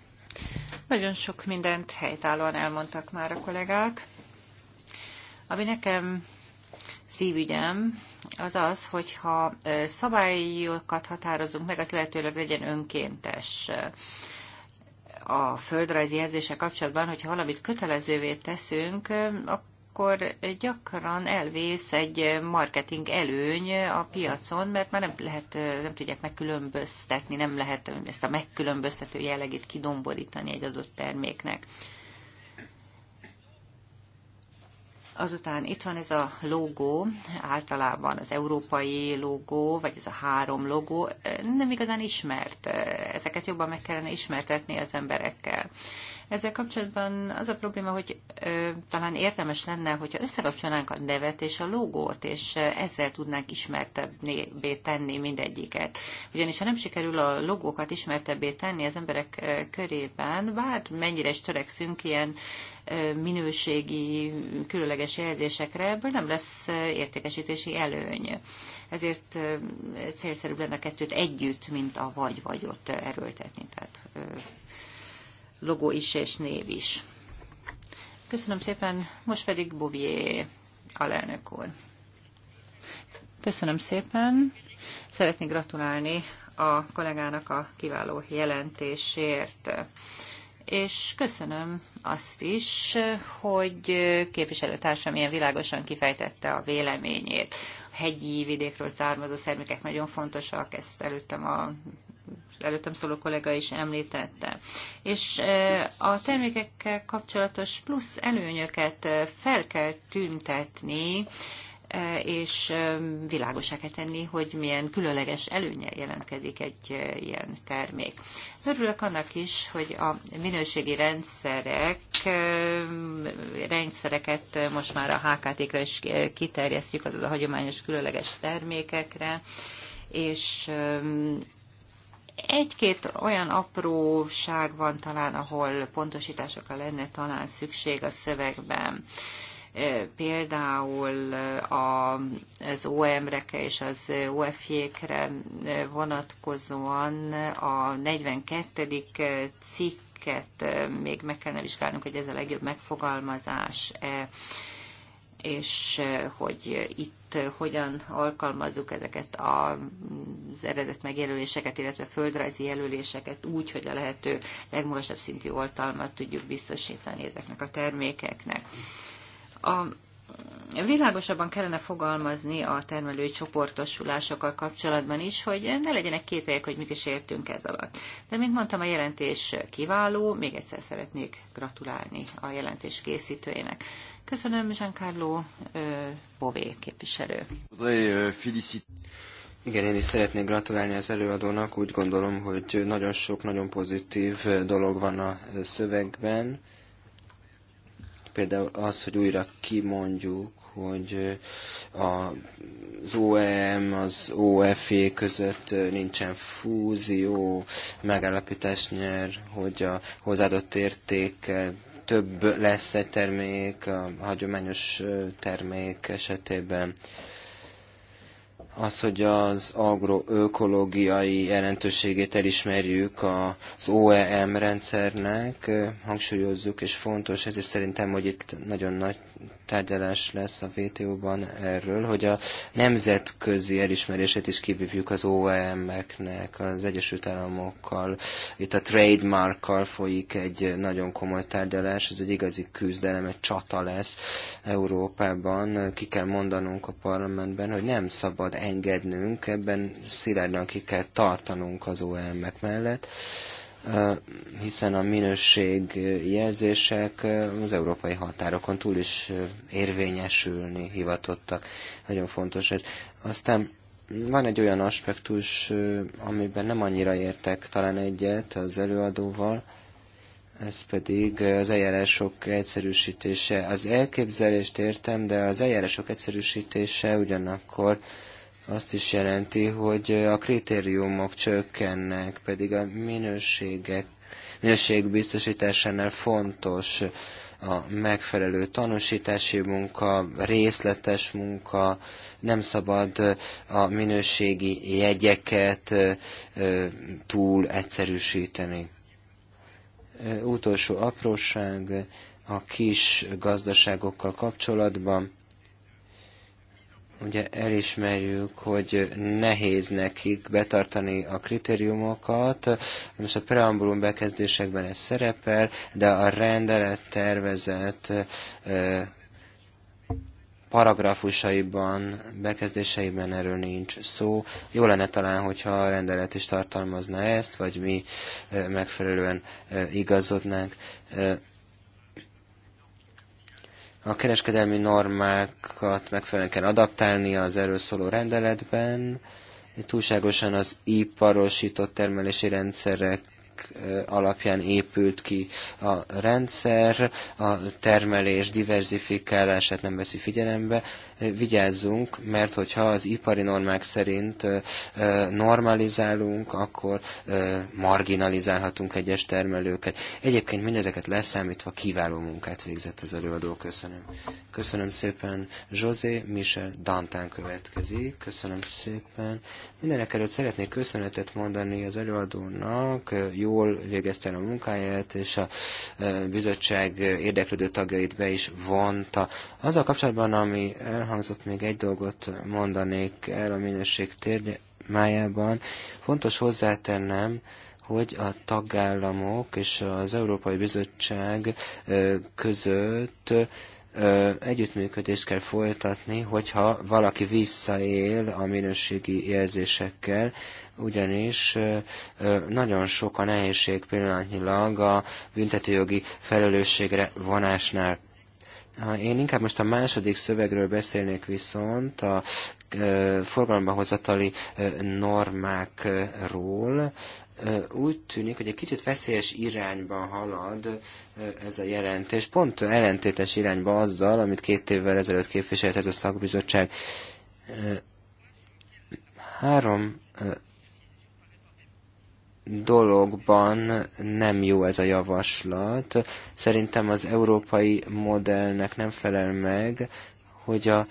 Nagyon sok mindent helytállóan elmondtak már a kollégák. Ami nekem szívügyem, az az, hogyha szabályokat határozunk meg, az lehetőleg legyen önkéntes a földrajzi jelzése kapcsolatban, hogyha valamit kötelezővé teszünk, akkor gyakran elvész egy marketing előny a piacon, mert már nem lehet, nem tudják megkülönböztetni, nem lehet ezt a megkülönböztető jellegét kidomborítani egy adott terméknek. Azután itt van ez a logó, általában az európai logó, vagy ez a három logó, nem igazán ismert. Ezeket jobban meg kellene ismertetni az emberekkel. Ezzel kapcsolatban az a probléma, hogy ö, talán értelmes lenne, hogyha összekapcsolnánk a nevet és a logót, és ezzel tudnánk ismertebbé tenni mindegyiket. Ugyanis ha nem sikerül a logókat ismertebbé tenni az emberek körében, bár mennyire is törekszünk ilyen minőségi, különleges jelzésekre, ebből nem lesz értékesítési előny. Ezért célszerűbb lenne a kettőt együtt, mint a vagy-vagyot erőltetni. Tehát logó is és név is. Köszönöm szépen, most pedig Bouvier alelnök úr. Köszönöm szépen, szeretnék gratulálni a kollégának a kiváló jelentésért. És köszönöm azt is, hogy képviselőtársam ilyen világosan kifejtette a véleményét. A hegyi vidékről származó szermékek nagyon fontosak, ezt előttem a előttem szóló kollega is említette. És e, a termékekkel kapcsolatos plusz előnyöket e, fel kell tüntetni, e, és világosá kell tenni, hogy milyen különleges előnye jelentkezik egy ilyen termék. Örülök annak is, hogy a minőségi rendszerek, rendszereket most már a HKT-kra is kiterjesztjük, az a hagyományos különleges termékekre, és egy-két olyan apróság van talán, ahol pontosításokra lenne talán szükség a szövegben például az OM-rekre és az OF-jékre vonatkozóan a 42. cikket még meg kellene vizsgálnunk, hogy ez a legjobb megfogalmazás. -e és eh, hogy itt eh, hogyan alkalmazzuk ezeket az eredet megjelöléseket, illetve földrajzi jelöléseket úgy, hogy a lehető legmagasabb szintű oltalmat tudjuk biztosítani ezeknek a termékeknek. A világosabban kellene fogalmazni a termelői csoportosulásokkal kapcsolatban is, hogy ne legyenek kételjek, hogy mit is értünk ez alatt. De, mint mondtam, a jelentés kiváló, még egyszer szeretnék gratulálni a jelentés készítőjének. Köszönöm, Jean-Carlo Bové képviselő. Igen, én is szeretnék gratulálni az előadónak. Úgy gondolom, hogy nagyon sok, nagyon pozitív dolog van a szövegben. Például az, hogy újra kimondjuk, hogy az OEM, az OFE között nincsen fúzió, megállapítás nyer, hogy a hozzáadott értékkel több lesz egy termék a hagyományos termék esetében. Az, hogy az agroökológiai jelentőségét elismerjük az OEM rendszernek, hangsúlyozzuk, és fontos, is szerintem, hogy itt nagyon nagy tárgyalás lesz a vto ban erről, hogy a nemzetközi elismerését is kibívjuk az OEM-eknek, az Egyesült Államokkal, itt a trademarkkal folyik egy nagyon komoly tárgyalás, ez egy igazi küzdelem, egy csata lesz Európában. Ki kell mondanunk a parlamentben, hogy nem szabad engednünk, ebben szilárdan ki kell tartanunk az OEM-ek mellett, hiszen a minőség jelzések az európai határokon túl is érvényesülni hivatottak. Nagyon fontos ez. Aztán van egy olyan aspektus, amiben nem annyira értek talán egyet az előadóval, ez pedig az eljárások egyszerűsítése. Az elképzelést értem, de az eljárások egyszerűsítése ugyanakkor azt is jelenti, hogy a kritériumok csökkennek, pedig a minőségek, minőség biztosításánál fontos a megfelelő tanúsítási munka, részletes munka, nem szabad a minőségi jegyeket túl egyszerűsíteni. Utolsó apróság a kis gazdaságokkal kapcsolatban ugye elismerjük, hogy nehéz nekik betartani a kritériumokat. Most a preambulum bekezdésekben ez szerepel, de a rendelet tervezett paragrafusaiban, bekezdéseiben erről nincs szó. Jó lenne talán, hogyha a rendelet is tartalmazna ezt, vagy mi megfelelően igazodnánk a kereskedelmi normákat megfelelően kell adaptálnia az erről szóló rendeletben, túlságosan az iparosított termelési rendszerek alapján épült ki a rendszer, a termelés diversifikálását nem veszi figyelembe. Vigyázzunk, mert hogyha az ipari normák szerint normalizálunk, akkor marginalizálhatunk egyes termelőket. Egyébként mindezeket leszámítva kiváló munkát végzett az előadó. Köszönöm. Köszönöm szépen José Michel Dantán következik. Köszönöm szépen. Mindenek előtt szeretnék köszönetet mondani az előadónak, jól végezte a munkáját, és a e, bizottság érdeklődő tagjait be is vonta. Azzal kapcsolatban, ami elhangzott, még egy dolgot mondanék el a minőség térmájában. Fontos hozzátennem, hogy a tagállamok és az Európai Bizottság e, között együttműködést kell folytatni, hogyha valaki visszaél a minőségi érzésekkel, ugyanis nagyon sok a nehézség pillanatnyilag a büntetőjogi felelősségre vonásnál. Én inkább most a második szövegről beszélnék viszont, a forgalomba hozatali normákról, úgy tűnik, hogy egy kicsit veszélyes irányba halad ez a jelentés, pont ellentétes irányba azzal, amit két évvel ezelőtt képviselt ez a szakbizottság. Három dologban nem jó ez a javaslat. Szerintem az európai modellnek nem felel meg, hogy a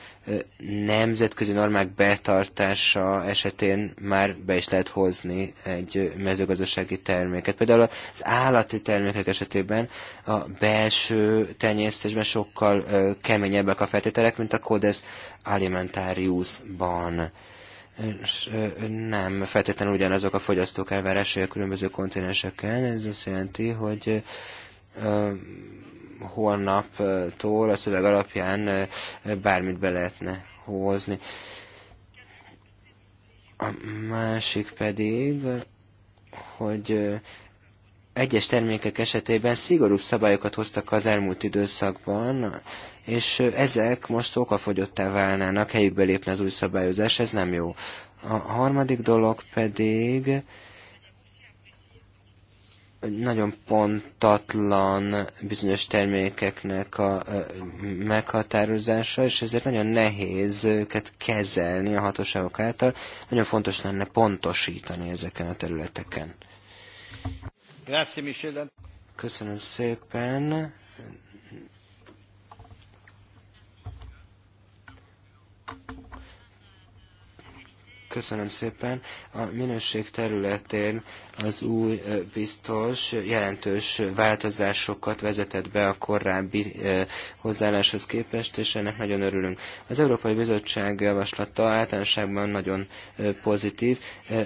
nemzetközi normák betartása esetén már be is lehet hozni egy mezőgazdasági terméket. Például az állati termékek esetében a belső tenyésztésben sokkal keményebbek a feltételek, mint a Codes Alimentariusban. És nem feltétlenül ugyanazok a fogyasztók elvárásai a különböző kontinenseken. Ez azt jelenti, hogy holnaptól a szöveg alapján bármit be lehetne hozni. A másik pedig, hogy egyes termékek esetében szigorúbb szabályokat hoztak az elmúlt időszakban, és ezek most okafogyottá válnának, helyükbe lépne az új szabályozás, ez nem jó. A harmadik dolog pedig nagyon pontatlan bizonyos termékeknek a meghatározása, és ezért nagyon nehéz őket kezelni a hatóságok által. Nagyon fontos lenne pontosítani ezeken a területeken. Köszönöm szépen. Köszönöm szépen. A minőség területén az új biztos jelentős változásokat vezetett be a korábbi hozzáálláshoz képest, és ennek nagyon örülünk. Az Európai Bizottság javaslata általánosságban nagyon pozitív.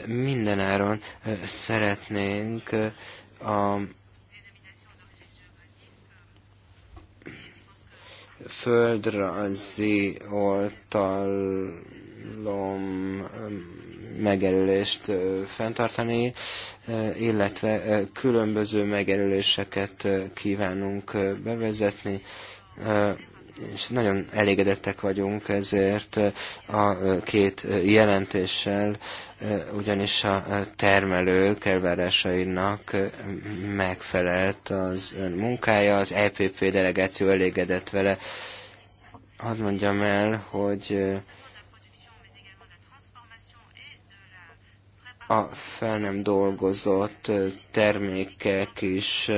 Mindenáron szeretnénk a földrajzi oltal tartalom megerülést fenntartani, illetve különböző megerüléseket kívánunk bevezetni és nagyon elégedettek vagyunk ezért a két jelentéssel, ugyanis a termelők elvárásainak megfelelt az ön munkája, az EPP delegáció elégedett vele. Hadd mondjam el, hogy a fel nem dolgozott termékek is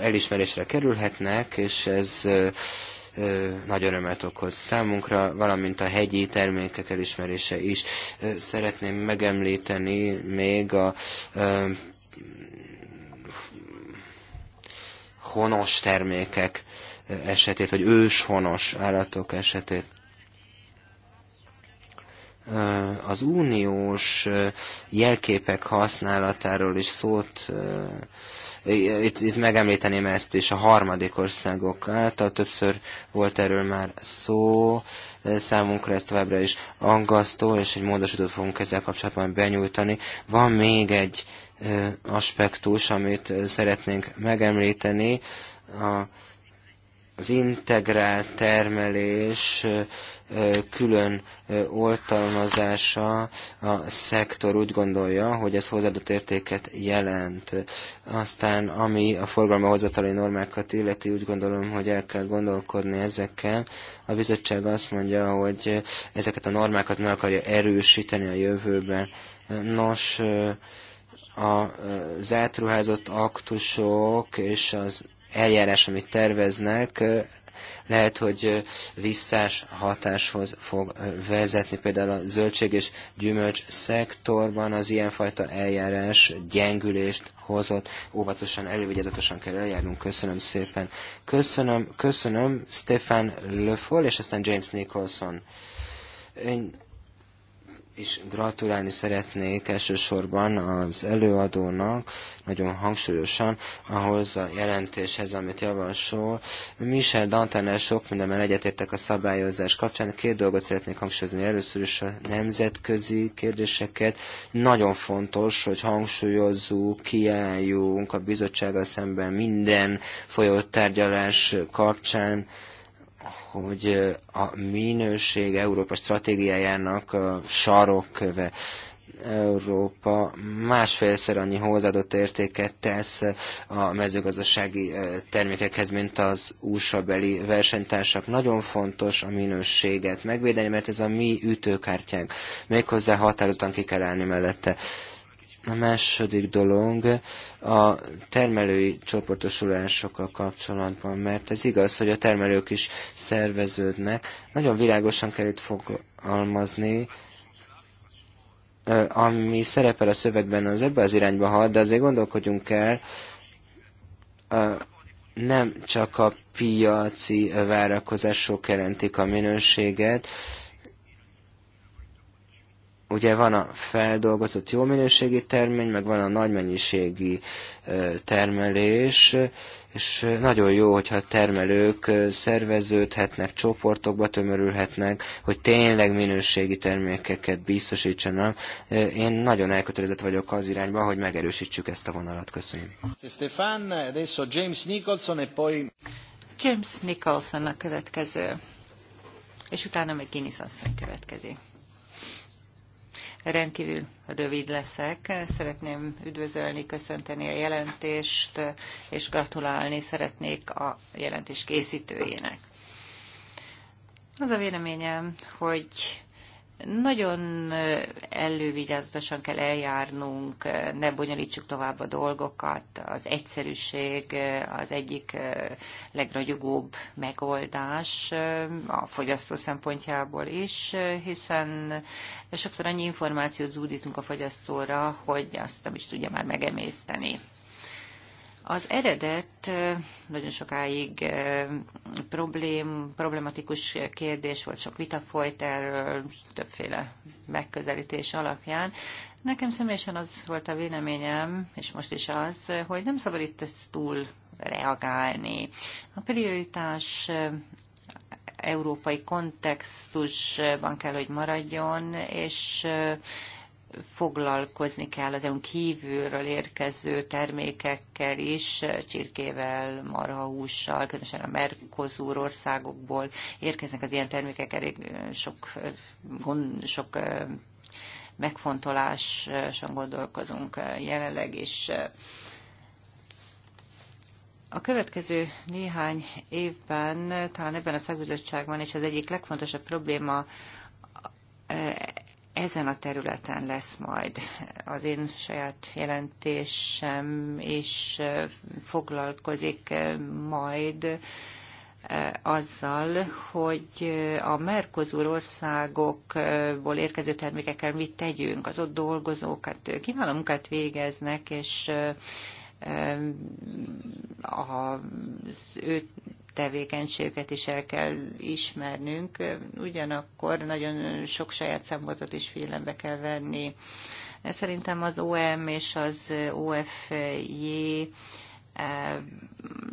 elismerésre kerülhetnek, és ez nagy örömet okoz számunkra, valamint a hegyi termékek elismerése is. Szeretném megemlíteni még a honos termékek esetét, vagy őshonos állatok esetét az uniós jelképek használatáról is szót itt, itt megemlíteném ezt is, a harmadik országok által, többször volt erről már szó, számunkra ez továbbra is angasztó, és egy módosítót fogunk ezzel kapcsolatban benyújtani. Van még egy aspektus, amit szeretnénk megemlíteni, a, az integrált termelés, ö, külön oltalmazása a szektor úgy gondolja, hogy ez hozzáadott értéket jelent. Aztán ami a forgalma hozatali normákat illeti, úgy gondolom, hogy el kell gondolkodni ezekkel. A bizottság azt mondja, hogy ezeket a normákat meg akarja erősíteni a jövőben. Nos, az átruházott aktusok és az eljárás, amit terveznek, lehet, hogy visszás hatáshoz fog vezetni, például a zöldség és gyümölcs szektorban az ilyenfajta eljárás gyengülést hozott. Óvatosan, elővigyázatosan kell eljárnunk. Köszönöm szépen. Köszönöm, köszönöm Stefan Le Foll, és aztán James Nicholson is gratulálni szeretnék elsősorban az előadónak, nagyon hangsúlyosan, ahhoz a jelentéshez, amit javasol. Michel Dantanel sok mindenben egyetértek a szabályozás kapcsán. Két dolgot szeretnék hangsúlyozni. Először is a nemzetközi kérdéseket. Nagyon fontos, hogy hangsúlyozzuk, kiálljunk a bizottsággal szemben minden folyó tárgyalás kapcsán hogy a minőség Európa stratégiájának a sarokköve. Európa másfélszer annyi hozzáadott értéket tesz a mezőgazdasági termékekhez, mint az USA-beli versenytársak. Nagyon fontos a minőséget megvédeni, mert ez a mi ütőkártyánk. Méghozzá határozottan ki kell állni mellette. A második dolog a termelői csoportosulásokkal kapcsolatban, mert ez igaz, hogy a termelők is szerveződnek. Nagyon világosan kell itt fogalmazni, ami szerepel a szövegben, az ebbe az irányba halad, de azért gondolkodjunk el, nem csak a piaci várakozások jelentik a minőséget, ugye van a feldolgozott jó minőségi termény, meg van a nagy mennyiségi termelés, és nagyon jó, hogyha a termelők szerveződhetnek, csoportokba tömörülhetnek, hogy tényleg minőségi termékeket biztosítsanak. Én nagyon elkötelezett vagyok az irányba, hogy megerősítsük ezt a vonalat. Köszönöm. Stefan, adesso James Nicholson, e poi... James Nicholson a következő, és utána meg Guinness asszony következik. Rendkívül rövid leszek. Szeretném üdvözölni, köszönteni a jelentést, és gratulálni szeretnék a jelentés készítőjének. Az a véleményem, hogy nagyon elővigyázatosan kell eljárnunk, ne bonyolítsuk tovább a dolgokat. Az egyszerűség az egyik legnagyobb megoldás a fogyasztó szempontjából is, hiszen sokszor annyi információt zúdítunk a fogyasztóra, hogy azt nem is tudja már megemészteni. Az eredet nagyon sokáig problém, problematikus kérdés volt, sok vita folyt erről, többféle megközelítés alapján. Nekem személyesen az volt a véleményem, és most is az, hogy nem szabad itt ezt túl reagálni. A prioritás európai kontextusban kell, hogy maradjon, és foglalkozni kell az EU kívülről érkező termékekkel is, csirkével, marhahússal, különösen a Mercosur országokból érkeznek az ilyen termékek, elég sok, gond, sok megfontoláson gondolkozunk jelenleg is. A következő néhány évben, talán ebben a szakbizottságban is az egyik legfontosabb probléma ezen a területen lesz majd az én saját jelentésem, és foglalkozik majd azzal, hogy a Mercosur országokból érkező termékekkel mit tegyünk, az ott dolgozókat, hát, kiváló munkát végeznek, és az ő tevékenységet is el kell ismernünk, ugyanakkor nagyon sok saját szempontot is figyelembe kell venni. Szerintem az OM és az OFJ eh,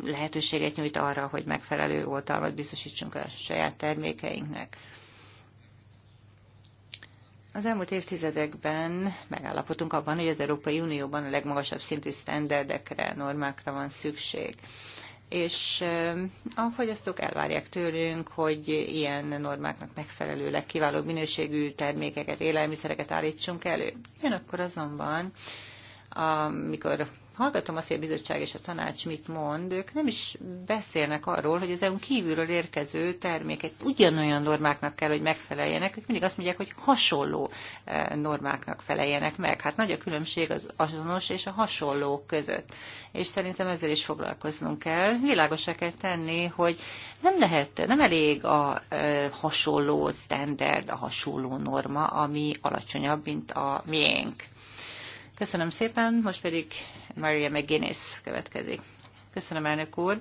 lehetőséget nyújt arra, hogy megfelelő oltalmat biztosítsunk a saját termékeinknek. Az elmúlt évtizedekben megállapodtunk abban, hogy az Európai Unióban a legmagasabb szintű sztenderdekre, normákra van szükség és eh, a fogyasztók elvárják tőlünk, hogy ilyen normáknak megfelelőleg kiváló minőségű termékeket, élelmiszereket állítsunk elő. Ugyanakkor azonban amikor hallgatom azt, hogy a bizottság és a tanács mit mond, ők nem is beszélnek arról, hogy az EU kívülről érkező terméket ugyanolyan normáknak kell, hogy megfeleljenek, ők mindig azt mondják, hogy hasonló eh, normáknak feleljenek meg. Hát nagy a különbség az azonos és a hasonló között. És szerintem ezzel is foglalkoznunk kell. Világosra kell tenni, hogy nem lehet, nem elég a eh, hasonló standard, a hasonló norma, ami alacsonyabb, mint a miénk. Köszönöm szépen, most pedig Maria McGuinness következik. Köszönöm, elnök úr,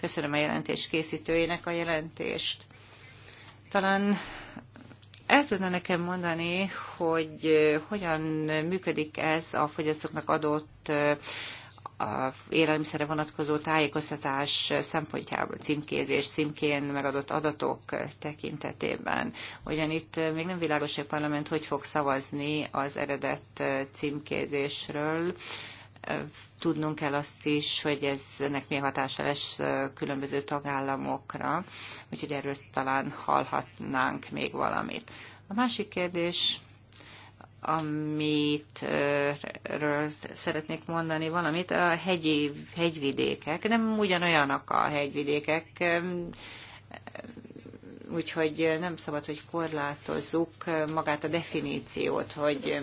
köszönöm a jelentés készítőjének a jelentést. Talán el tudna nekem mondani, hogy hogyan működik ez a fogyasztóknak adott a élelmiszerre vonatkozó tájékoztatás szempontjából címkézés, címkén megadott adatok tekintetében. Ugyan itt még nem világos, hogy a parlament hogy fog szavazni az eredet címkézésről, tudnunk kell azt is, hogy ez ennek milyen hatása lesz különböző tagállamokra, úgyhogy erről talán hallhatnánk még valamit. A másik kérdés amit ről szeretnék mondani valamit, a hegyi, hegyvidékek, nem ugyanolyanak a hegyvidékek, úgyhogy eh, nem szabad, hogy korlátozzuk eh, magát a definíciót, hogy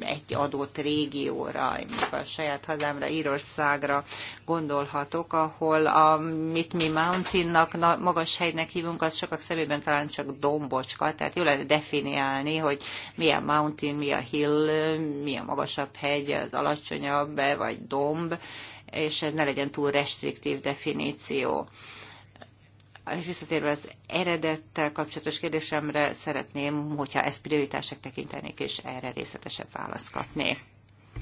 egy adott régióra, a saját hazámra, Írországra gondolhatok, ahol a mit mi mountainnak, magas hegynek hívunk, az sokak szemében talán csak dombocska, tehát jól lehet definiálni, hogy mi a mountain, mi a hill, mi a magasabb hegy, az alacsonyabb, vagy domb, és ez ne legyen túl restriktív definíció és visszatérve az eredettel kapcsolatos kérdésemre szeretném, hogyha ezt prioritások tekintenék, és erre részletesebb választ kapnék.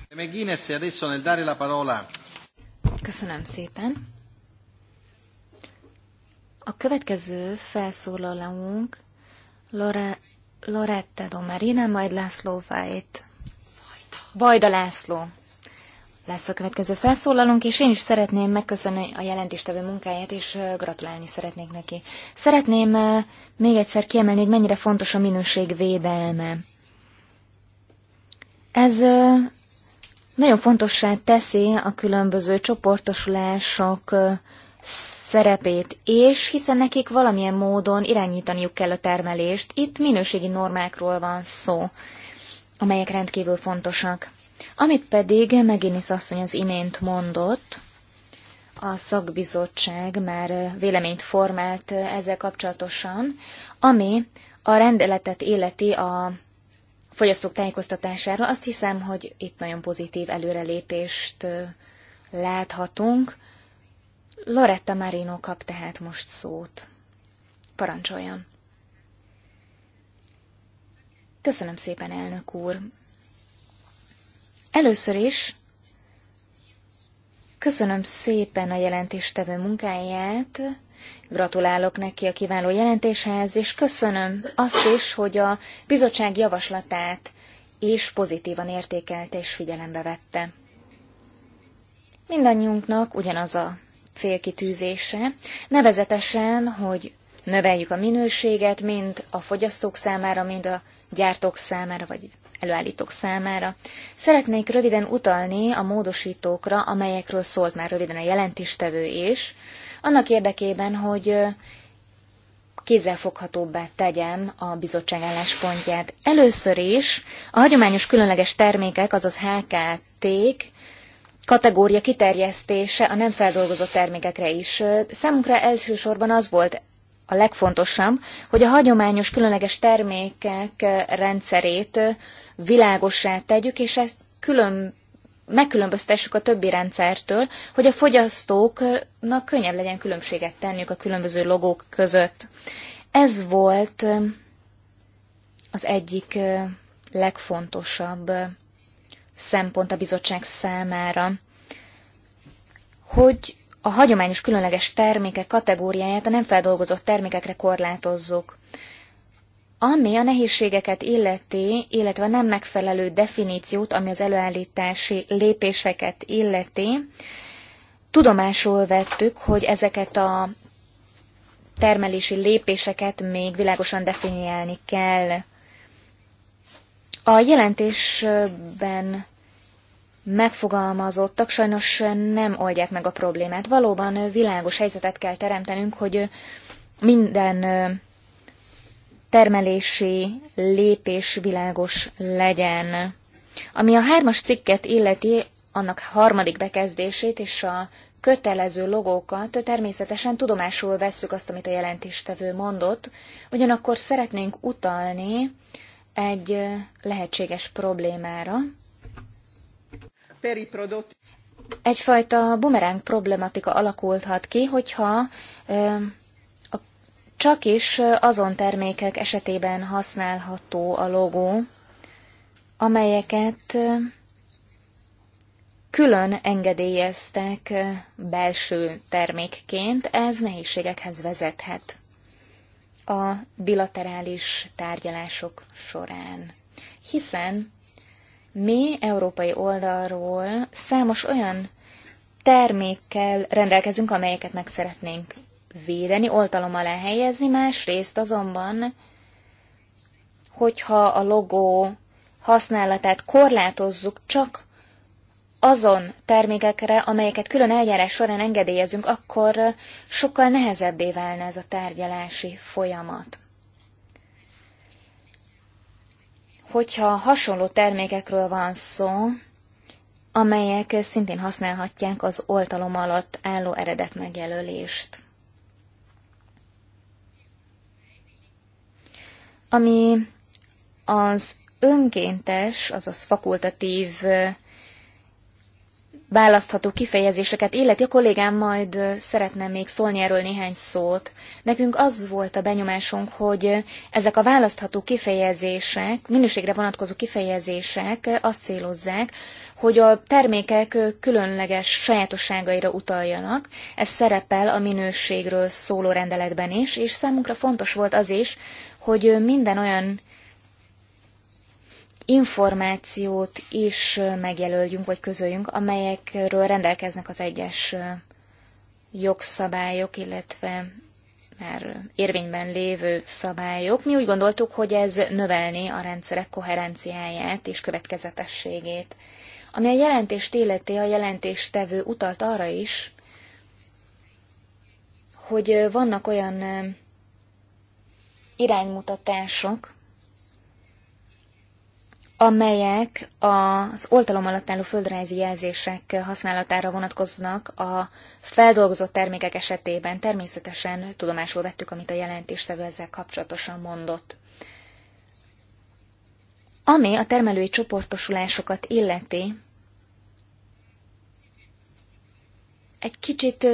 E Köszönöm szépen. A következő felszólalónk Lore, Loretta Domarina, majd László Vajt. Vajda László lesz a következő felszólalónk, és én is szeretném megköszönni a jelentéstevő munkáját, és gratulálni szeretnék neki. Szeretném még egyszer kiemelni, hogy mennyire fontos a minőség védelme. Ez nagyon fontossá teszi a különböző csoportosulások szerepét, és hiszen nekik valamilyen módon irányítaniuk kell a termelést, itt minőségi normákról van szó, amelyek rendkívül fontosak. Amit pedig Meginis asszony az imént mondott, a szakbizottság már véleményt formált ezzel kapcsolatosan, ami a rendeletet életi a fogyasztók tájékoztatására. Azt hiszem, hogy itt nagyon pozitív előrelépést láthatunk. Loretta Marino kap tehát most szót. Parancsoljon! Köszönöm szépen, elnök úr! Először is köszönöm szépen a jelentéstevő munkáját, gratulálok neki a kiváló jelentéshez, és köszönöm azt is, hogy a bizottság javaslatát és pozitívan értékelte és figyelembe vette. Mindannyiunknak ugyanaz a célkitűzése, nevezetesen, hogy növeljük a minőséget mind a fogyasztók számára, mind a gyártók számára, vagy előállítók számára. Szeretnék röviden utalni a módosítókra, amelyekről szólt már röviden a jelentéstevő is, annak érdekében, hogy kézzelfoghatóbbá tegyem a bizottság álláspontját. Először is a hagyományos különleges termékek, azaz HKT-k, kategória kiterjesztése a nem feldolgozott termékekre is. Számunkra elsősorban az volt a legfontosabb, hogy a hagyományos különleges termékek rendszerét világossá tegyük, és ezt külön megkülönböztessük a többi rendszertől, hogy a fogyasztóknak könnyebb legyen különbséget tenniük a különböző logók között. Ez volt az egyik legfontosabb szempont a bizottság számára, hogy a hagyományos különleges termékek kategóriáját a nem feldolgozott termékekre korlátozzuk. Ami a nehézségeket illeti, illetve a nem megfelelő definíciót, ami az előállítási lépéseket illeti, tudomásul vettük, hogy ezeket a termelési lépéseket még világosan definiálni kell. A jelentésben megfogalmazottak sajnos nem oldják meg a problémát. Valóban világos helyzetet kell teremtenünk, hogy minden termelési lépés világos legyen. Ami a hármas cikket illeti, annak harmadik bekezdését és a kötelező logókat, természetesen tudomásul vesszük azt, amit a jelentéstevő mondott, ugyanakkor szeretnénk utalni egy lehetséges problémára. Egyfajta bumeráng problematika alakulhat ki, hogyha csak is azon termékek esetében használható a logó, amelyeket külön engedélyeztek belső termékként, ez nehézségekhez vezethet a bilaterális tárgyalások során. Hiszen mi európai oldalról számos olyan termékkel rendelkezünk, amelyeket meg szeretnénk védeni, oltalom alá helyezni, másrészt azonban, hogyha a logó használatát korlátozzuk csak azon termékekre, amelyeket külön eljárás során engedélyezünk, akkor sokkal nehezebbé válna ez a tárgyalási folyamat. Hogyha hasonló termékekről van szó, amelyek szintén használhatják az oltalom alatt álló eredet megjelölést. Ami az önkéntes, azaz fakultatív választható kifejezéseket illeti, a kollégám majd szeretne még szólni erről néhány szót. Nekünk az volt a benyomásunk, hogy ezek a választható kifejezések, minőségre vonatkozó kifejezések azt célozzák, hogy a termékek különleges sajátosságaira utaljanak. Ez szerepel a minőségről szóló rendeletben is, és számunkra fontos volt az is, hogy minden olyan információt is megjelöljünk vagy közöljünk, amelyekről rendelkeznek az egyes jogszabályok, illetve már érvényben lévő szabályok. Mi úgy gondoltuk, hogy ez növelni a rendszerek koherenciáját és következetességét. Ami a jelentést illeti, a jelentéstevő utalt arra is, hogy vannak olyan iránymutatások, amelyek az oltalom alatt álló földrajzi jelzések használatára vonatkoznak a feldolgozott termékek esetében. Természetesen tudomásul vettük, amit a jelentéstevő ezzel kapcsolatosan mondott. Ami a termelői csoportosulásokat illeti, egy kicsit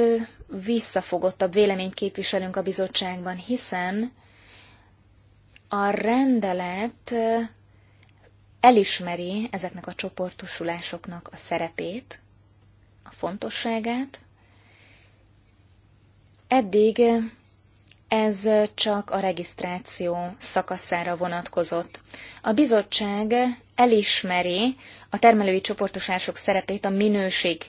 visszafogottabb véleményt képviselünk a bizottságban, hiszen a rendelet elismeri ezeknek a csoportosulásoknak a szerepét, a fontosságát. Eddig ez csak a regisztráció szakaszára vonatkozott. A bizottság elismeri a termelői csoportosások szerepét a minőség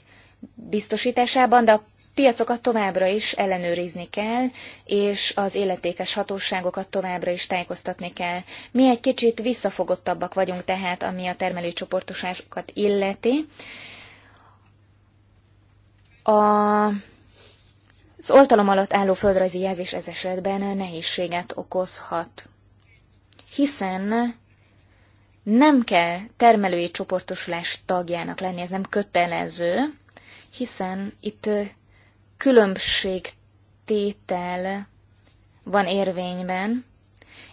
biztosításában, de a piacokat továbbra is ellenőrizni kell, és az életékes hatóságokat továbbra is tájékoztatni kell. Mi egy kicsit visszafogottabbak vagyunk tehát, ami a termelőcsoportosásokat illeti. A az oltalom alatt álló földrajzi jelzés ez esetben nehézséget okozhat, hiszen nem kell termelői csoportosulás tagjának lenni, ez nem kötelező, hiszen itt különbségtétel van érvényben,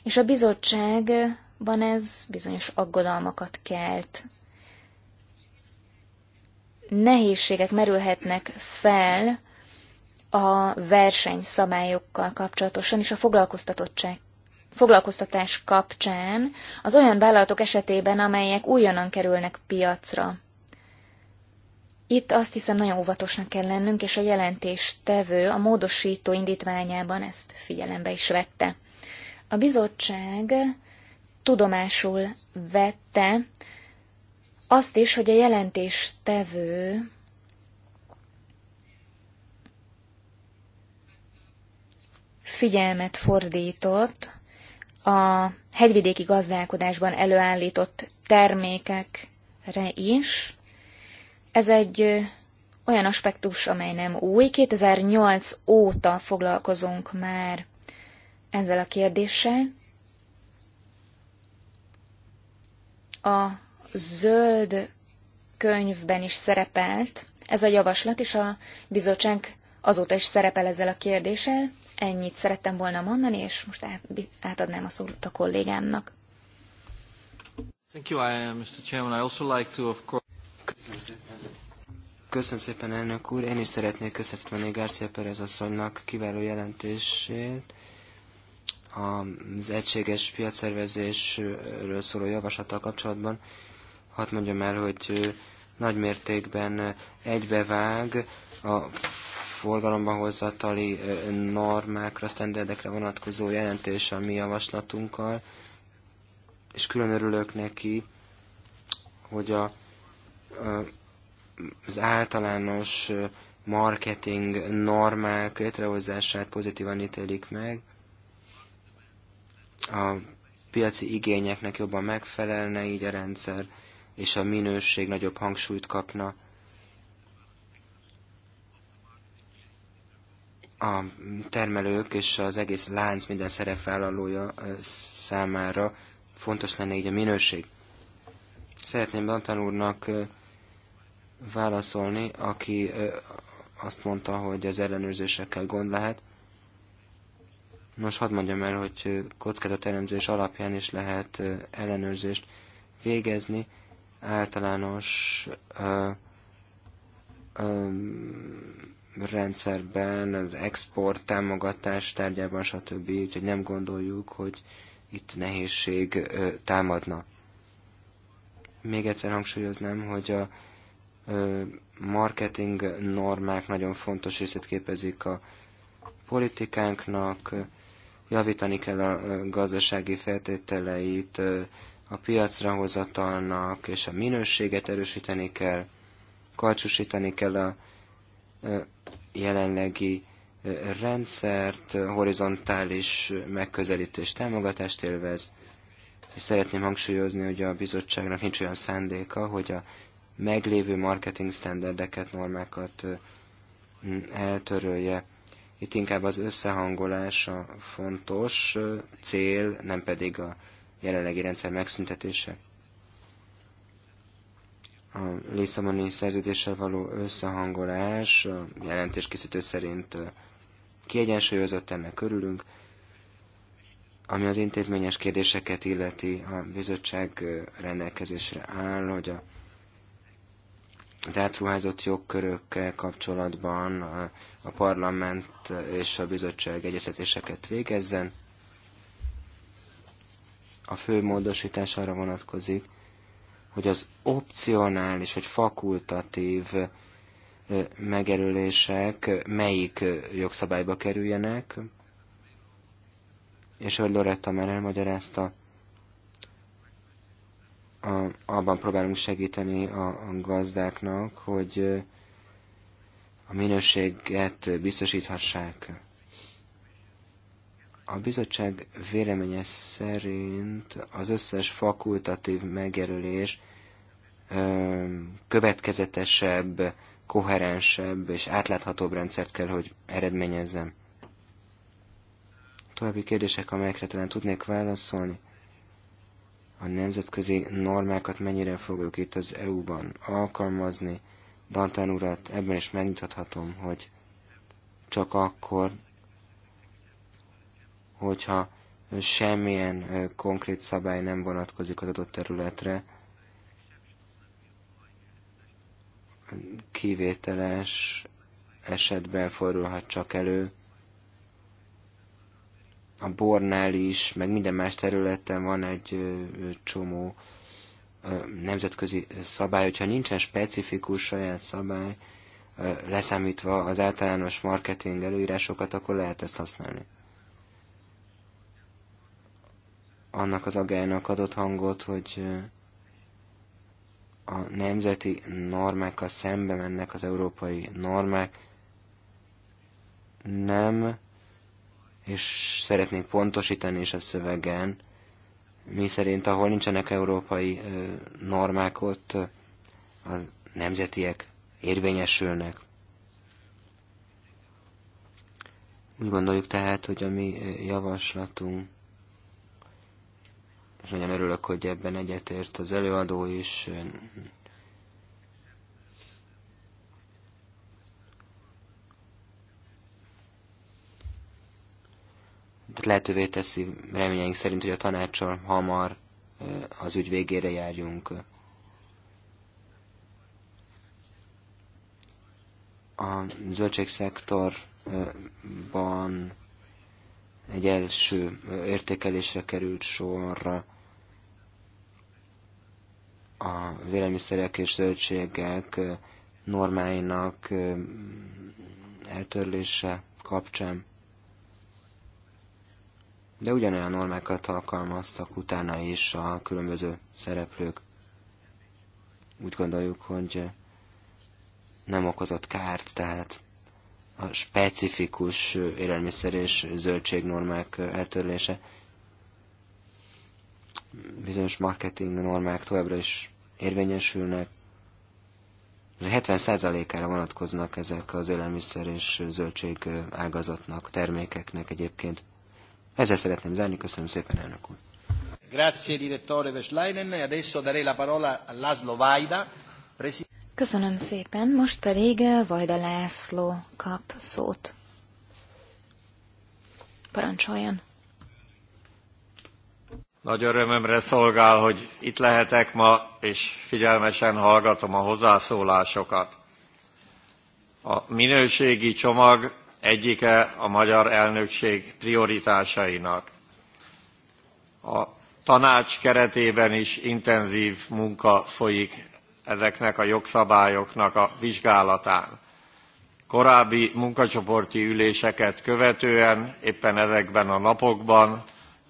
és a bizottságban ez bizonyos aggodalmakat kelt. Nehézségek merülhetnek fel a versenyszabályokkal kapcsolatosan és a foglalkoztatottság foglalkoztatás kapcsán az olyan vállalatok esetében, amelyek újonnan kerülnek piacra. Itt azt hiszem nagyon óvatosnak kell lennünk, és a jelentéstevő a módosító indítványában ezt figyelembe is vette. A bizottság tudomásul vette azt is, hogy a jelentéstevő figyelmet fordított a hegyvidéki gazdálkodásban előállított termékekre is, ez egy olyan aspektus, amely nem új. 2008 óta foglalkozunk már ezzel a kérdéssel. A zöld könyvben is szerepelt ez a javaslat, és a bizottság azóta is szerepel ezzel a kérdéssel. Ennyit szerettem volna mondani, és most átadnám a szót a kollégámnak. Thank you, uh, Mr. Chairman. I also like to, of course... Köszönöm szépen. Köszönöm szépen, elnök úr. Én is szeretnék köszönteni Garcia Perez asszonynak kiváló jelentését. Az egységes piacszervezésről szóló javaslattal kapcsolatban hadd mondjam el, hogy nagy mértékben egybevág a forgalomban hozzatali normákra, sztenderdekre vonatkozó jelentés a mi javaslatunkkal, és külön örülök neki, hogy a az általános marketing normák létrehozását pozitívan ítélik meg, a piaci igényeknek jobban megfelelne így a rendszer, és a minőség nagyobb hangsúlyt kapna. A termelők és az egész lánc minden szerepvállalója számára fontos lenne így a minőség. Szeretném Bantan úrnak válaszolni, aki azt mondta, hogy az ellenőrzésekkel gond lehet. Nos, hadd mondjam el, hogy kockázatelemzés alapján is lehet ellenőrzést végezni. Általános ö, ö, rendszerben, az export támogatás tárgyában, stb. Úgyhogy nem gondoljuk, hogy itt nehézség ö, támadna. Még egyszer hangsúlyoznám, hogy a marketing normák nagyon fontos részét képezik a politikánknak, javítani kell a gazdasági feltételeit, a piacra hozatalnak, és a minőséget erősíteni kell, karcsúsítani kell a jelenlegi rendszert, horizontális megközelítés támogatást élvez, és szeretném hangsúlyozni, hogy a bizottságnak nincs olyan szándéka, hogy a meglévő marketing standardeket, normákat eltörölje. Itt inkább az összehangolás a fontos cél, nem pedig a jelenlegi rendszer megszüntetése. A Lisszaboni szerződéssel való összehangolás a jelentéskészítő szerint kiegyensúlyozott, ennek körülünk, Ami az intézményes kérdéseket illeti, a bizottság rendelkezésre áll, hogy a az átruházott jogkörökkel kapcsolatban a, parlament és a bizottság egyeztetéseket végezzen. A fő módosítás arra vonatkozik, hogy az opcionális vagy fakultatív megerülések melyik jogszabályba kerüljenek, és ahogy Loretta már elmagyarázta, abban próbálunk segíteni a gazdáknak, hogy a minőséget biztosíthassák. A bizottság véleménye szerint az összes fakultatív megjelölés következetesebb, koherensebb és átláthatóbb rendszert kell, hogy eredményezzem. További kérdések, amelyekre talán tudnék válaszolni a nemzetközi normákat mennyire fogjuk itt az EU-ban alkalmazni. Dantán urat ebben is megmutathatom, hogy csak akkor, hogyha semmilyen konkrét szabály nem vonatkozik az adott területre, kivételes esetben fordulhat csak elő, a bornál is, meg minden más területen van egy csomó nemzetközi szabály, hogyha nincsen specifikus saját szabály, leszámítva az általános marketing előírásokat, akkor lehet ezt használni. Annak az agálynak adott hangot, hogy a nemzeti normákkal szembe mennek az európai normák, nem és szeretnénk pontosítani is a szövegen, mi szerint, ahol nincsenek európai normák, ott a nemzetiek érvényesülnek. Úgy gondoljuk tehát, hogy a mi javaslatunk, és nagyon örülök, hogy ebben egyetért az előadó is, lehetővé teszi reményeink szerint, hogy a tanácssal hamar az ügy végére járjunk. A zöldségszektorban egy első értékelésre került sor az élelmiszerek és zöldségek normáinak eltörlése kapcsán de ugyanolyan normákat alkalmaztak utána is a különböző szereplők. Úgy gondoljuk, hogy nem okozott kárt, tehát a specifikus élelmiszer és zöldségnormák eltörlése bizonyos marketing normák továbbra is érvényesülnek. 70%-ára vonatkoznak ezek az élelmiszer és zöldség ágazatnak, termékeknek egyébként. Ezzel szeretném zárni. Köszönöm szépen, elnök úr. Grazie, direttore Veslainen. E adesso darei la parola a Laszlo Vajda. Köszönöm szépen, most pedig Vajda László kap szót. Parancsoljon! Nagy örömömre szolgál, hogy itt lehetek ma, és figyelmesen hallgatom a hozzászólásokat. A minőségi csomag egyike a magyar elnökség prioritásainak. A tanács keretében is intenzív munka folyik ezeknek a jogszabályoknak a vizsgálatán. Korábbi munkacsoporti üléseket követően éppen ezekben a napokban,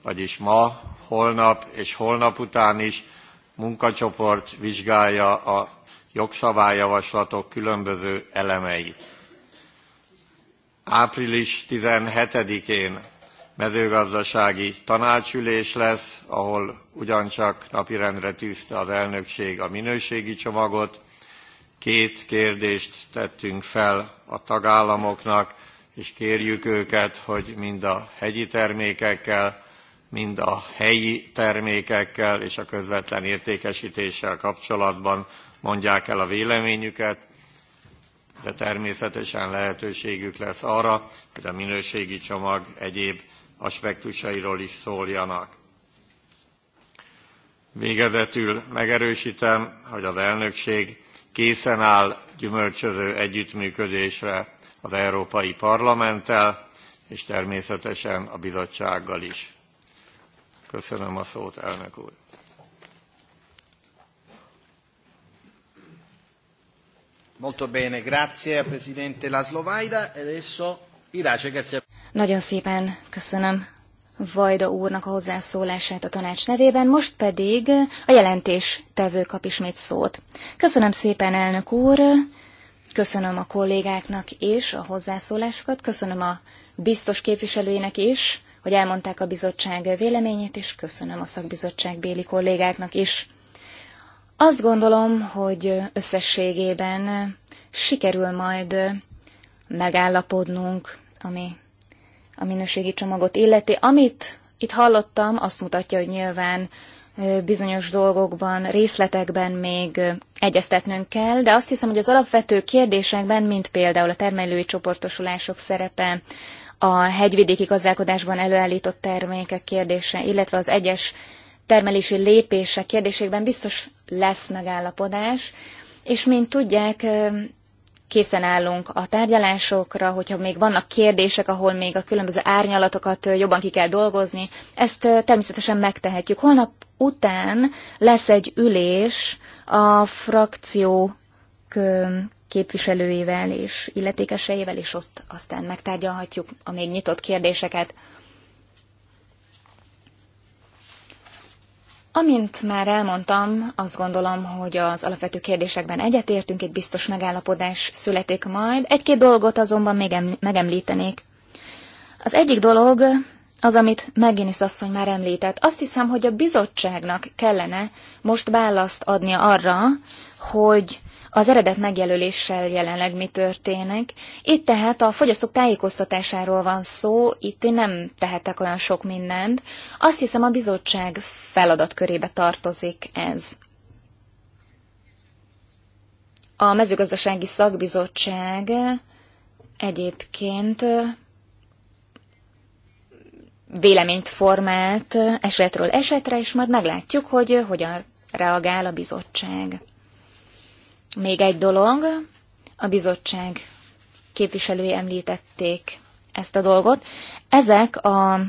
vagyis ma, holnap és holnap után is munkacsoport vizsgálja a jogszabályjavaslatok különböző elemeit április 17-én mezőgazdasági tanácsülés lesz, ahol ugyancsak napirendre tűzte az elnökség a minőségi csomagot. Két kérdést tettünk fel a tagállamoknak, és kérjük őket, hogy mind a hegyi termékekkel, mind a helyi termékekkel és a közvetlen értékesítéssel kapcsolatban mondják el a véleményüket de természetesen lehetőségük lesz arra, hogy a minőségi csomag egyéb aspektusairól is szóljanak. Végezetül megerősítem, hogy az elnökség készen áll gyümölcsöző együttműködésre az Európai Parlamenttel, és természetesen a bizottsággal is. Köszönöm a szót, elnök úr. Molto bene, grazie Presidente e adesso grazie. Nagyon szépen köszönöm Vajda úrnak a hozzászólását a tanács nevében, most pedig a jelentés tevő kap ismét szót. Köszönöm szépen, elnök úr, köszönöm a kollégáknak és a hozzászólásokat, köszönöm a biztos képviselőinek is, hogy elmondták a bizottság véleményét, és köszönöm a szakbizottság béli kollégáknak is. Azt gondolom, hogy összességében sikerül majd megállapodnunk, ami a minőségi csomagot illeti. Amit itt hallottam, azt mutatja, hogy nyilván bizonyos dolgokban, részletekben még egyeztetnünk kell, de azt hiszem, hogy az alapvető kérdésekben, mint például a termelői csoportosulások szerepe, a hegyvidéki gazdálkodásban előállított termékek kérdése, illetve az egyes termelési lépések kérdésében biztos lesz megállapodás, és mint tudják, készen állunk a tárgyalásokra, hogyha még vannak kérdések, ahol még a különböző árnyalatokat jobban ki kell dolgozni, ezt természetesen megtehetjük. Holnap után lesz egy ülés a frakciók képviselőivel és illetékeseivel, és ott aztán megtárgyalhatjuk a még nyitott kérdéseket. Amint már elmondtam, azt gondolom, hogy az alapvető kérdésekben egyetértünk, egy biztos megállapodás születik majd. Egy-két dolgot azonban még em- megemlítenék. Az egyik dolog az, amit Megénisz asszony már említett. Azt hiszem, hogy a bizottságnak kellene most választ adnia arra, hogy az eredet megjelöléssel jelenleg mi történik. Itt tehát a fogyasztók tájékoztatásáról van szó, itt én nem tehetek olyan sok mindent. Azt hiszem a bizottság feladatkörébe tartozik ez. A mezőgazdasági szakbizottság egyébként véleményt formált esetről esetre, és majd meglátjuk, hogy hogyan reagál a bizottság. Még egy dolog, a bizottság képviselői említették ezt a dolgot. Ezek a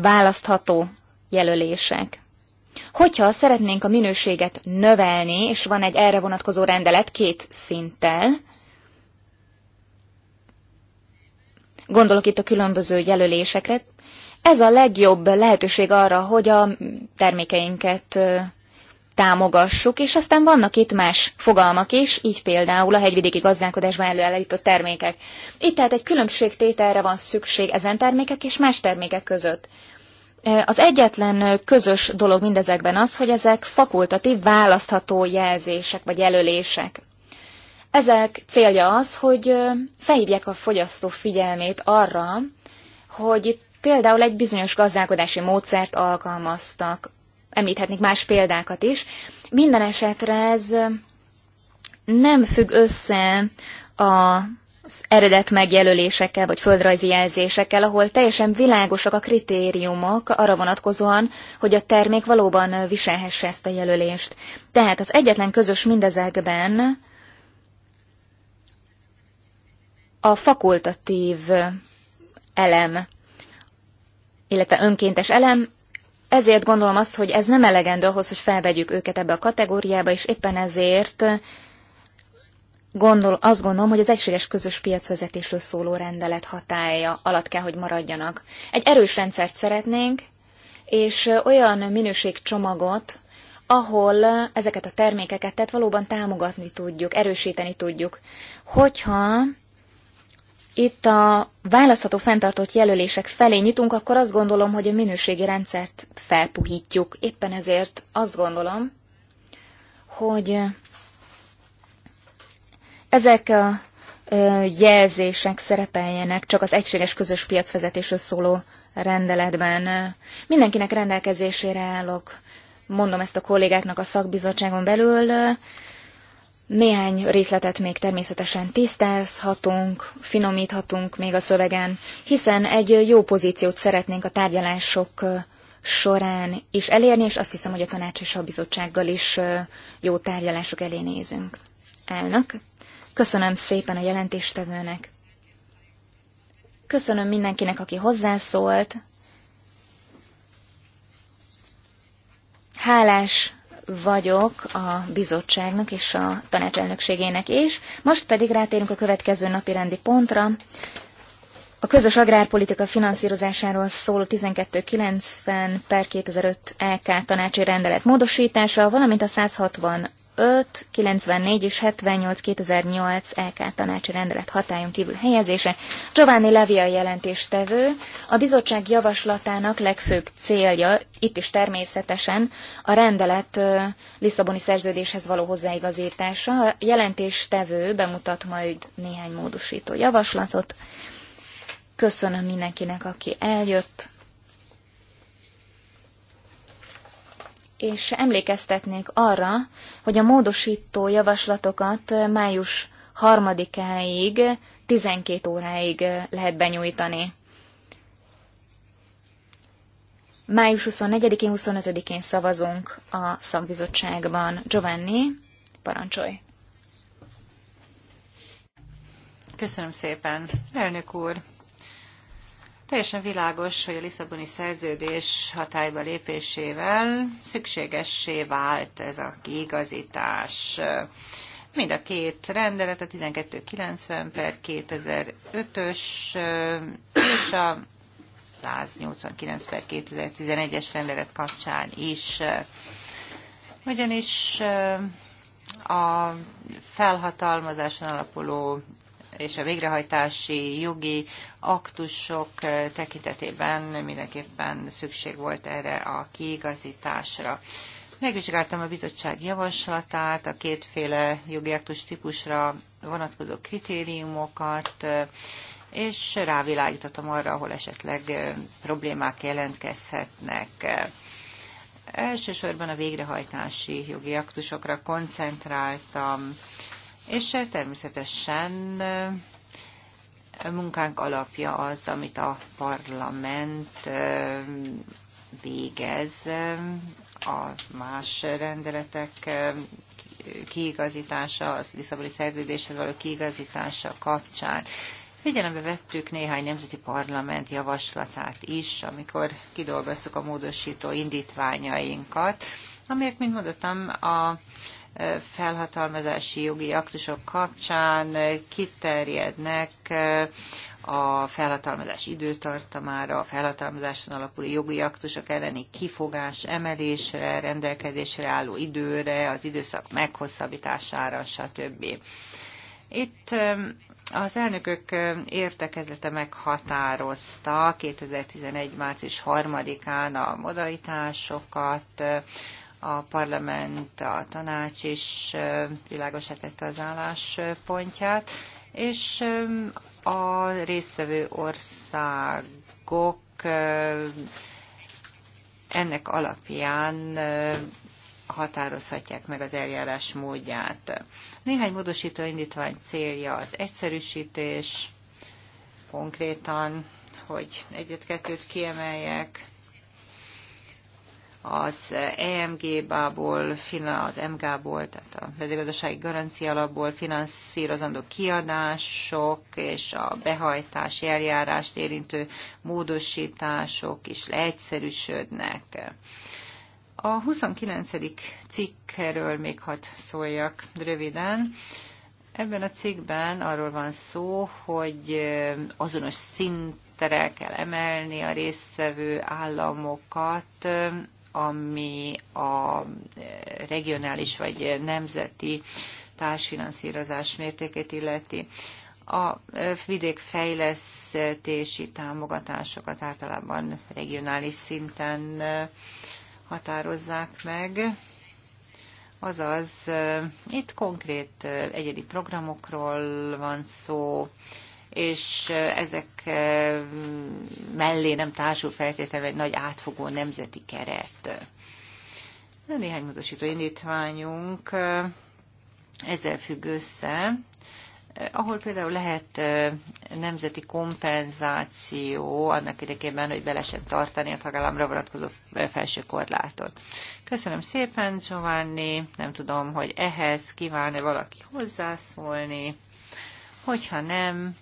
választható jelölések. Hogyha szeretnénk a minőséget növelni, és van egy erre vonatkozó rendelet két szinttel, gondolok itt a különböző jelölésekre, ez a legjobb lehetőség arra, hogy a termékeinket támogassuk, és aztán vannak itt más fogalmak is, így például a hegyvidéki gazdálkodásban előállított termékek. Itt tehát egy különbségtételre van szükség ezen termékek és más termékek között. Az egyetlen közös dolog mindezekben az, hogy ezek fakultatív, választható jelzések vagy jelölések. Ezek célja az, hogy felhívják a fogyasztó figyelmét arra, hogy itt például egy bizonyos gazdálkodási módszert alkalmaztak említhetnék más példákat is. Minden esetre ez nem függ össze a az eredet megjelölésekkel, vagy földrajzi jelzésekkel, ahol teljesen világosak a kritériumok arra vonatkozóan, hogy a termék valóban viselhesse ezt a jelölést. Tehát az egyetlen közös mindezekben a fakultatív elem, illetve önkéntes elem, ezért gondolom azt, hogy ez nem elegendő ahhoz, hogy felvegyük őket ebbe a kategóriába, és éppen ezért gondol, azt gondolom, hogy az egységes közös piacvezetésről szóló rendelet hatája alatt kell, hogy maradjanak. Egy erős rendszert szeretnénk, és olyan minőségcsomagot, ahol ezeket a termékeket tehát valóban támogatni tudjuk, erősíteni tudjuk. Hogyha itt a választható fenntartott jelölések felé nyitunk, akkor azt gondolom, hogy a minőségi rendszert felpuhítjuk. Éppen ezért azt gondolom, hogy ezek a jelzések szerepeljenek csak az egységes közös piacvezetésről szóló rendeletben. Mindenkinek rendelkezésére állok, mondom ezt a kollégáknak a szakbizottságon belül, néhány részletet még természetesen tisztázhatunk, finomíthatunk még a szövegen, hiszen egy jó pozíciót szeretnénk a tárgyalások során is elérni, és azt hiszem, hogy a tanács és a bizottsággal is jó tárgyalások elé nézünk. Elnök, köszönöm szépen a jelentéstevőnek. Köszönöm mindenkinek, aki hozzászólt. Hálás vagyok a bizottságnak és a tanácselnökségének is. Most pedig rátérünk a következő napi rendi pontra. A közös agrárpolitika finanszírozásáról szóló 1290 per 2005 LK e tanácsi rendelet módosítása, valamint a 160 94 és 78 2008 LK tanácsi rendelet hatályon kívül helyezése. Giovanni Levi a jelentéstevő. A bizottság javaslatának legfőbb célja itt is természetesen a rendelet Lisszaboni szerződéshez való hozzáigazítása. A jelentéstevő bemutat majd néhány módosító javaslatot. Köszönöm mindenkinek, aki eljött. és emlékeztetnék arra, hogy a módosító javaslatokat május harmadikáig, 12 óráig lehet benyújtani. Május 24-én, 25-én szavazunk a szakbizottságban. Giovanni, parancsolj! Köszönöm szépen, elnök úr! Teljesen világos, hogy a Lisszaboni szerződés hatályba lépésével szükségessé vált ez a kiigazítás. Mind a két rendelet, a 1290 per 2005-ös és a 189 per 2011-es rendelet kapcsán is. Ugyanis a felhatalmazáson alapuló és a végrehajtási jogi aktusok eh, tekintetében mindenképpen szükség volt erre a kiigazításra. Megvizsgáltam a bizottság javaslatát, a kétféle jogi aktus típusra vonatkozó kritériumokat, eh, és rávilágítottam arra, ahol esetleg eh, problémák jelentkezhetnek. Elsősorban a végrehajtási jogi aktusokra koncentráltam, és eh, természetesen eh, a munkánk alapja az, amit a parlament eh, végez a más rendeletek kiigazítása, a Lisszaboni szerződéshez való kiigazítása kapcsán. Figyelembe vettük néhány nemzeti parlament javaslatát is, amikor kidolgoztuk a módosító indítványainkat, amelyek, mint mondottam, a felhatalmazási jogi aktusok kapcsán kiterjednek a felhatalmazás időtartamára, a felhatalmazáson alapuló jogi aktusok elleni kifogás emelésre, rendelkezésre álló időre, az időszak meghosszabbítására, stb. Itt az elnökök értekezlete meghatározta 2011. március 3-án a modalitásokat, a parlament, a tanács is világosítette az álláspontját, és a résztvevő országok ennek alapján határozhatják meg az eljárás módját. Néhány módosító indítvány célja az egyszerűsítés, konkrétan, hogy egyet-kettőt kiemeljek, az emg ból az MG-ból, tehát a mezőgazdasági garancia alapból finanszírozandó kiadások és a behajtási eljárást érintő módosítások is leegyszerűsödnek. A 29. cikkről még hadd szóljak röviden. Ebben a cikkben arról van szó, hogy azonos szintre kell emelni a résztvevő államokat ami a regionális vagy nemzeti társfinanszírozás mértékét illeti. A vidékfejlesztési támogatásokat általában regionális szinten határozzák meg. Azaz, itt konkrét egyedi programokról van szó, és ezek mellé nem társul feltétlenül egy nagy átfogó nemzeti keret. Néhány módosító indítványunk ezzel függ össze, ahol például lehet nemzeti kompenzáció annak érdekében, hogy be lehessen tartani a tagállamra vonatkozó felső korlátot. Köszönöm szépen, Giovanni. Nem tudom, hogy ehhez kíván-e valaki hozzászólni. Hogyha nem,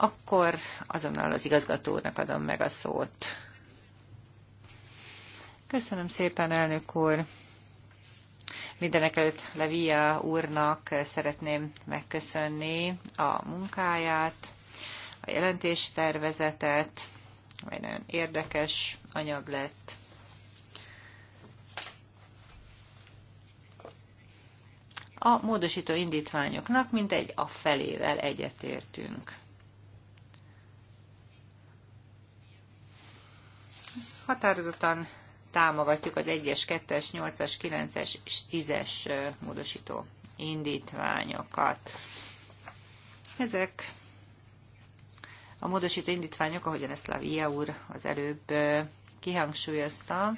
akkor azonnal az igazgatónak adom meg a szót. Köszönöm szépen, elnök úr! Mindenek előtt Levia úrnak szeretném megköszönni a munkáját, a jelentéstervezetet, amely nagyon érdekes anyag lett. A módosító indítványoknak mintegy a felével egyetértünk. Határozottan támogatjuk az 1-es, 2-es, 8-as, 9-es és 10-es módosító indítványokat. Ezek a módosító indítványok, ahogyan ezt Lavia úr az előbb kihangsúlyozta,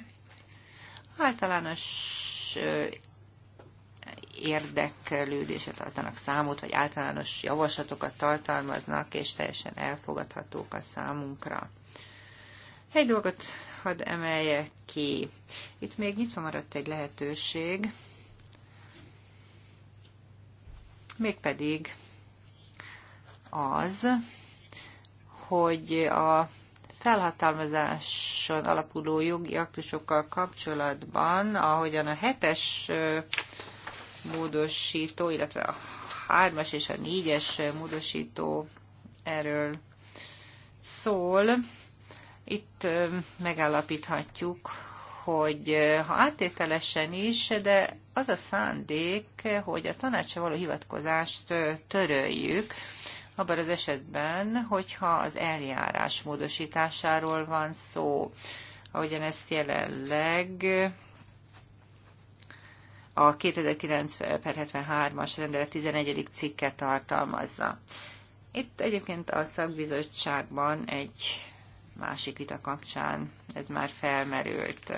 általános érdeklődésre tartanak számot, vagy általános javaslatokat tartalmaznak, és teljesen elfogadhatók a számunkra. Egy dolgot hadd emeljek ki. Itt még nyitva maradt egy lehetőség, mégpedig az, hogy a felhatalmazáson alapuló jogi aktusokkal kapcsolatban, ahogyan a hetes módosító, illetve a hármas és a négyes módosító erről szól, itt megállapíthatjuk, hogy ha áttételesen is, de az a szándék, hogy a tanácsra való hivatkozást töröljük, abban az esetben, hogyha az eljárás módosításáról van szó, ahogyan ezt jelenleg a 2009 73-as rendelet 11. cikke tartalmazza. Itt egyébként a szakbizottságban egy másik vita kapcsán ez már felmerült.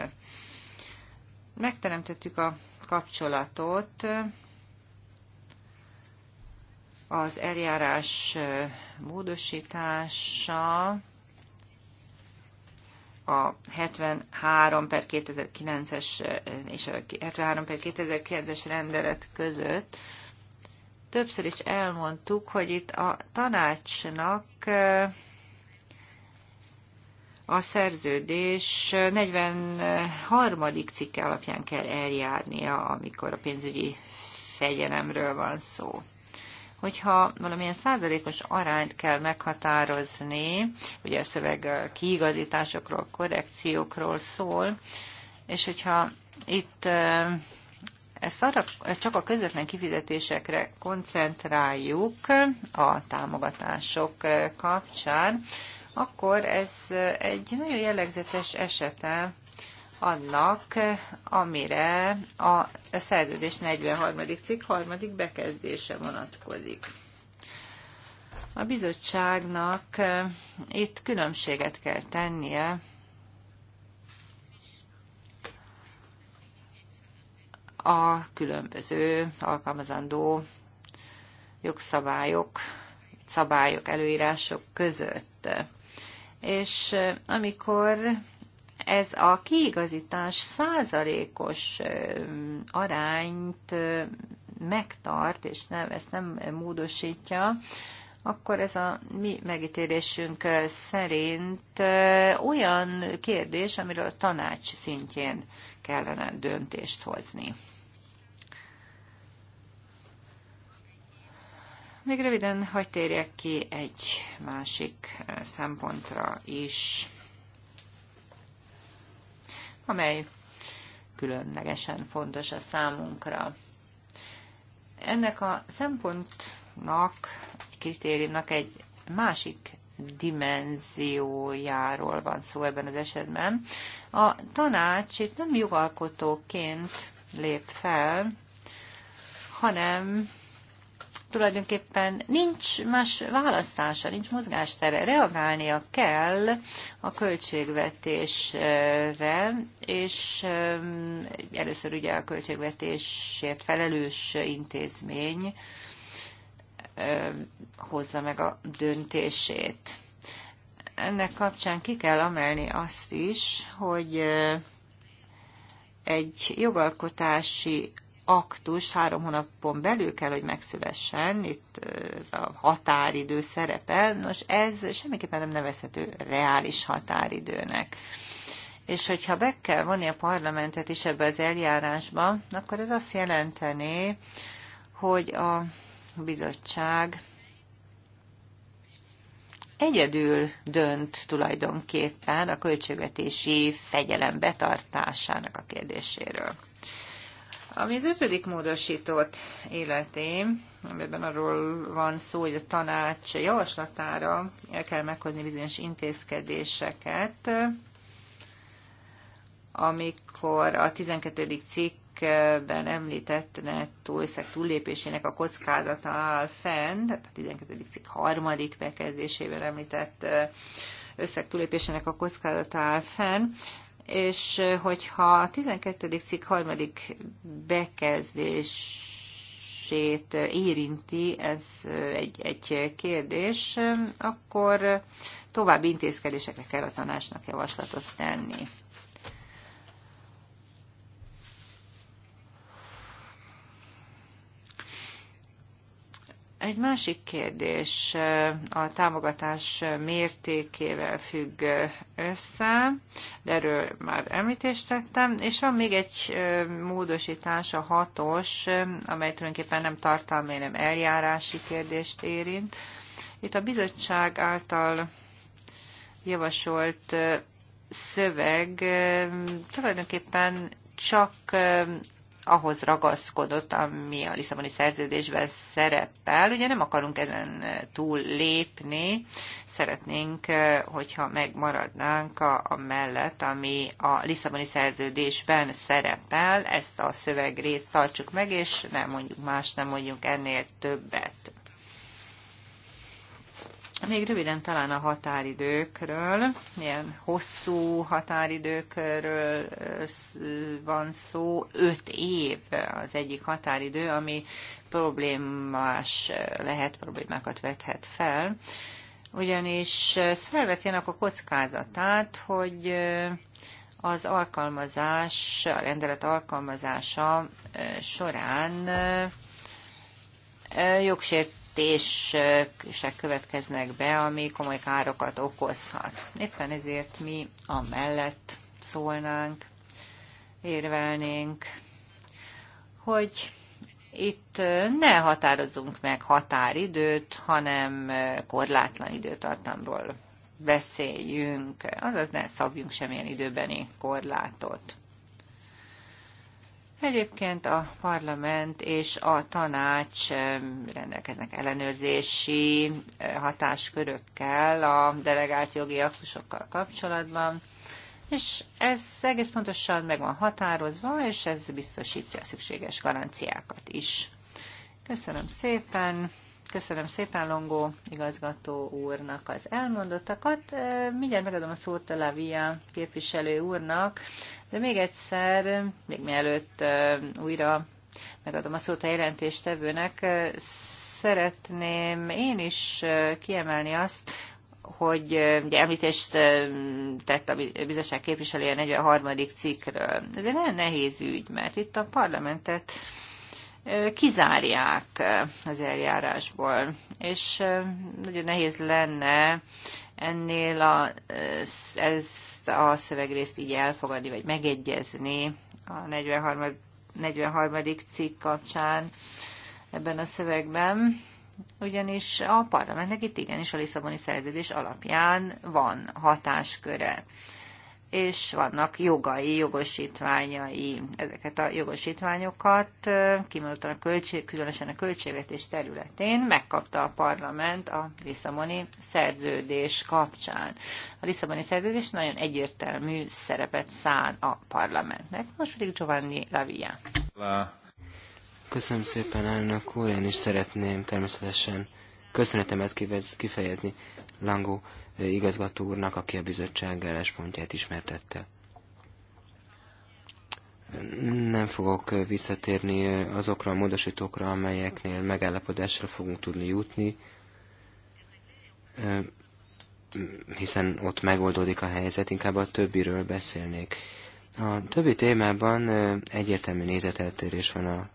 Megteremtettük a kapcsolatot az eljárás módosítása a 73 per 2009-es és a 73 per 2009-es rendelet között. Többször is elmondtuk, hogy itt a tanácsnak a szerződés 43. cikke alapján kell eljárnia, amikor a pénzügyi fegyelemről van szó. Hogyha valamilyen százalékos arányt kell meghatározni, ugye a szöveg kiigazításokról, korrekciókról szól, és hogyha itt ezt arra, csak a közvetlen kifizetésekre koncentráljuk a támogatások kapcsán, akkor ez eh, egy nagyon jellegzetes esete annak, amire a szerződés 43. cikk harmadik bekezdése vonatkozik. A bizottságnak eh, itt különbséget kell tennie a különböző alkalmazandó jogszabályok, szabályok, előírások között és amikor ez a kiigazítás százalékos arányt megtart, és nem, ezt nem módosítja, akkor ez a mi megítélésünk szerint olyan kérdés, amiről a tanács szintjén kellene döntést hozni. Még röviden hagy térjek ki egy másik eh, szempontra is, amely különlegesen fontos a számunkra. Ennek a szempontnak, egy kritériumnak egy másik dimenziójáról van szó ebben az esetben. A tanács itt nem jogalkotóként lép fel, hanem tulajdonképpen nincs más választása, nincs mozgástere, reagálnia kell a költségvetésre, és először ugye a költségvetésért felelős intézmény hozza meg a döntését. Ennek kapcsán ki kell emelni azt is, hogy egy jogalkotási aktus három hónapon belül kell, hogy megszülessen, itt ez a határidő szerepel, nos ez semmiképpen nem nevezhető reális határidőnek. És hogyha be kell vonni a parlamentet is ebbe az eljárásba, akkor ez azt jelenteni, hogy a bizottság egyedül dönt tulajdonképpen a költségvetési fegyelem betartásának a kérdéséről. Ami az ötödik módosított életé, amiben arról van szó, hogy a tanács javaslatára el kell meghozni bizonyos intézkedéseket, amikor a 12. cikkben említett nettó túllépésének a kockázata áll fenn, tehát a 12. cikk harmadik bekezdésében említett összeg túlépésének a kockázata áll fenn és hogyha a 12. cikk harmadik bekezdését érinti, ez egy, egy kérdés, akkor további intézkedésekre kell a tanácsnak javaslatot tenni. Egy másik kérdés eh, a támogatás mértékével függ eh, össze, de erről már említést tettem, és van még egy eh, módosítás, a hatos, amely tulajdonképpen nem tartalmi, nem eljárási kérdést érint. Itt a bizottság által javasolt szöveg tulajdonképpen csak ahhoz ragaszkodott, ami a Lisszaboni szerződésben szerepel. Ugye nem akarunk ezen túl lépni, szeretnénk, eh, hogyha megmaradnánk a, a mellett, ami a Lisszaboni szerződésben szerepel, ezt a szövegrészt tartsuk meg, és nem mondjuk más, nem mondjuk ennél többet. Még röviden talán a határidőkről, milyen hosszú határidőkről van szó. Öt év az egyik határidő, ami problémás lehet, problémákat vethet fel. Ugyanis ez felveti annak a kockázatát, hogy az alkalmazás, a rendelet alkalmazása során jogsért döntések következnek be, ami komoly károkat okozhat. Éppen ezért mi a mellett szólnánk, érvelnénk, hogy itt ne határozzunk meg határidőt, hanem korlátlan időtartamról beszéljünk, azaz ne szabjunk semmilyen időbeni korlátot. Egyébként a parlament és a tanács rendelkeznek ellenőrzési eh, hatáskörökkel a delegált jogi aktusokkal kapcsolatban, és ez egész pontosan meg van határozva, és ez biztosítja a szükséges garanciákat is. Köszönöm szépen! köszönöm szépen Longó igazgató úrnak az elmondottakat. Mindjárt megadom a szót a Lavia képviselő úrnak, de még egyszer, még mielőtt újra megadom a szót a jelentéstevőnek, szeretném én is kiemelni azt, hogy ugye említést tett a bizottság képviselője 43. cikkről. Ez egy nagyon nehéz ügy, mert itt a parlamentet kizárják az eljárásból, és nagyon nehéz lenne ennél a, ezt a szövegrészt így elfogadni, vagy megegyezni a 43. 43. cikk kapcsán ebben a szövegben, ugyanis a parlamentnek itt igenis a Lisszaboni szerződés alapján van hatásköre és vannak jogai, jogosítványai. Ezeket a jogosítványokat kimondottan a költség, különösen a költségvetés területén megkapta a parlament a Lisszaboni szerződés kapcsán. A Lisszaboni szerződés nagyon egyértelmű szerepet szán a parlamentnek. Most pedig Giovanni Lavia. Köszönöm szépen, elnök úr, én is szeretném természetesen köszönetemet kifejezni Langó igazgató úrnak, aki a bizottság álláspontját ismertette. Nem fogok visszatérni azokra a módosítókra, amelyeknél megállapodásra fogunk tudni jutni, hiszen ott megoldódik a helyzet, inkább a többiről beszélnék. A többi témában egyértelmű nézeteltérés van a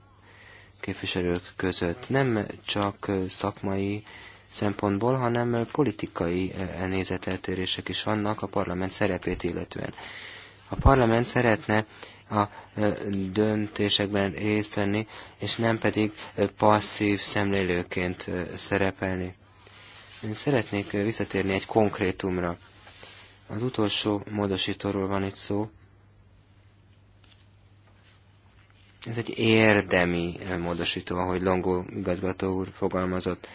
képviselők között. Nem csak szakmai szempontból, hanem politikai nézeteltérések is vannak a parlament szerepét illetően. A parlament szeretne a döntésekben részt venni, és nem pedig passzív szemlélőként szerepelni. Én szeretnék visszatérni egy konkrétumra. Az utolsó módosítóról van itt szó. Ez egy érdemi módosító, ahogy Longó igazgató úr fogalmazott.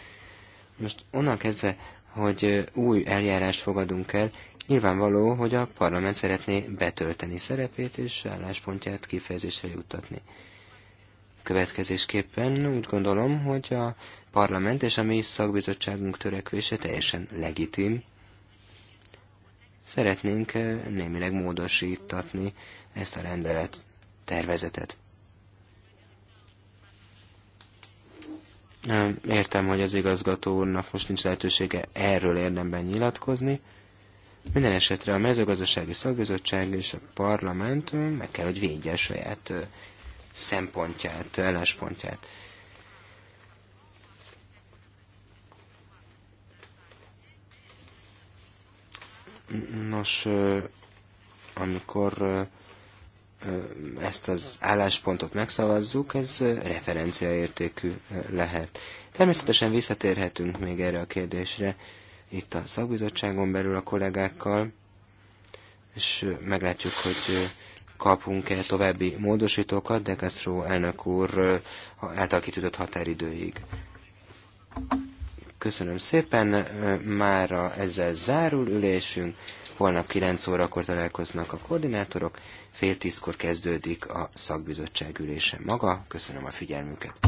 Most onnan kezdve, hogy új eljárást fogadunk el, nyilvánvaló, hogy a parlament szeretné betölteni szerepét és álláspontját kifejezésre juttatni. Következésképpen úgy gondolom, hogy a parlament és a mi szakbizottságunk törekvése teljesen legitim. Szeretnénk némileg módosítatni ezt a rendelet tervezetet. Értem, hogy az igazgató úrnak most nincs lehetősége erről érdemben nyilatkozni. Minden esetre a mezőgazdasági szakbizottság és a parlament meg kell, hogy védje a saját szempontját, álláspontját. Nos, amikor ezt az álláspontot megszavazzuk, ez referenciaértékű lehet. Természetesen visszatérhetünk még erre a kérdésre itt a szakbizottságon belül a kollégákkal, és meglátjuk, hogy kapunk-e további módosítókat, de Castro elnök úr által kitűzött határidőig. Köszönöm szépen, mára ezzel zárul ülésünk. Holnap 9 órakor találkoznak a koordinátorok, fél tízkor kezdődik a szakbizottság ülése maga. Köszönöm a figyelmüket!